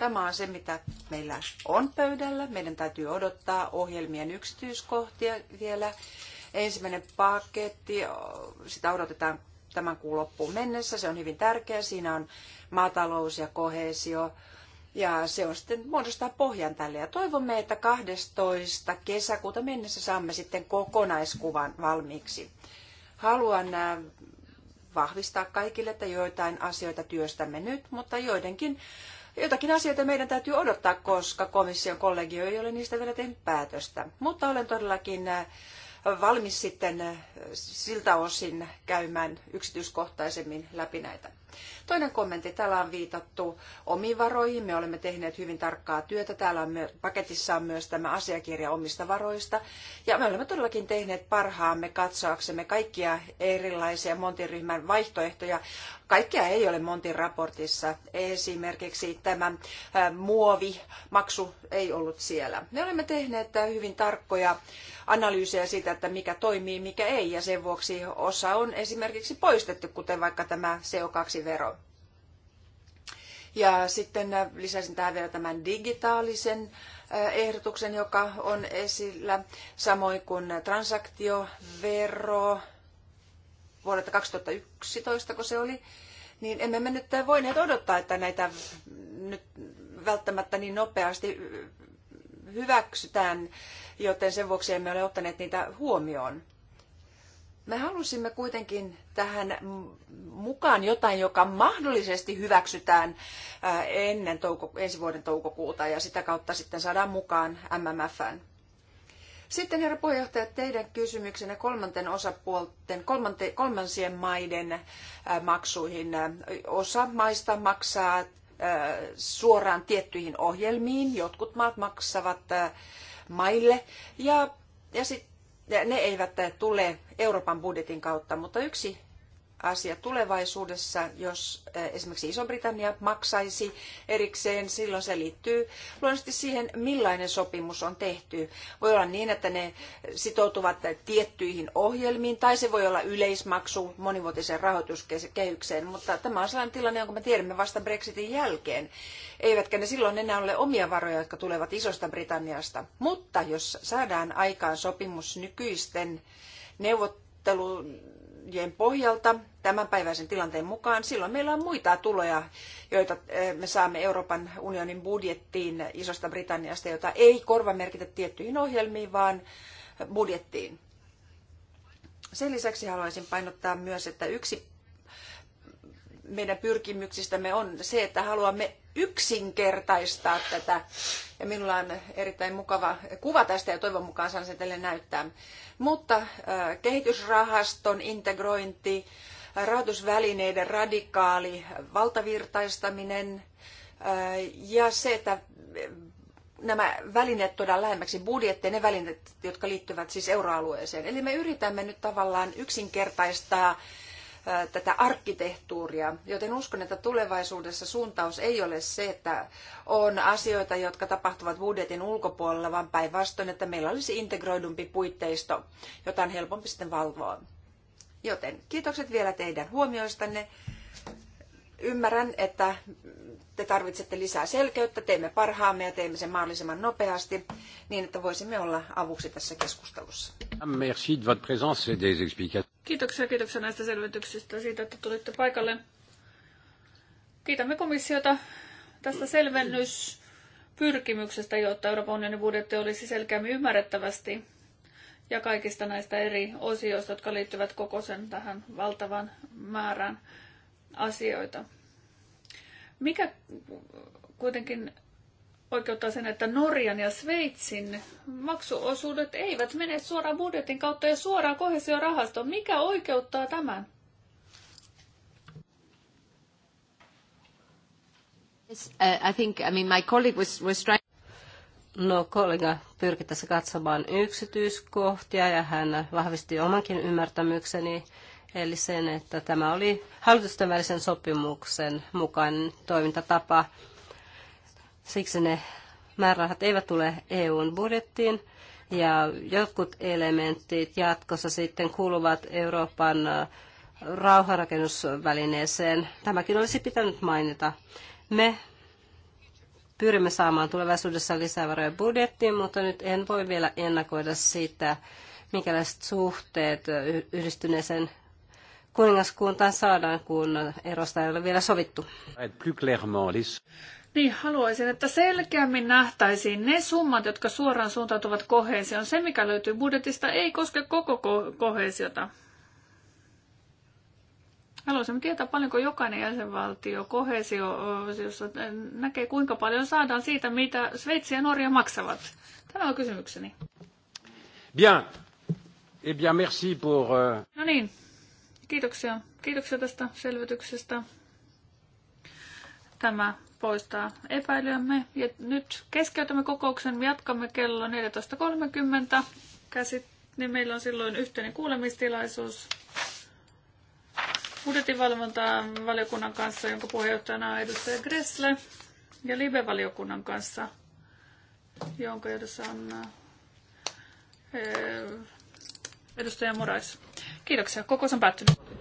Speaker 4: Tämä on se, mitä meillä on pöydällä. Meidän täytyy odottaa ohjelmien yksityiskohtia vielä. Ensimmäinen paketti, sitä odotetaan tämän kuun loppuun mennessä. Se on hyvin tärkeä. Siinä on maatalous ja kohesio. Ja se on sitten muodostaa pohjan tälle. Ja toivomme, että 12. kesäkuuta mennessä saamme sitten kokonaiskuvan valmiiksi. Haluan äh, vahvistaa kaikille, että joitain asioita työstämme nyt, mutta joidenkin Jotakin asioita meidän täytyy odottaa, koska komission kollegio ei ole niistä vielä tehnyt päätöstä. Mutta olen todellakin äh, valmis sitten äh, siltä osin käymään yksityiskohtaisemmin läpi näitä. Toinen kommentti. Täällä on viitattu omiin varoihin. Me olemme tehneet hyvin tarkkaa työtä. Täällä on myös, paketissa on myös tämä asiakirja omista varoista. Ja me olemme todellakin tehneet parhaamme katsoaksemme kaikkia erilaisia Montin vaihtoehtoja. Kaikkea ei ole Montin raportissa. Esimerkiksi tämä muovimaksu ei ollut siellä. Me olemme tehneet hyvin tarkkoja analyysejä siitä, että mikä toimii, mikä ei, ja sen vuoksi osa on esimerkiksi poistettu, kuten vaikka tämä CO2-vero. Ja sitten äh, lisäsin tähän vielä tämän digitaalisen äh, ehdotuksen, joka on esillä, samoin kuin transaktiovero vuodelta 2011, kun se oli, niin emme me nyt äh, voineet odottaa, että näitä nyt välttämättä niin nopeasti hyväksytään, joten sen vuoksi emme ole ottaneet niitä huomioon. Me halusimme kuitenkin tähän mukaan jotain, joka mahdollisesti hyväksytään äh, ennen touko, ensi vuoden toukokuuta ja sitä kautta sitten saadaan mukaan MMFn. Sitten herra puheenjohtaja, teidän kysymyksenä kolmanten osapuolten, kolmansien maiden äh, maksuihin. Osa maista maksaa suoraan tiettyihin ohjelmiin. Jotkut maat maksavat maille ja, ja, sit, ne eivät tule Euroopan budjetin kautta, mutta yksi asia tulevaisuudessa, jos eh, esimerkiksi Iso-Britannia maksaisi erikseen, silloin se liittyy luonnollisesti siihen, millainen sopimus on tehty. Voi olla niin, että ne sitoutuvat tiettyihin ohjelmiin, tai se voi olla yleismaksu monivuotiseen rahoituskehykseen, mutta tämä on sellainen tilanne, jonka me tiedämme vasta Brexitin jälkeen. Eivätkä ne silloin enää ole omia varoja, jotka tulevat Isosta Britanniasta. Mutta jos saadaan aikaan sopimus nykyisten neuvottelujen pohjalta tämänpäiväisen tilanteen mukaan, silloin meillä on muita tuloja, joita eh, me saamme Euroopan unionin budjettiin Isosta Britanniasta, jota ei korvamerkitä tiettyihin ohjelmiin, vaan budjettiin. Sen lisäksi haluaisin painottaa myös, että yksi meidän pyrkimyksistämme on se, että haluamme yksinkertaistaa tätä. Ja minulla on erittäin mukava kuva tästä ja toivon mukaan saan sen teille näyttää. Mutta äh, kehitysrahaston integrointi, äh, rahoitusvälineiden radikaali valtavirtaistaminen äh, ja se, että nämä välineet tuodaan lähemmäksi budjettia, ne välineet, jotka liittyvät siis euroalueeseen. Eli me yritämme nyt tavallaan yksinkertaistaa tätä arkkitehtuuria, joten uskon, että tulevaisuudessa suuntaus ei ole se, että on asioita, jotka tapahtuvat budjetin ulkopuolella, vaan päinvastoin, että meillä olisi integroidumpi puitteisto, jota on helpompi sitten valvoa. Joten kiitokset vielä teidän huomioistanne. Ymmärrän, että te tarvitsette lisää selkeyttä, teemme parhaamme ja teemme sen mahdollisimman nopeasti, niin että voisimme olla avuksi tässä keskustelussa.
Speaker 1: Merci de votre présence et des
Speaker 4: Kiitoksia, kiitoksia näistä
Speaker 2: selvityksistä siitä, että
Speaker 4: tulitte paikalle.
Speaker 2: Kiitämme komissiota tästä selvennyspyrkimyksestä, jotta Euroopan unionin budjetti olisi selkeämmin ymmärrettävästi ja kaikista näistä eri osioista, jotka liittyvät koko sen tähän valtavan määrän asioita. Mikä kuitenkin oikeuttaa sen, että Norjan ja Sveitsin maksuosuudet eivät mene suoraan budjetin kautta ja suoraan kohesiorahastoon. Mikä oikeuttaa tämän?
Speaker 3: Uh, I think, I mean, my colleague was, was trying... No, kollega pyrki tässä katsomaan yksityiskohtia ja hän vahvisti omankin ymmärtämykseni, eli sen, että tämä oli hallitusten välisen sopimuksen mukainen toimintatapa Siksi ne määrärahat eivät tule EUn budjettiin ja jotkut elementit jatkossa sitten kuuluvat Euroopan rauhanrakennusvälineeseen. Tämäkin olisi pitänyt mainita. Me pyrimme saamaan tulevaisuudessa lisävaroja budjettiin, mutta nyt en voi vielä ennakoida sitä, minkälaiset suhteet yhdistyneeseen kuningaskuntaan saadaan, kun erosta ei ole vielä sovittu niin haluaisin, että selkeämmin nähtäisiin
Speaker 2: ne summat, jotka suoraan suuntautuvat kohesioon. Se, mikä löytyy budjetista, ei koske koko ko- kohesiota. Haluaisimme tietää, paljonko jokainen jäsenvaltio kohesio, jossa näkee, kuinka paljon saadaan siitä, mitä Sveitsi ja Norja maksavat. Tämä on kysymykseni.
Speaker 1: Bien. Eh bien, merci pour... Euh,
Speaker 2: no niin, kiitoksia. Kiitoksia tästä selvityksestä. Tämä poistaa epäilyämme. Ja nyt keskeytämme kokouksen, jatkamme kello 14.30. Käsit, niin meillä on silloin yhteinen kuulemistilaisuus budjetinvalvontaan valiokunnan kanssa, jonka puheenjohtajana on edustaja Gressle, ja Live-valiokunnan kanssa, jonka edessä on äh, edustaja Morais. Kiitoksia. Kokous on päättynyt.